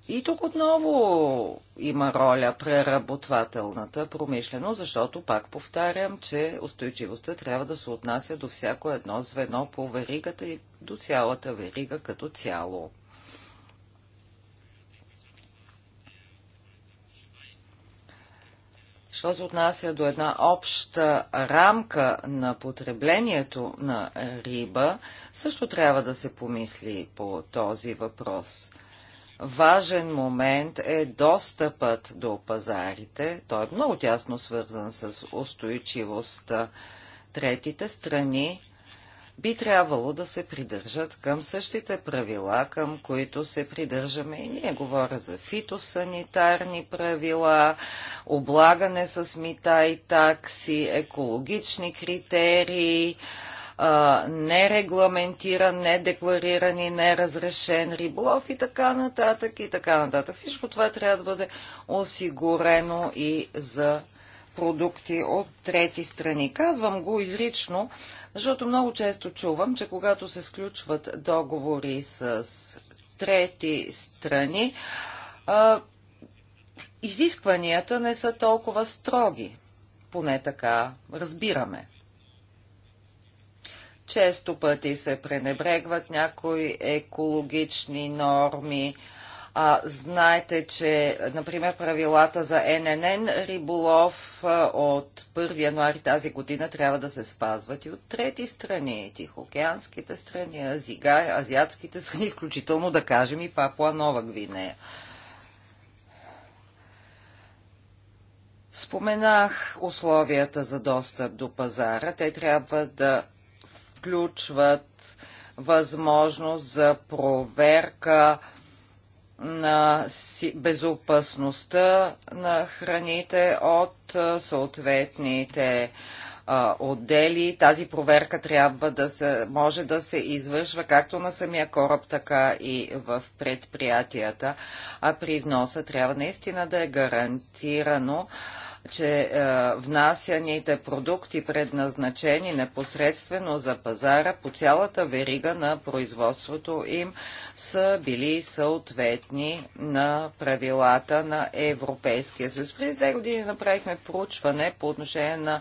И тук отново има роля преработвателната промишленост, защото пак повтарям, че устойчивостта трябва да се отнася до всяко едно звено по веригата и до цялата верига като цяло. Що се отнася до една обща рамка на потреблението на риба, също трябва да се помисли по този въпрос важен момент е достъпът до пазарите. Той е много тясно свързан с устойчивостта. Третите страни би трябвало да се придържат към същите правила, към които се придържаме и ние. Говоря за фитосанитарни правила, облагане с мита и такси, екологични критерии, нерегламентиран, недеклариран и неразрешен риболов и така нататък и така нататък. Всичко това трябва да бъде осигурено и за продукти от трети страни. Казвам го изрично, защото много често чувам, че когато се сключват договори с трети страни, а, изискванията не са толкова строги. Поне така разбираме. Често пъти се пренебрегват някои екологични норми. А, знаете, че, например, правилата за ННН риболов от 1 януари тази година трябва да се спазват и от трети страни, тихоокеанските страни, Азигай, азиатските страни, включително, да кажем, и Папуа Нова Гвинея. Споменах условията за достъп до пазара. Те трябва да изключват възможност за проверка на безопасността на храните от съответните отдели. Тази проверка трябва да се, може да се извършва както на самия кораб, така и в предприятията, а при вноса трябва наистина да е гарантирано че е, внасяните продукти, предназначени непосредствено за пазара по цялата верига на производството им, са били съответни на правилата на Европейския съюз. Преди две години направихме проучване по отношение на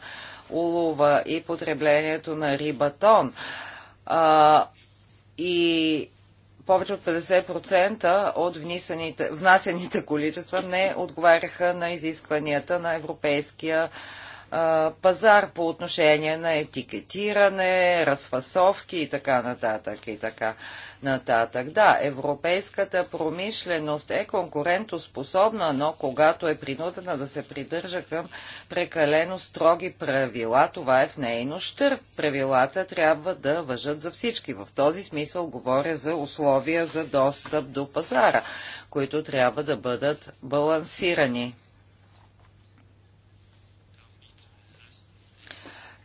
улова и потреблението на рибатон. А, и повече от 50% от внасяните количества не отговаряха на изискванията на Европейския пазар по отношение на етикетиране, разфасовки и така нататък и така нататък. Да, европейската промишленост е конкурентоспособна, но когато е принудена да се придържа към прекалено строги правила, това е в нейно щърп. Правилата трябва да въжат за всички. В този смисъл говоря за условия за достъп до пазара, които трябва да бъдат балансирани.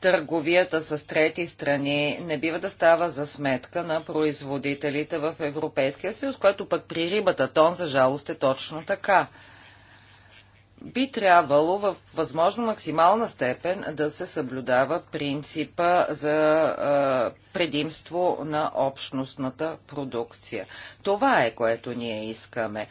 търговията с трети страни не бива да става за сметка на производителите в Европейския съюз, което пък при рибата тон, за жалост, е точно така. Би трябвало в възможно максимална степен да се съблюдава принципа за предимство на общностната продукция. Това е което ние искаме.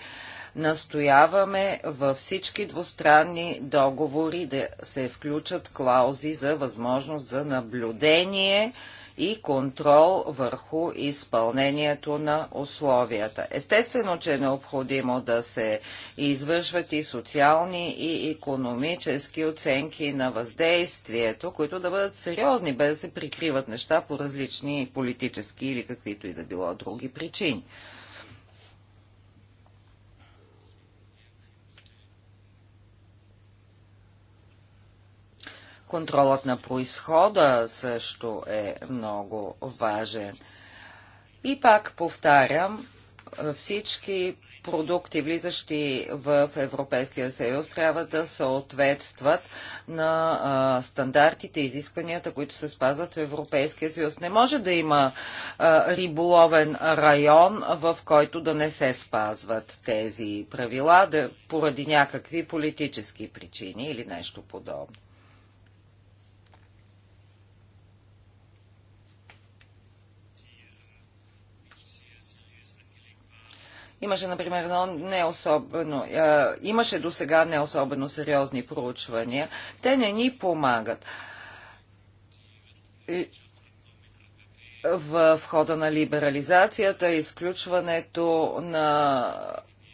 Настояваме във всички двустранни договори да се включат клаузи за възможност за наблюдение и контрол върху изпълнението на условията. Естествено, че е необходимо да се извършват и социални и економически оценки на въздействието, които да бъдат сериозни, без да се прикриват неща по различни политически или каквито и да било други причини. Контролът на происхода също е много важен. И пак повтарям, всички продукти, влизащи в Европейския съюз, трябва да съответстват на а, стандартите, изискванията, които се спазват в Европейския съюз. Не може да има а, риболовен район, в който да не се спазват тези правила, да, поради някакви политически причини или нещо подобно. Имаше, например, не особено, а, имаше до сега не особено сериозни проучвания. Те не ни помагат. И, в хода на либерализацията, изключването на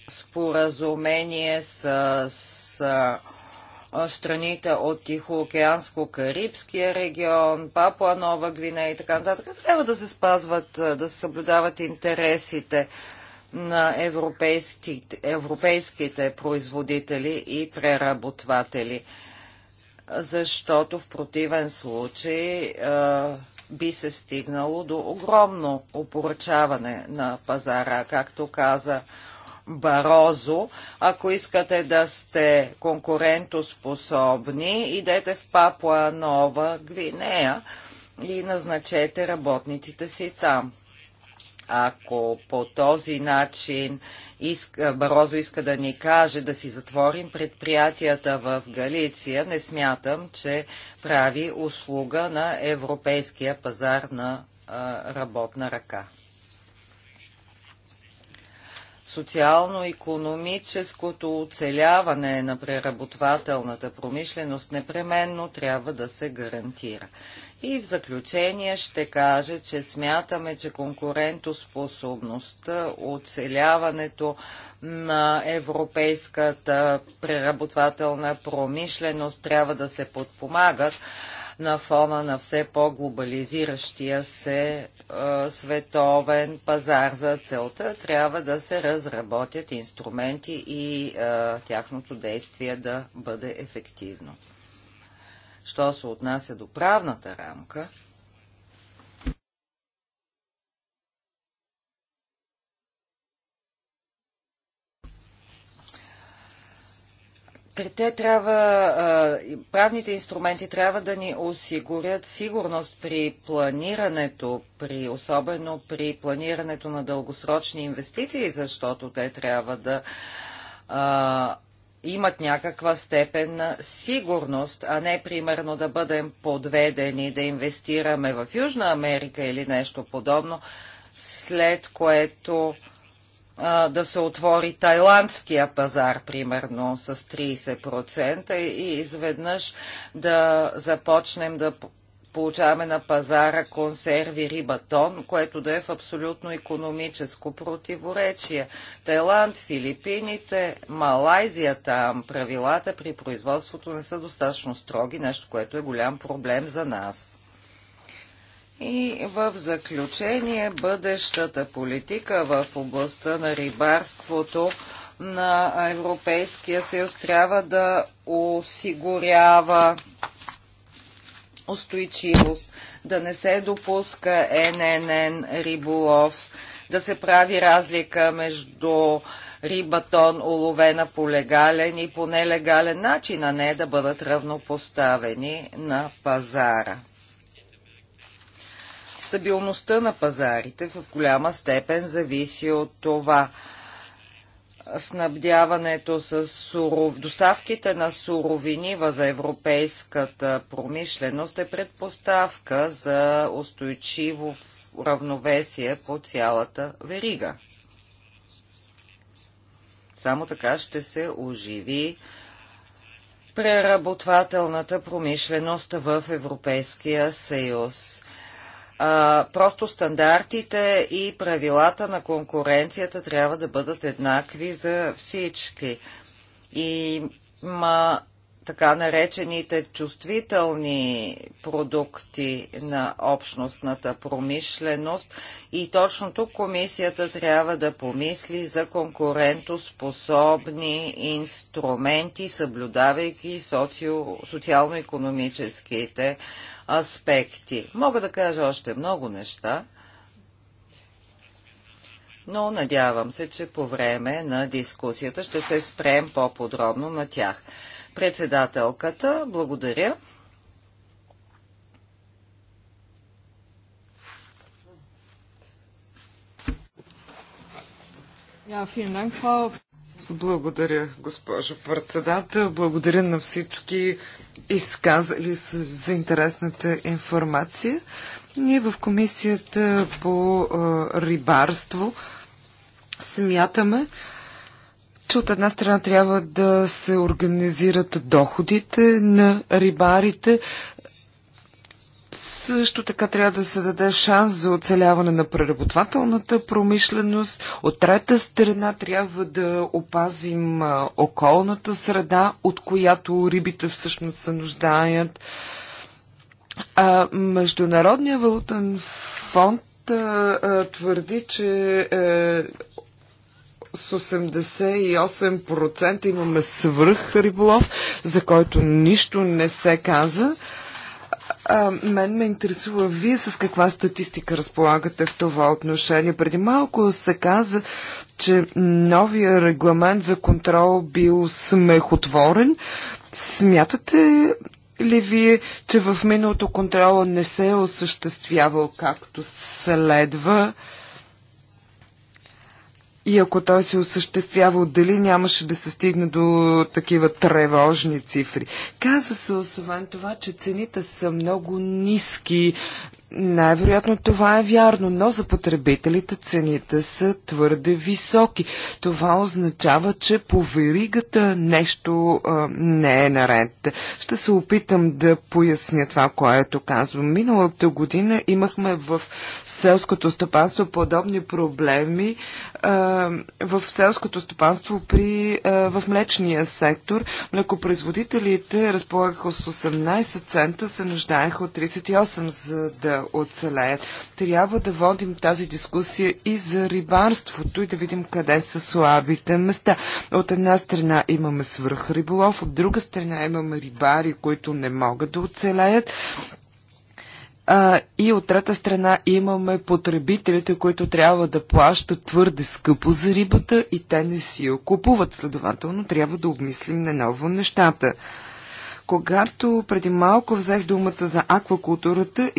споразумение с, с страните от Тихоокеанско-Карибския регион, Папуа Нова Гвинея и така нататък, трябва да се спазват, да се съблюдават интересите на европейските, производители и преработватели, защото в противен случай би се стигнало до огромно опоръчаване на пазара, както каза Барозо. Ако искате да сте конкурентоспособни, идете в Папуа Нова Гвинея и назначете работниците си там. Ако по този начин иска, Барозо иска да ни каже да си затворим предприятията в Галиция, не смятам, че прави услуга на европейския пазар на а, работна ръка социално-економическото оцеляване на преработвателната промишленост непременно трябва да се гарантира. И в заключение ще кажа, че смятаме, че конкурентоспособността, оцеляването на европейската преработвателна промишленост трябва да се подпомагат на фона на все по-глобализиращия се е, световен пазар. За целта трябва да се разработят инструменти и е, тяхното действие да бъде ефективно. Що се отнася до правната рамка, Те трябва, правните инструменти трябва да ни осигурят сигурност при планирането, при, особено при планирането на дългосрочни инвестиции, защото те трябва да а, имат някаква степен на сигурност, а не примерно да бъдем подведени, да инвестираме в Южна Америка или нещо подобно, след което а, да се отвори тайландския пазар, примерно, с 30% и изведнъж да започнем да получаваме на пазара консерви, риба, тон, което да е в абсолютно економическо противоречие. Тайланд, Филипините, Малайзия там правилата при производството не са достатъчно строги, нещо, което е голям проблем за нас. И в заключение бъдещата политика в областта на рибарството на Европейския съюз трябва да осигурява устойчивост, да не се допуска ННН риболов, да се прави разлика между рибатон, уловена по легален и по нелегален начин, а не да бъдат равнопоставени на пазара. Стабилността на пазарите в голяма степен зависи от това – снабдяването с суров... доставките на суровинива за европейската промишленост е предпоставка за устойчиво равновесие по цялата верига. Само така ще се оживи преработвателната промишленост в Европейския съюз а, просто стандартите и правилата на конкуренцията трябва да бъдат еднакви за всички. И ма, така наречените чувствителни продукти на общностната промишленост и точно тук комисията трябва да помисли за конкурентоспособни инструменти, съблюдавайки социо, социално-економическите аспекти. Мога да кажа още много неща, но надявам се, че по време на дискусията ще се спрем по-подробно на тях. Председателката, благодаря. Благодаря, госпожо председател. Благодаря на всички изказали се за интересната информация. Ние в комисията по рибарство смятаме, че от една страна трябва да се организират доходите на рибарите, също така трябва да се даде шанс за оцеляване на преработвателната промишленост. От трета страна трябва да опазим околната среда, от която рибите всъщност се нуждаят. А, Международният валутен фонд твърди, че е, с 88% имаме свръх риболов, за който нищо не се каза. А, мен ме интересува вие с каква статистика разполагате в това отношение. Преди малко се каза, че новия регламент за контрол бил смехотворен. Смятате ли вие, че в миналото контрола не се е осъществявал както следва? И ако той се осъществява отдали, нямаше да се стигне до такива тревожни цифри. Каза се освен това, че цените са много ниски. Най-вероятно това е вярно, но за потребителите цените са твърде високи. Това означава, че по веригата нещо а, не е наред. Ще се опитам да поясня това, което казвам. Миналата година имахме в селското стопанство подобни проблеми в селското стопанство при, в млечния сектор. Млекопроизводителите разполагаха с 18 цента, се нуждаеха от 38, за да оцелеят. Трябва да водим тази дискусия и за рибарството и да видим къде са слабите места. От една страна имаме свръхриболов, от друга страна имаме рибари, които не могат да оцелеят. А, и от трета страна имаме потребителите, които трябва да плащат твърде скъпо за рибата и те не си я купуват. Следователно трябва да обмислим наново нещата. Когато преди малко взех думата за аквакултурата,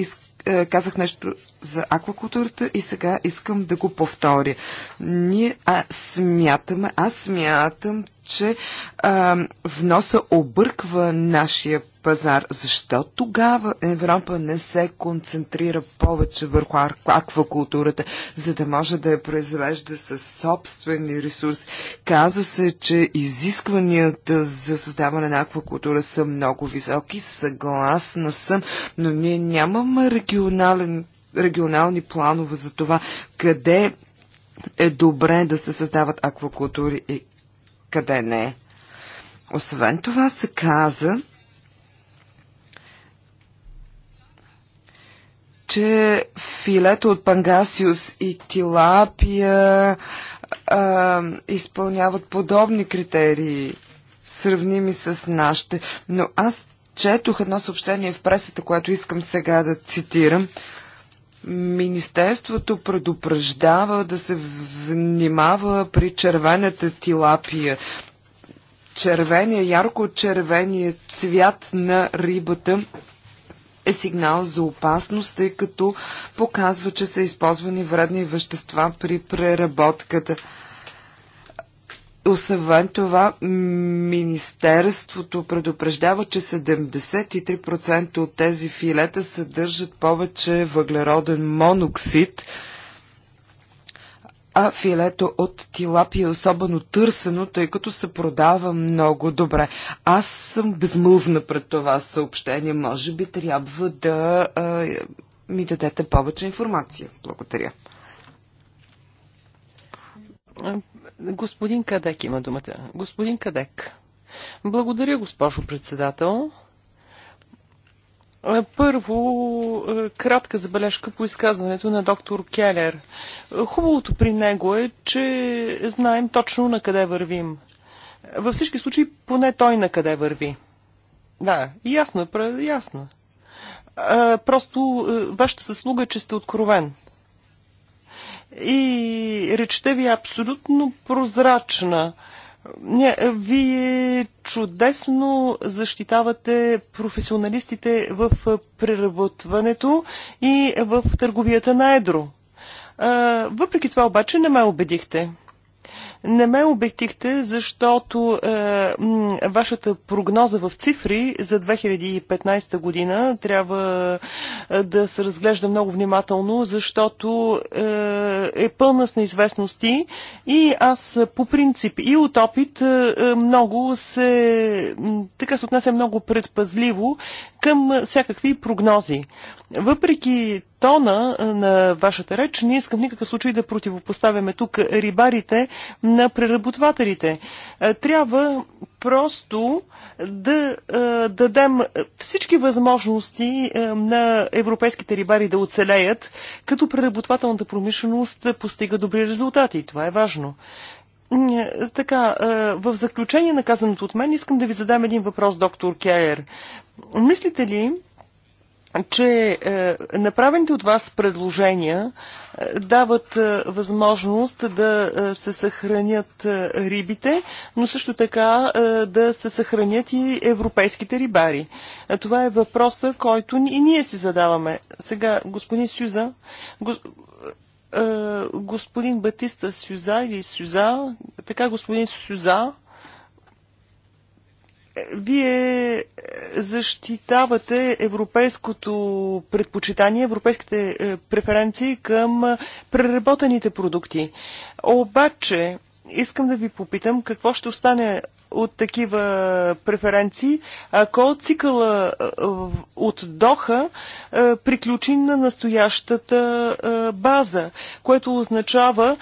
е, казах нещо за аквакултурата и сега искам да го повторя. Ние а, смятаме, аз смятам, че а, вноса обърква нашия пазар. Защо тогава Европа не се концентрира повече върху аквакултурата, за да може да я произвежда със собствени ресурс? Каза се, че изискванията за създаване на аквакултура са много високи. Съгласна съм, но ние нямаме регионален регионални планове за това къде е добре да се създават аквакултури и къде не. Освен това се каза, че филето от пангасиус и тилапия а, изпълняват подобни критерии, сравними с нашите. Но аз четох едно съобщение в пресата, което искам сега да цитирам. Министерството предупреждава да се внимава при червената тилапия. Червения, ярко-червения цвят на рибата е сигнал за опасност, тъй като показва, че са използвани вредни вещества при преработката. Освен това, Министерството предупреждава, че 73% от тези филета съдържат повече въглероден моноксид, а филето от тилапи е особено търсено, тъй като се продава много добре. Аз съм безмълвна пред това съобщение. Може би трябва да а, ми дадете повече информация. Благодаря. Господин Кадек има думата. Господин Кадек. Благодаря, госпожо председател. Е, първо, е, кратка забележка по изказването на доктор Келер. Хубавото при него е, че знаем точно на къде вървим. Във всички случаи, поне той на къде върви. Да, ясно, ясно. Е, просто вашата съслуга е, че сте откровен и речта ви е абсолютно прозрачна. Не, вие чудесно защитавате професионалистите в преработването и в търговията на едро. Въпреки това обаче не ме убедихте. Не ме обектихте, защото е, вашата прогноза в цифри за 2015 година трябва е, да се разглежда много внимателно, защото е, е пълна с неизвестности и аз по принцип и от опит е, е, много се, така се отнася много предпазливо към всякакви прогнози. Въпреки тона на вашата реч, не искам никакъв случай да противопоставяме тук рибарите на преработвателите. Трябва просто да дадем всички възможности на европейските рибари да оцелеят, като преработвателната промишленост постига добри резултати. Това е важно. Така, в заключение на казаното от мен искам да ви задам един въпрос, доктор Келер. Мислите ли, че е, направените от вас предложения е, дават е, възможност да е, се съхранят е, рибите, но също така е, да се съхранят и европейските рибари. Е, това е въпроса, който и ние си задаваме. Сега, господин Сюза, го, е, е господин Батиста Сюза или Сюза, така господин Сюза, вие е, защитавате европейското предпочитание, европейските е, преференции към е, преработените продукти. Обаче, искам да ви попитам какво ще остане от такива преференции, ако цикъла от Доха приключи на настоящата база, което означава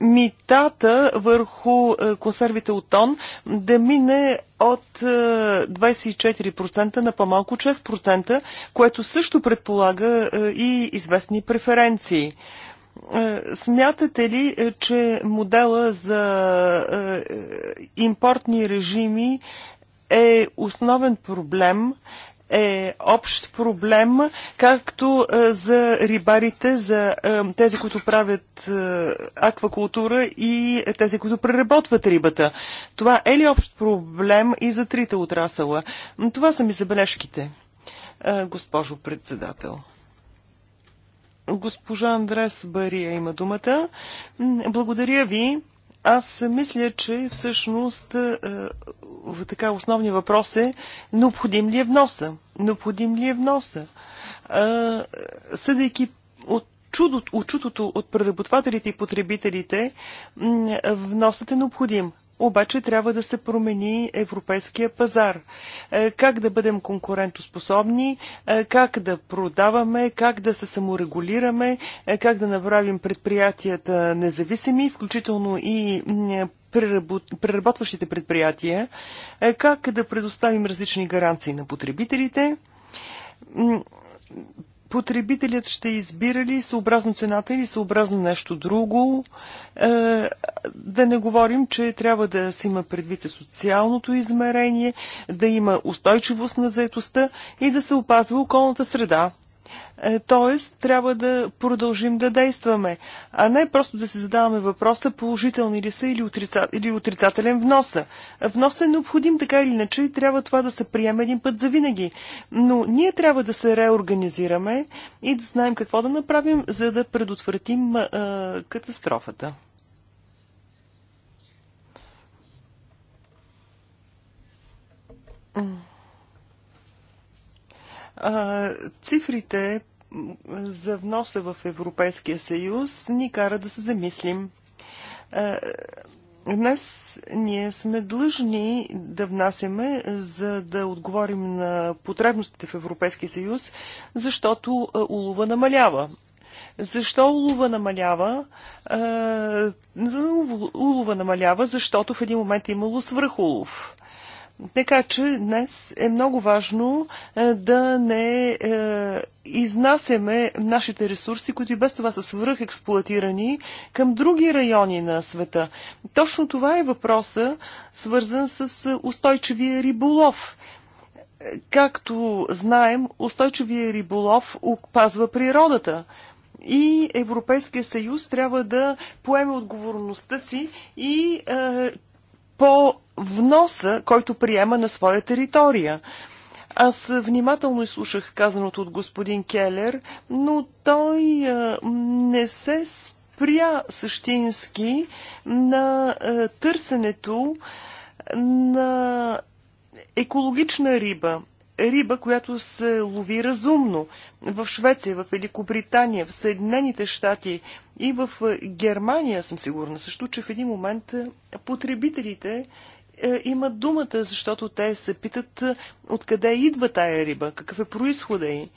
митата върху консервите от тон да мине от 24% на по-малко 6%, което също предполага и известни преференции. Е, смятате ли, е, че модела за е, импортни режими е основен проблем, е общ проблем, както за рибарите, за тези, които правят аквакултура и тези, които преработват рибата. Това е ли общ проблем и за трите отрасъла? Това са ми забележките, госпожо председател. Госпожа Андрес Бария има думата. Благодаря ви. Аз мисля, че всъщност е, така основния въпрос е необходим ли е вноса? Необходим ли е вноса? Съдейки от чудото, от преработвателите и потребителите, вносът е необходим обаче трябва да се промени европейския пазар. Е, как да бъдем конкурентоспособни, е, как да продаваме, как да се саморегулираме, е, как да направим предприятията независими, включително и преработващите предприятия, как да предоставим различни гаранции на потребителите, потребителят ще избира ли съобразно цената или съобразно нещо друго. Е, да не говорим, че трябва да се има предвид социалното измерение, да има устойчивост на заетостта и да се опазва околната среда. Е, тоест, трябва да продължим да действаме, а не просто да си задаваме въпроса положителни ли са или, отрица... или отрицателен вноса. Внос е необходим така или иначе и трябва това да се приеме един път за винаги. Но ние трябва да се реорганизираме и да знаем какво да направим, за да предотвратим а, катастрофата. Mm. Цифрите за вноса в Европейския съюз ни кара да се замислим. Днес ние сме длъжни да внасяме, за да отговорим на потребностите в Европейския съюз, защото улова намалява. Защо улова намалява? Улова намалява, защото в един момент е имало свръхулов. Така че днес е много важно е, да не е, изнасяме нашите ресурси, които и без това са свръхексплуатирани, към други райони на света. Точно това е въпроса, свързан с е, устойчивия риболов. Както знаем, устойчивия риболов опазва природата и Европейския съюз трябва да поеме отговорността си и е, по вноса, който приема на своя територия. Аз внимателно изслушах казаното от господин Келер, но той не се спря същински на търсенето на екологична риба, риба, която се лови разумно. В Швеция, в Великобритания, в Съединените щати и в е, Германия съм сигурна също, че в един момент е, потребителите е, имат думата, защото те се питат откъде идва тая риба, какъв е происхода й.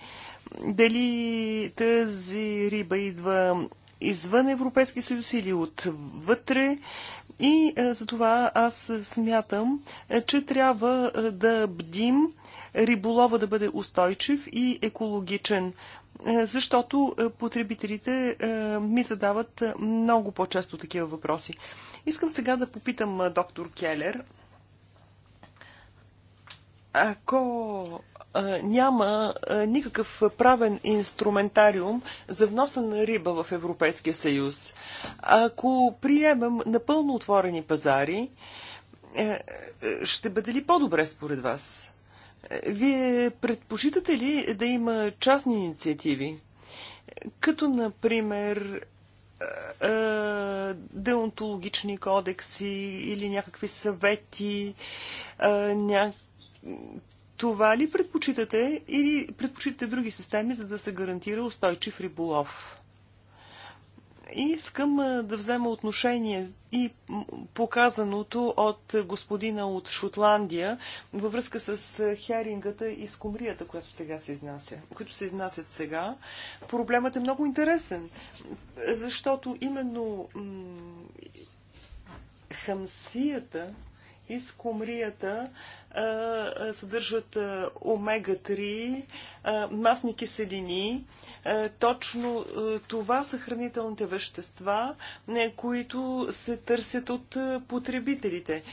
Дали тази риба идва извън Европейски съюз или отвътре, и е, за това аз смятам, е, че трябва е, да бдим риболова да бъде устойчив и екологичен защото потребителите ми задават много по-често такива въпроси. Искам сега да попитам доктор Келер. Ако няма никакъв правен инструментариум за вноса на риба в Европейския съюз. Ако приемем напълно отворени пазари, е, е, ще бъде ли по-добре според вас? Е, вие предпочитате ли да има частни инициативи? Като, например, деонтологични кодекси или някакви съвети, някакви това ли предпочитате или предпочитате други системи, за да се гарантира устойчив риболов? И Искам да взема отношение и показаното от господина от Шотландия във връзка с херингата и скумрията, която сега се изнася, които се изнасят сега. Проблемът е много интересен, защото именно хамсията и скумрията съдържат омега-3, масни киселини. Точно това са хранителните вещества, които се търсят от потребителите.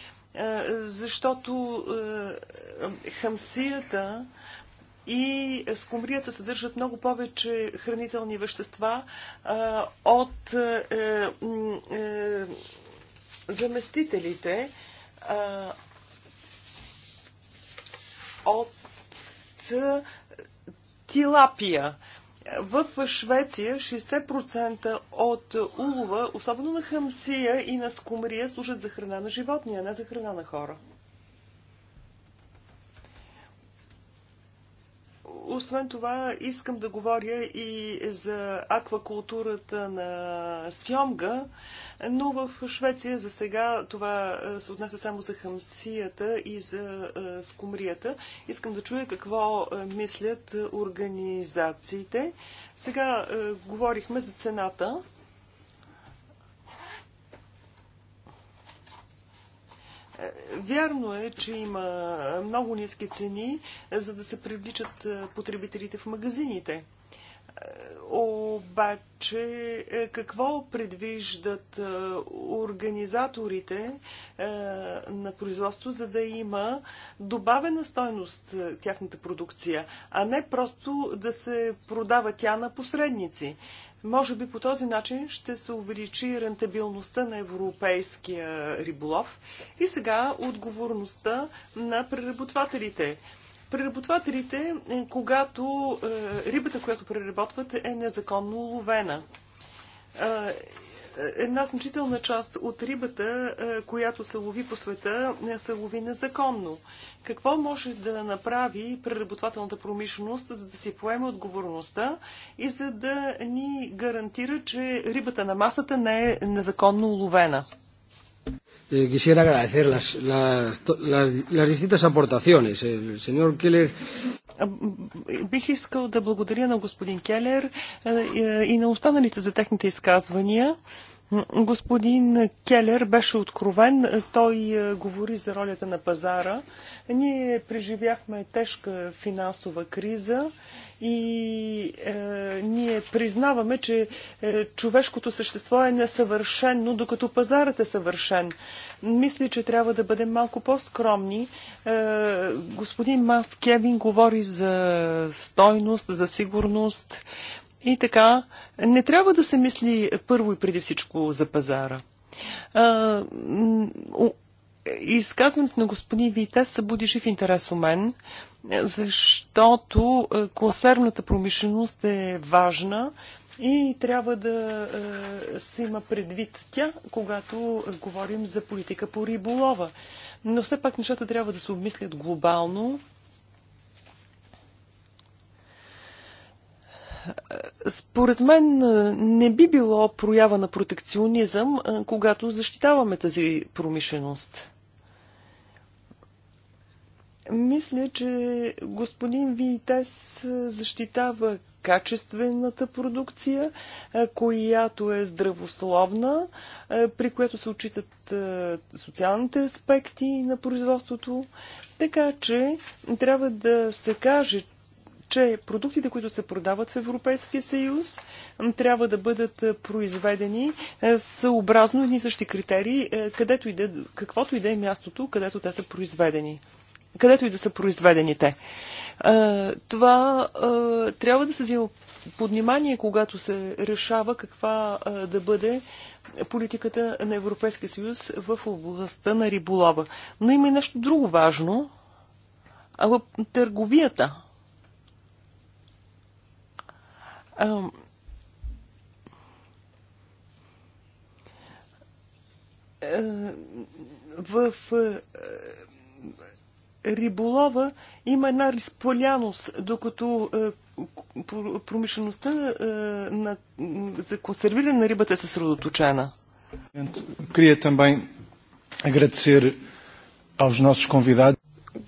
Защото хамсията и скумрията съдържат много повече хранителни вещества от заместителите, от тилапия. В Швеция 60% от улова, особено на хамсия и на скумрия, служат за храна на животни, а не за храна на хора. Освен това, искам да говоря и за аквакултурата на Сьомга но в Швеция за сега това е, се отнася само за хамсията и за е, скумрията. Искам да чуя какво е, мислят организациите. Сега говорихме за цената. Вярно е, че има много ниски цени, за да се привличат потребителите в магазините. Обаче, е, какво предвиждат е, организаторите е, на производство, за да има добавена стойност тяхната продукция, а не просто да се продава тя на посредници? Може би по този начин ще се увеличи рентабилността на европейския риболов и сега отговорността на преработвателите преработвателите, е, когато е, рибата, която преработват, е незаконно ловена е, една значителна част от рибата, която се лови по света, не се лови незаконно. Какво може да направи преработвателната промишленост, за да си поеме отговорността и за да ни гарантира, че рибата на масата не е незаконно уловена? Eh, quisiera agradecer las, las, las, las distintas aportaciones. El señor Keller. Бих искал да благодаря на господин Келер е, и на останалите за техните изказвания. Господин Келер беше откровен. Той е, говори за ролята на пазара. Ние преживяхме тежка финансова криза и е, ние признаваме, че е, човешкото същество е несъвършено, докато пазарът е съвършен. Мисля, че трябва да бъдем малко по-скромни. Е, господин Маст Кевин говори за стойност, за сигурност и така. Не трябва да се мисли първо и преди всичко за пазара. Е, изказването на господин Вита събуди жив интерес у мен защото е, консервната промишленост е важна и трябва да е, се има предвид тя, когато говорим за политика по риболова. Но все пак нещата трябва да се обмислят глобално. Според мен е, не би било проява на протекционизъм, когато защитаваме тази промишленост. Мисля, че господин Витес защитава качествената продукция, е, която е здравословна, е, при която се отчитат е, социалните аспекти на производството. Така че трябва да се каже, че продуктите, които се продават в Европейския съюз, трябва да бъдат произведени съобразно едни същи критерии, където каквото и да е мястото, където те са произведени където и да са произведени те. Това трябва да се взима под внимание, когато се решава каква да бъде политиката на Европейския съюз в областта на риболова. Но има и нещо друго важно. А в търговията. А, в риболова има една разполяност, докато е, промишлеността е, на, за консервиране на рибата е съсредоточена. Queria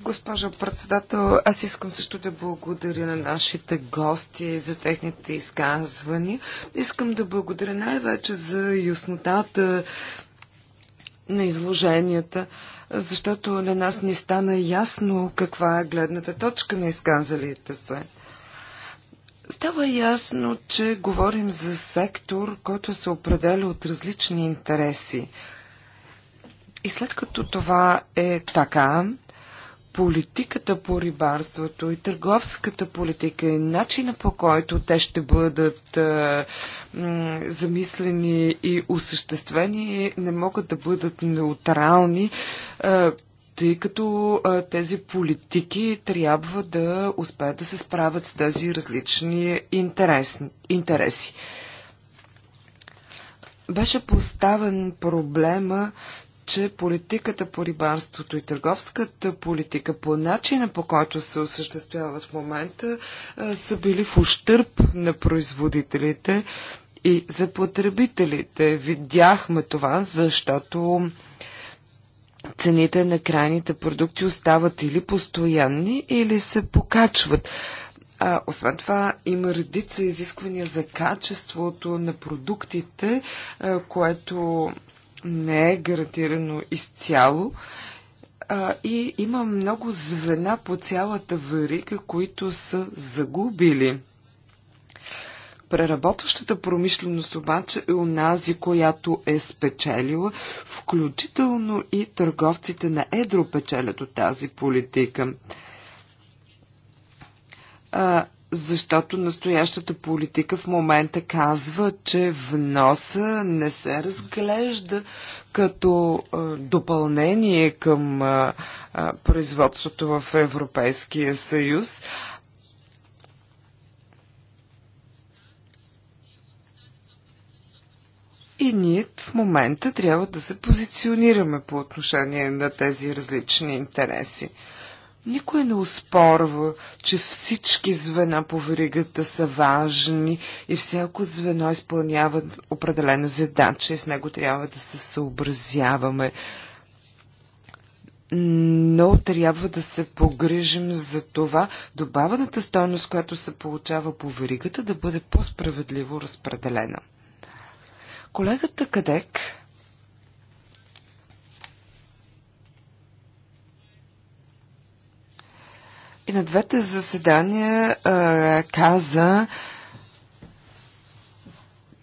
Госпожо председател, аз искам също да благодаря на нашите гости за техните изказвания. Искам да благодаря най-вече за яснотата на изложенията защото на нас ни стана ясно каква е гледната точка на изказалите се. Става ясно, че говорим за сектор, който се определя от различни интереси. И след като това е така, политиката по рибарството и търговската политика и начина по който те ще бъдат е, замислени и осъществени не могат да бъдат неутрални, е, тъй като е, тези политики трябва да успеят да се справят с тези различни интерес, интереси. Беше поставен проблема че политиката по рибарството и търговската политика по начина по който се осъществяват в момента са били в ущърп на производителите и за потребителите. Видяхме това, защото цените на крайните продукти остават или постоянни, или се покачват. А, освен това, има редица изисквания за качеството на продуктите, което не е гарантирано изцяло а, и има много звена по цялата варига, които са загубили. Преработващата промишленост обаче е унази, която е спечелила, включително и търговците на едро печелят от тази политика. А, защото настоящата политика в момента казва, че вноса не се разглежда като допълнение към производството в Европейския съюз. И ние в момента трябва да се позиционираме по отношение на тези различни интереси. Никой не успорва, че всички звена по веригата са важни и всяко звено изпълнява определена задача и с него трябва да се съобразяваме. Но трябва да се погрижим за това добавената стойност, която се получава по веригата, да бъде по-справедливо разпределена. Колегата Кадек и на двете заседания а, каза,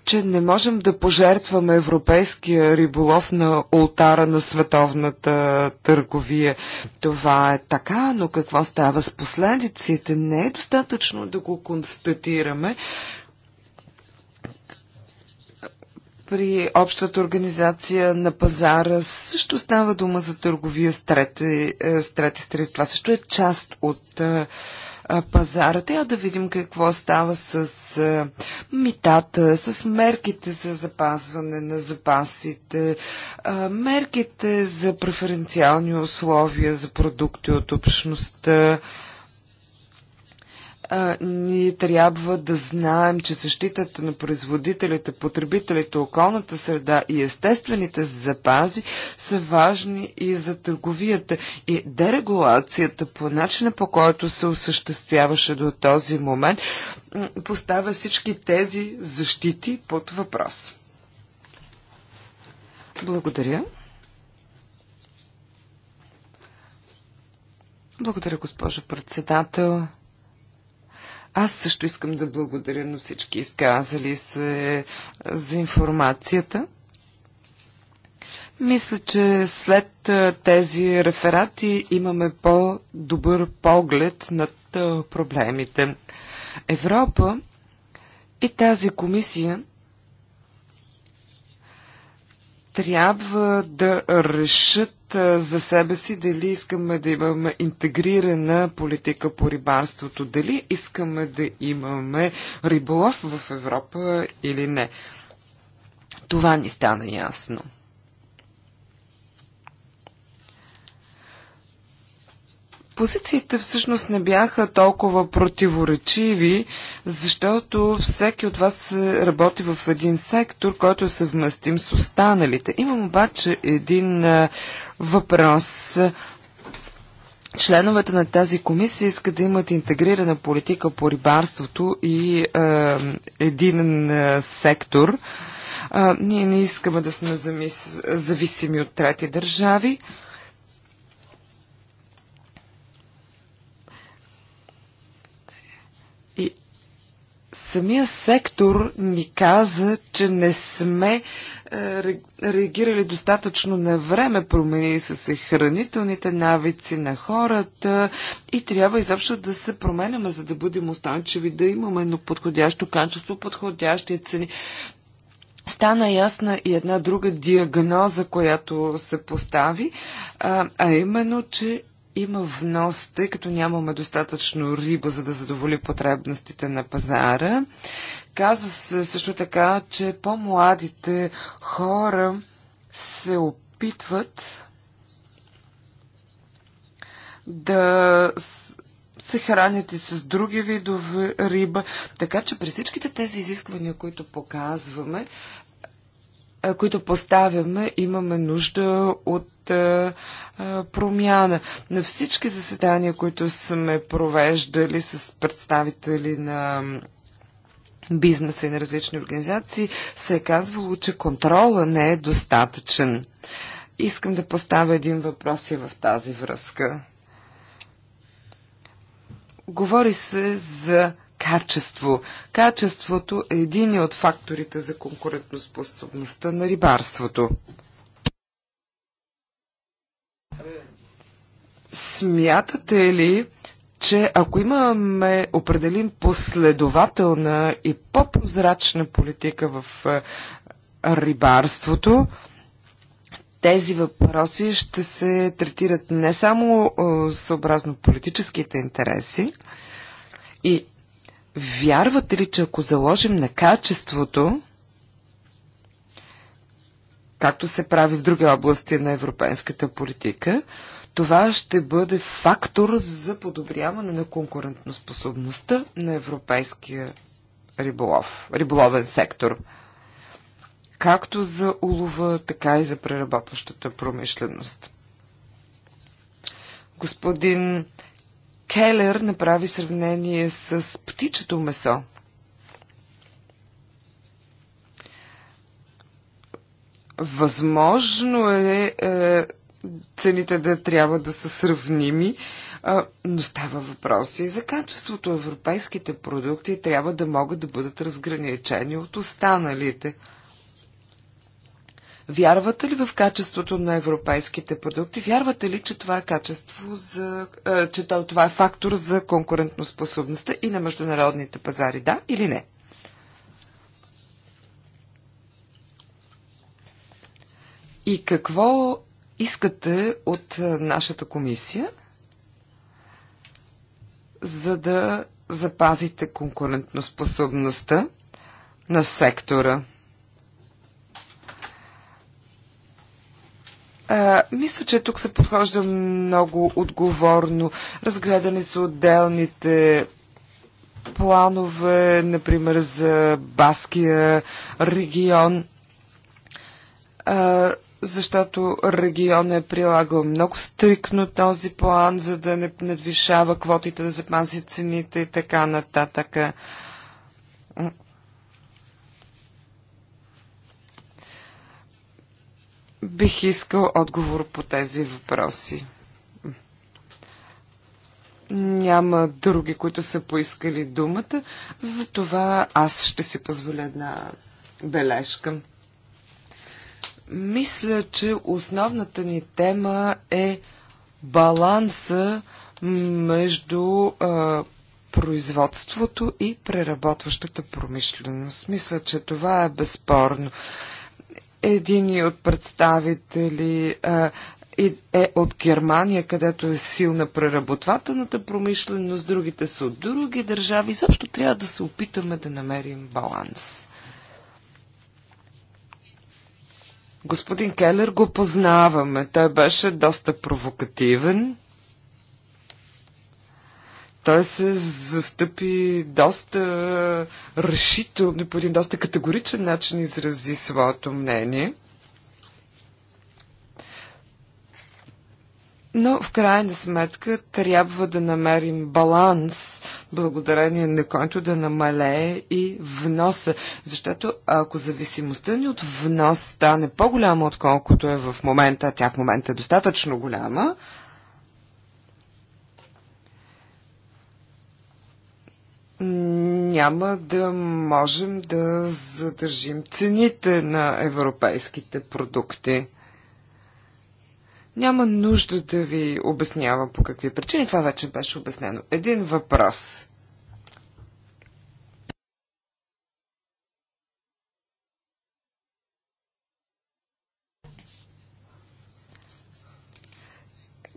че не можем да пожертваме европейския риболов на ултара на световната търговия. Това е така, но какво става с последиците? Не е достатъчно да го констатираме. при общата организация на пазара също става дума за търговия с трети, е, с трети страни. Това също е част от е, е, пазара. Трябва да видим какво става с митата, с мерките за запазване на запасите, мерките за преференциални условия за продукти от общността а, ние трябва да знаем, че защитата на производителите, потребителите, околната среда и естествените запази са важни и за търговията. И дерегулацията по начина по който се осъществяваше до този момент поставя всички тези защити под въпрос. Благодаря. Благодаря, госпожо председател. Аз също искам да благодаря на всички изказали се за информацията. Мисля, че след тези реферати имаме по-добър поглед над проблемите. Европа и тази комисия трябва да решат за себе си дали искаме да имаме интегрирана политика по рибарството, дали искаме да имаме риболов в Европа или не. Това ни стана ясно. Позициите всъщност не бяха толкова противоречиви, защото всеки от вас работи в един сектор, който е съвместим с останалите. Имам обаче един е, въпрос. Членовете на тази комисия искат да имат интегрирана политика по рибарството и е, един е, сектор. Е, ние не искаме да сме замис... зависими от трети държави. самия сектор ни каза, че не сме е, реагирали достатъчно на време, променили са се хранителните навици на хората и трябва изобщо да се променяме, за да бъдем останчиви, да имаме едно подходящо качество, подходящи цени. Стана ясна и една друга диагноза, която се постави, а, а именно, че има внос, тъй като нямаме достатъчно риба, за да задоволи потребностите на пазара. Каза се също така, че по-младите хора се опитват да се хранят и с други видове риба. Така че при всичките тези изисквания, които показваме, които поставяме, имаме нужда от промяна. На всички заседания, които сме провеждали с представители на бизнеса и на различни организации, се е казвало, че контрола не е достатъчен. Искам да поставя един въпрос и в тази връзка. Говори се за качество. Качеството е един от факторите за конкурентоспособността на рибарството. Смятате ли, че ако имаме определим последователна и по-прозрачна политика в е, рибарството, тези въпроси ще се третират не само е, съобразно политическите интереси и Вярвате ли, че ако заложим на качеството, както се прави в други области на европейската политика, това ще бъде фактор за подобряване на конкурентноспособността на европейския риболов, риболовен сектор. Както за улова, така и за преработващата промишленост. Господин Келер направи сравнение с птичето месо. Възможно е, е цените да трябва да са сравними, е, но става въпрос и за качеството. Европейските продукти трябва да могат да бъдат разграничени от останалите. Вярвате ли в качеството на европейските продукти? Вярвате ли, че това е качество за, е, че това е фактор за конкурентноспособността и на международните пазари, да или не? И какво искате от е, нашата комисия, за да запазите конкурентноспособността на сектора? А, мисля, че тук се подхожда много отговорно. Разгледани са отделните планове, например, за Баския регион, а, защото регион е прилагал много стрикно този план, за да не надвишава квотите, да запази цените и така нататък. Бих искал отговор по тези въпроси. Няма други, които са поискали думата, затова аз ще си позволя една бележка. Мисля, че основната ни тема е баланса между а, производството и преработващата промишленост. Мисля, че това е безспорно. А, един от представители е от Германия, където е силна преработвателната промишленост, другите са от други държави. Защо трябва да се опитаме да намерим баланс. Господин Келер го познаваме. Той беше доста провокативен. Той се застъпи доста решително, по един доста категоричен начин изрази своето мнение. Но в крайна сметка трябва да намерим баланс, благодарение на който да намалее и вноса. Защото ако зависимостта ни от внос стане по-голяма, отколкото е в момента, тя в момента е достатъчно голяма, няма да можем да задържим цените на европейските продукти. Няма нужда да ви обяснявам по какви причини. Това вече беше обяснено. Един въпрос.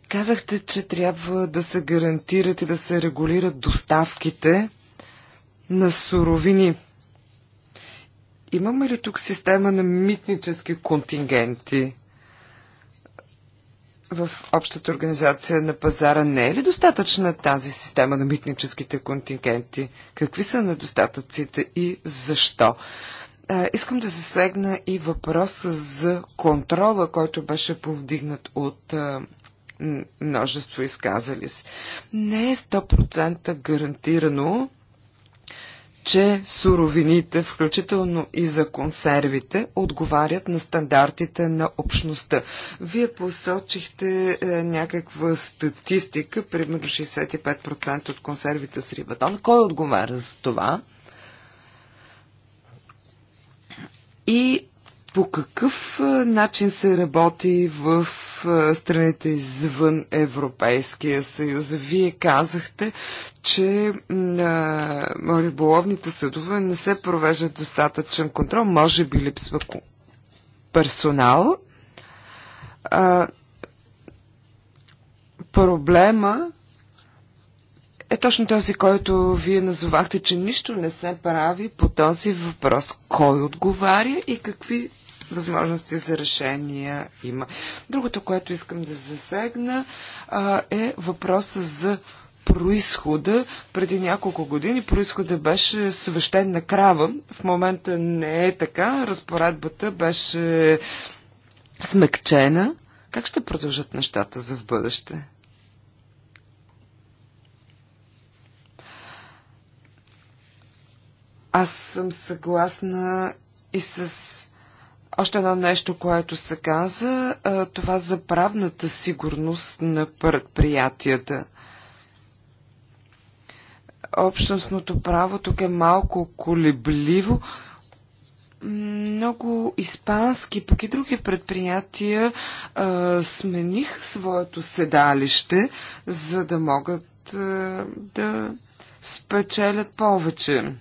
Казахте, че трябва да се гарантират и да се регулират доставките на суровини. Имаме ли тук система на митнически контингенти? в общата организация на пазара не е ли достатъчна тази система на митническите контингенти? Какви са недостатъците и защо? Е, искам да засегна и въпроса за контрола, който беше повдигнат от е, множество изказали се. Не е 100% гарантирано, че суровините, включително и за консервите, отговарят на стандартите на общността. Вие посочихте е, някаква статистика, примерно 65% от консервите с рибатон. Кой отговаря за това? И по какъв начин се работи в страните извън Европейския съюз? Вие казахте, че на риболовните съдове не се провеждат достатъчен контрол. Може би липсва персонал. А, проблема е точно този, който вие назовахте, че нищо не се прави по този въпрос. Кой отговаря и какви възможности за решения има. Другото, което искам да засегна, е въпроса за происхода. Преди няколко години происхода беше свещена крава. В момента не е така. Разпоредбата беше смекчена. Как ще продължат нещата за в бъдеще? Аз съм съгласна и с още едно нещо, което се каза, това за правната сигурност на предприятията. Общностното право тук е малко колебливо. Много испански, пък и други предприятия а, смених своето седалище, за да могат а, да спечелят повече.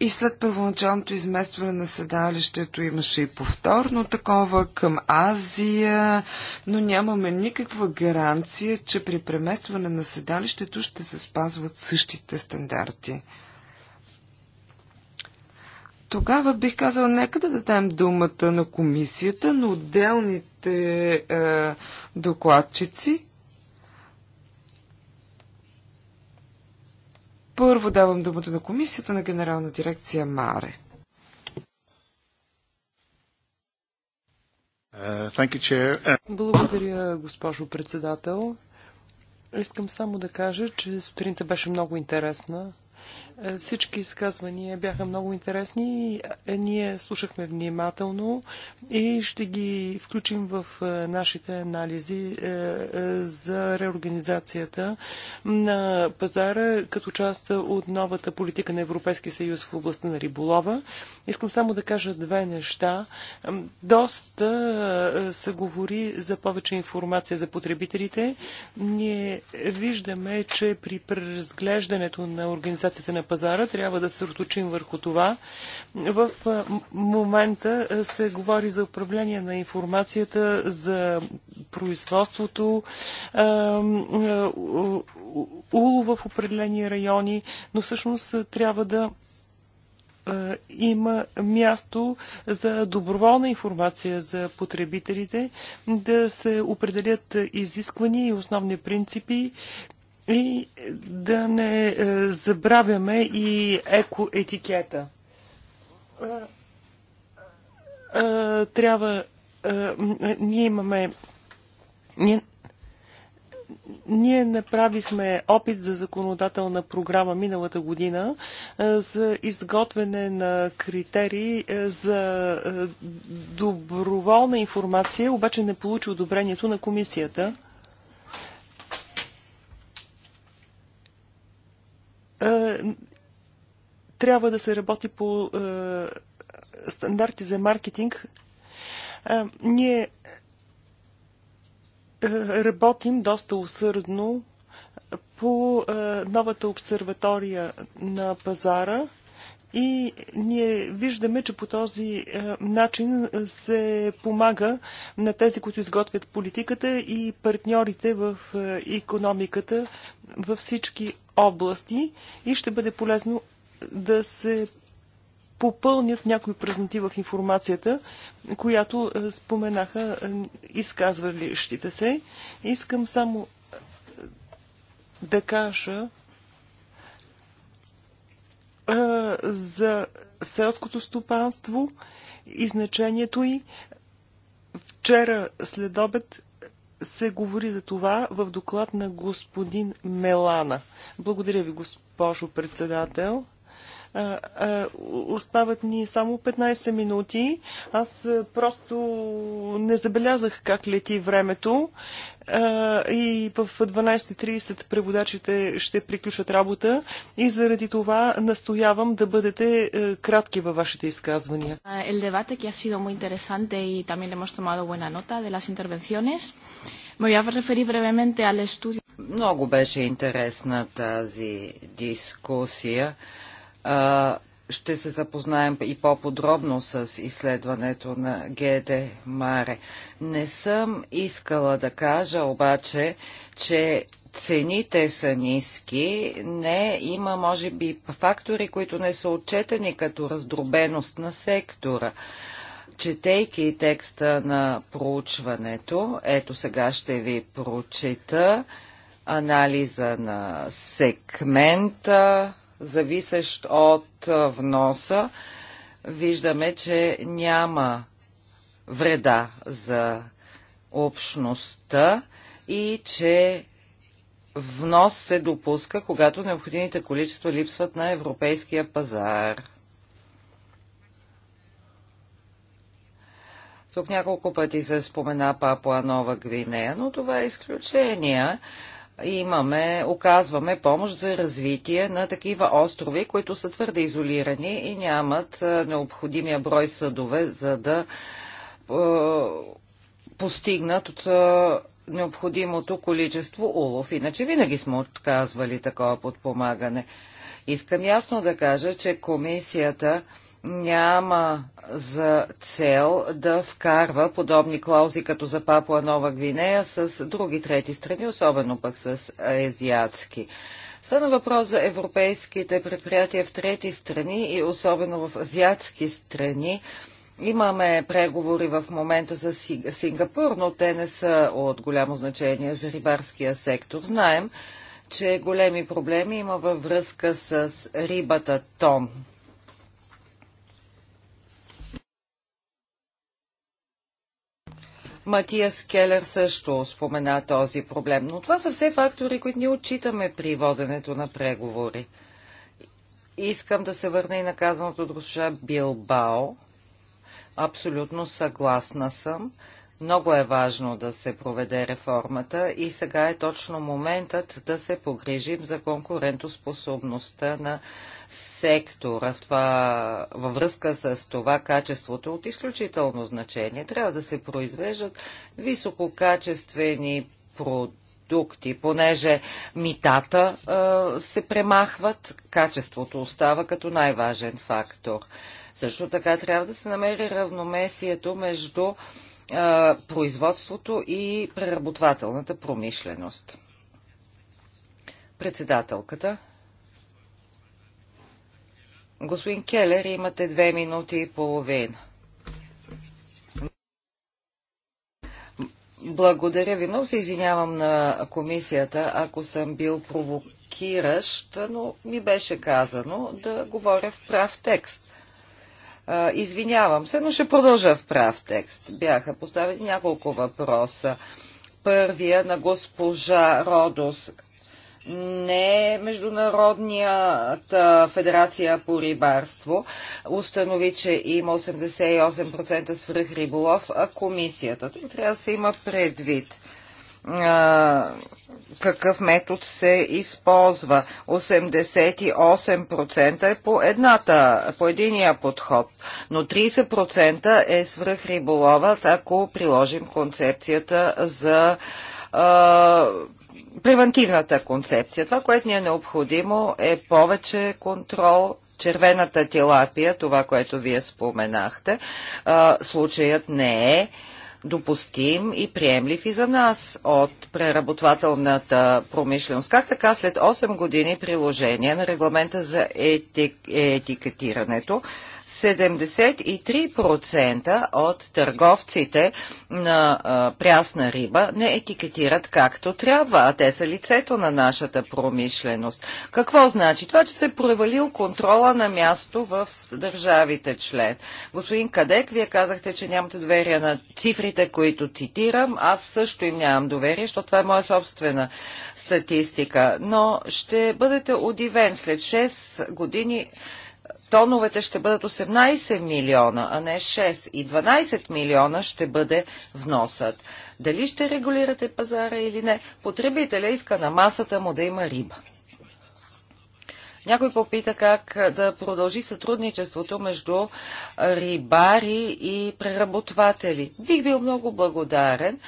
и след първоначалното изместване на седалището имаше и повторно такова към Азия, но нямаме никаква гаранция, че при преместване на седалището ще се спазват същите стандарти. Тогава бих казал, нека да дадем думата на комисията, на отделните е, докладчици Първо давам думата на комисията на генерална дирекция МАРЕ. Uh, Благодаря, госпожо председател. Искам само да кажа, че сутринта беше много интересна. Е, всички изказвания бяха много интересни. Е, ние слушахме внимателно и ще ги включим в е, нашите анализи за реорганизацията на пазара като част от новата политика на Европейския съюз в областта на риболова. Искам само да кажа две неща. Доста се говори за повече информация за потребителите. Ние виждаме, че при преразглеждането на организацията на пазара. Трябва да се оточим върху това. В момента се говори за управление на информацията, за производството, улов в определени райони, но всъщност трябва да има място за доброволна информация за потребителите, да се определят изисквания и основни принципи, и да не е, забравяме и екоетикета. Е, е, трябва. Ние имаме. Ние, ние направихме опит за законодателна програма миналата година за изготвяне на критерии за доброволна информация, обаче не получи одобрението на комисията. трябва да се работи по стандарти за маркетинг. Ние работим доста усърдно по новата обсерватория на пазара и ние виждаме, че по този начин се помага на тези, които изготвят политиката и партньорите в економиката във всички области и ще бъде полезно да се попълнят някои празноти в информацията, която е, споменаха е, изказвалищите се. Искам само е, да кажа за селското стопанство и значението й. Вчера след обед се говори за това в доклад на господин Мелана. Благодаря ви, госпожо председател. Остават ни само 15 минути. Аз просто не забелязах как лети времето и в 12.30 преводачите ще приключат работа и заради това настоявам да бъдете кратки във вашите изказвания. El debate que ha sido muy interesante y también hemos tomado buena nota de las intervenciones. Me voy a referir brevemente al estudio. Много беше интересна тази дискусия ще се запознаем и по-подробно с изследването на ГД Маре. Не съм искала да кажа обаче, че цените са ниски, не има, може би, фактори, които не са отчетени като раздробеност на сектора. Четейки текста на проучването, ето сега ще ви прочита анализа на сегмента, зависещ от вноса, виждаме, че няма вреда за общността и че внос се допуска, когато необходимите количества липсват на европейския пазар. Тук няколко пъти се спомена Папуа Нова Гвинея, но това е изключение имаме, оказваме помощ за развитие на такива острови, които са твърде изолирани и нямат необходимия брой съдове, за да постигнат от необходимото количество улов. Иначе винаги сме отказвали такова подпомагане. Искам ясно да кажа, че комисията няма за цел да вкарва подобни клаузи като за Папуа Нова Гвинея с други трети страни, особено пък с азиатски. Стана въпрос за европейските предприятия в трети страни и особено в азиатски страни. Имаме преговори в момента с Сингапур, но те не са от голямо значение за рибарския сектор. Знаем, че големи проблеми има във връзка с рибата тон. Матиас Келер също спомена този проблем. Но това са все фактори, които ни отчитаме при воденето на преговори. Искам да се върна и наказаното от госпожа Билбао. Абсолютно съгласна съм много е важно да се проведе реформата и сега е точно моментът да се погрижим за конкурентоспособността на сектора. В това, във връзка с това качеството е от изключително значение трябва да се произвеждат висококачествени продукти, понеже митата а, се премахват, качеството остава като най-важен фактор. Също така трябва да се намери равномесието между производството и преработвателната промишленост. Председателката. Господин Келер, имате две минути и половина. Благодаря ви. Много се извинявам на комисията, ако съм бил провокиращ, но ми беше казано да говоря в прав текст извинявам се, но ще продължа в прав текст. Бяха поставени няколко въпроса. Първия на госпожа Родос. Не Международният федерация по рибарство установи, че има 88% свръх риболов, а комисията. Тук трябва да се има предвид какъв метод се използва. 88% е по, едната, по единия подход, но 30% е свръх риболова, ако приложим концепцията за а, превентивната концепция. Това, което ни е необходимо е повече контрол, червената тилапия, това, което вие споменахте. А, случаят не е допустим и приемлив и за нас от преработвателната промишленост. Как така след 8 години приложение на регламента за етик, етикетирането 73% от търговците на а, прясна риба не етикетират както трябва, а те са лицето на нашата промишленост. Какво значи? Това, че се е провалил контрола на място в държавите член. Господин Кадек, вие казахте, че нямате доверие на цифрите, които цитирам. Аз също им нямам доверие, защото това е моя собствена статистика. Но ще бъдете удивен. След 6 години тоновете ще бъдат 18 милиона, а не 6 и 12 милиона ще бъде вносът. Дали ще регулирате пазара или не, потребителя иска на масата му да има риба. Някой попита как да продължи сътрудничеството между рибари и преработватели. Бих бил много благодарен,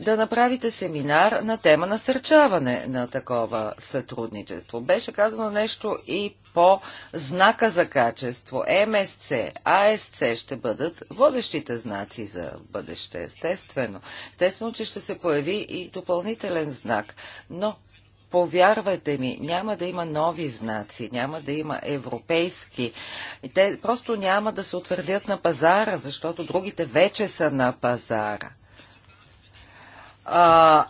да направите семинар на тема насърчаване на такова сътрудничество. Беше казано нещо и по знака за качество. МСЦ, АСЦ ще бъдат водещите знаци за бъдеще, естествено. Естествено, че ще се появи и допълнителен знак, но повярвайте ми, няма да има нови знаци, няма да има европейски. И те просто няма да се утвърдят на пазара, защото другите вече са на пазара. А,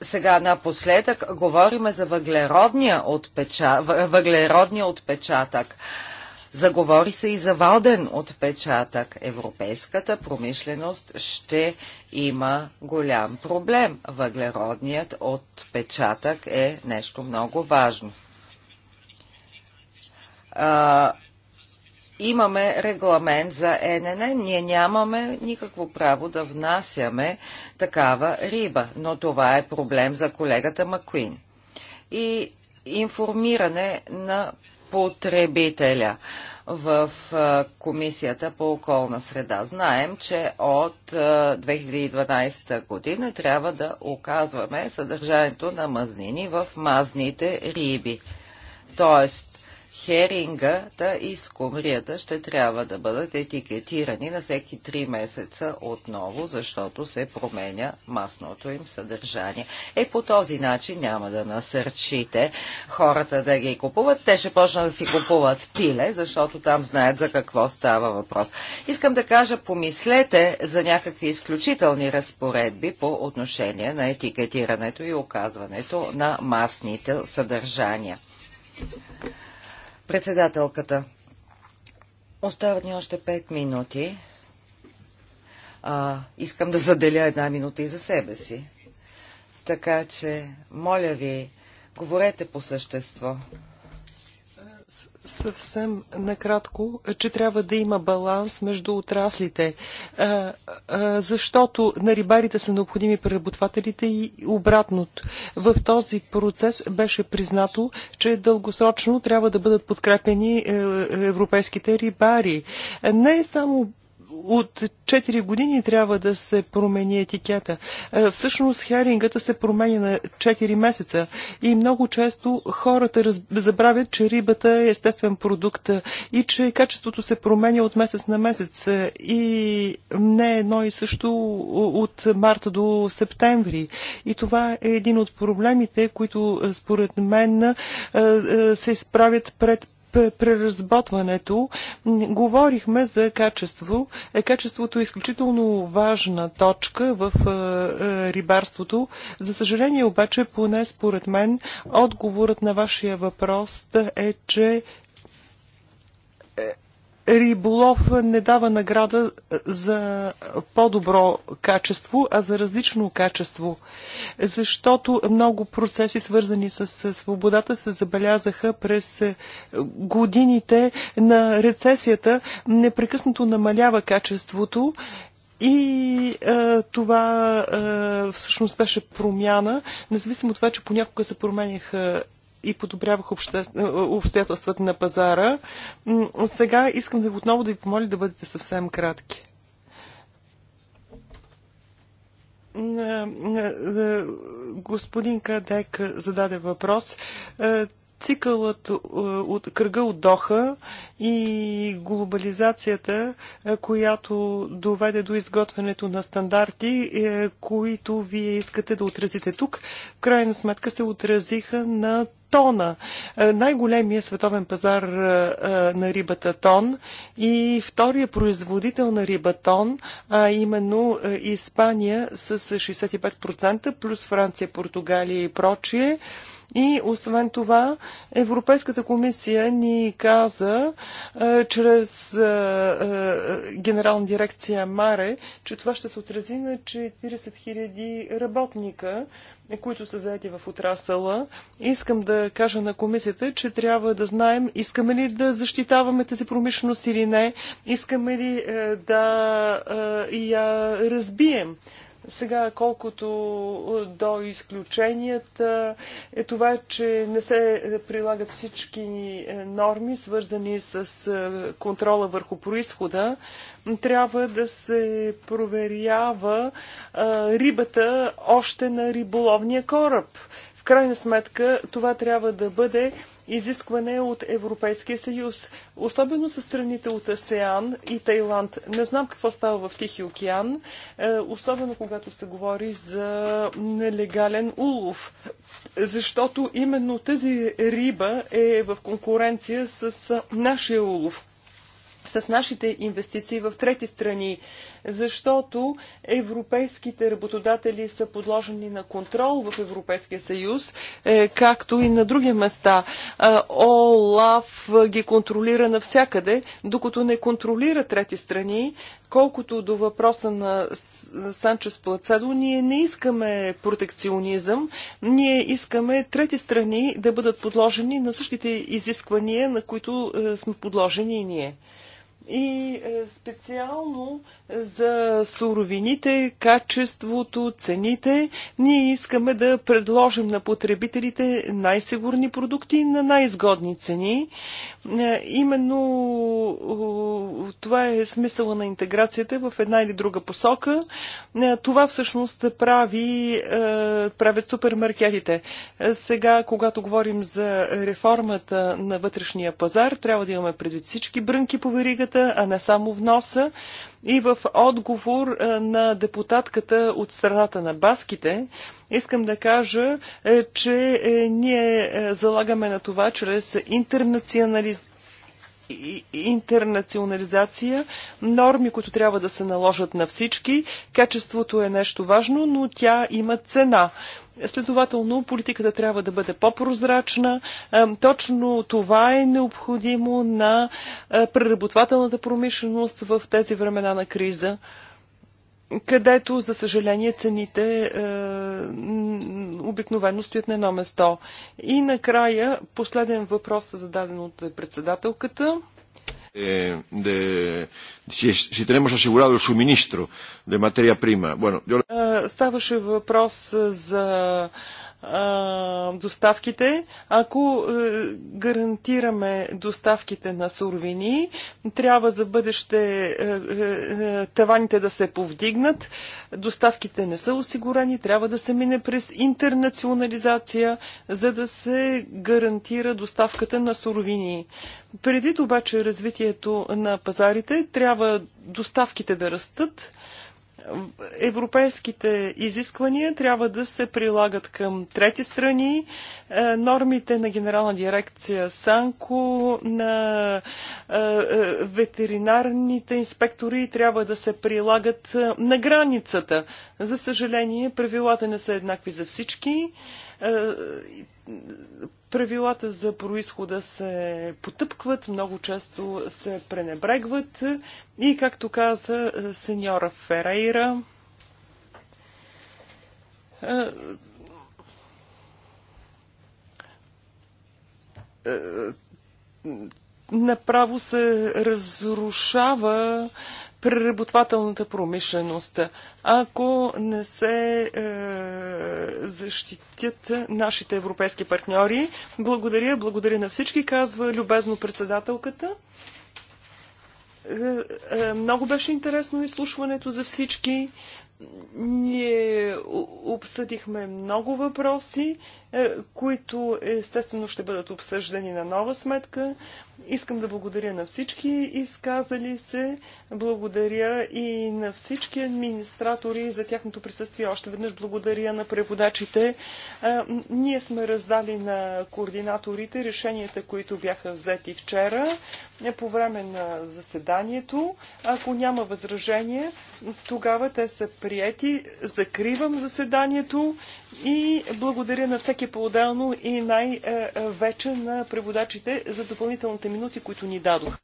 сега напоследък говориме за въглеродния отпечатък. Въглеродния отпечатък. Заговори се и за валден отпечатък. Европейската промишленост ще има голям проблем. Въглеродният отпечатък е нещо много важно. А, имаме регламент за ЕНН, ние нямаме никакво право да внасяме такава риба, но това е проблем за колегата Макуин. И информиране на потребителя в Комисията по околна среда. Знаем, че от 2012 година трябва да оказваме съдържанието на мазнини в мазните риби. Тоест, херингата и скумрията ще трябва да бъдат етикетирани на всеки 3 месеца отново, защото се променя масното им съдържание. Е, по този начин няма да насърчите хората да ги купуват. Те ще почнат да си купуват пиле, защото там знаят за какво става въпрос. Искам да кажа, помислете за някакви изключителни разпоредби по отношение на етикетирането и оказването на масните съдържания. Председателката. Остават ни още 5 минути. А, искам да заделя една минута и за себе си. Така че, моля ви, говорете по същество съвсем накратко, е, че трябва да има баланс между отраслите, е, е, защото на рибарите са необходими преработвателите и обратното. В този процес беше признато, че дългосрочно трябва да бъдат подкрепени европейските рибари. Не само от 4 години трябва да се промени етикета. Е, всъщност херингата се променя на 4 месеца и много често хората раз... забравят, че рибата е естествен продукт е, и че качеството се променя от месец на месец е, и не едно и също от марта до септември. И това е един от проблемите, които според мен се изправят пред преразботването. Говорихме за качество. Е, качеството е изключително важна точка в е, е, рибарството. За съжаление обаче, поне според мен, отговорът на вашия въпрос е, че Риболов не дава награда за по-добро качество, а за различно качество, защото много процеси, свързани с свободата, се забелязаха през годините на рецесията. Непрекъснато намалява качеството и е, това е, всъщност беше промяна, независимо от това, че понякога се променяха и подобрявах обще... Е, обстоятелствата на пазара. Сега искам да отново да ви помоля да бъдете съвсем кратки. Господин Кадек зададе въпрос. Е, цикълът е, от кръга от Доха и глобализацията, е, която доведе до изготвянето на стандарти, е, които вие искате да отразите тук, в крайна сметка се отразиха на тона. Най-големия световен пазар на рибата тон и втория производител на риба тон, а именно Испания с 65%, плюс Франция, Португалия и прочие. И освен това, Европейската комисия ни каза чрез генерална дирекция Маре, че това ще се отрази на 40 000 работника, които са заети в отрасъла. Искам да кажа на комисията, че трябва да знаем, искаме ли да защитаваме тази промишленост или не, искаме ли е, да е, я разбием. Сега, колкото е, до изключенията, е това, че не се прилагат всички е, норми, свързани с е, контрола върху происхода. Трябва да се проверява рибата още на риболовния кораб крайна сметка това трябва да бъде изискване от Европейския съюз, особено с страните от АСЕАН и Тайланд. Не знам какво става в Тихи океан, е, особено когато се говори за нелегален улов, защото именно тази риба е в конкуренция с нашия улов с нашите инвестиции в трети страни, защото европейските работодатели са подложени на контрол в Европейския съюз, е, както и на други места. Е, ОЛАФ ги контролира навсякъде, докато не контролира трети страни. Колкото до въпроса на Санчес Плацедо, ние не искаме протекционизъм, ние искаме трети страни да бъдат подложени на същите изисквания, на които е, сме подложени и ние. И е, специално за суровините, качеството, цените. Ние искаме да предложим на потребителите най-сигурни продукти на най-изгодни цени. Е, именно това е смисъла на интеграцията в една или друга посока. Е, това всъщност прави, е, правят супермаркетите. Сега, когато говорим за реформата на вътрешния пазар, трябва да имаме предвид всички брънки по веригата, а не само вноса. И в отговор на депутатката от страната на баските, искам да кажа, е, че е, ние е, залагаме на това чрез интернационализация интернационализация, норми, които трябва да се наложат на всички. Качеството е нещо важно, но тя има цена. Следователно, политиката трябва да бъде по-прозрачна. Е, точно това е необходимо на е, преработвателната промишленост в тези времена на криза където, за съжаление, цените е, обикновено стоят на едно место. И накрая, последен въпрос, зададен от председателката eh, de si, si tenemos asegurado el suministro de materia prima. Bueno, yo... Ставаше въпрос за доставките. Ако е, гарантираме доставките на суровини, трябва за бъдеще е, е, таваните да се повдигнат. Доставките не са осигурени, трябва да се мине през интернационализация, за да се гарантира доставката на суровини. Предвид обаче развитието на пазарите, трябва доставките да растат Европейските изисквания трябва да се прилагат към трети страни. Е, нормите на Генерална дирекция Санко, на е, е, ветеринарните инспектори трябва да се прилагат на границата. За съжаление, правилата не са еднакви за всички правилата за происхода се потъпкват, много често се пренебрегват и, както каза е, сеньора Ферейра, е, е, направо се разрушава преработвателната промишленост ако не се е, защитят нашите европейски партньори. Благодаря, благодаря на всички, казва любезно председателката. Е, е, много беше интересно изслушването за всички. Ние обсъдихме много въпроси. Е, които естествено ще бъдат обсъждани на нова сметка. Искам да благодаря на всички изказали се, благодаря и на всички администратори за тяхното присъствие. Още веднъж благодаря на преводачите. Е, ние сме раздали на координаторите решенията, които бяха взети вчера е, по време на заседанието. Ако няма възражение, тогава те са прияти. Закривам заседанието. И благодаря на всеки по-отделно и най-вече на преводачите за допълнителните минути, които ни дадох.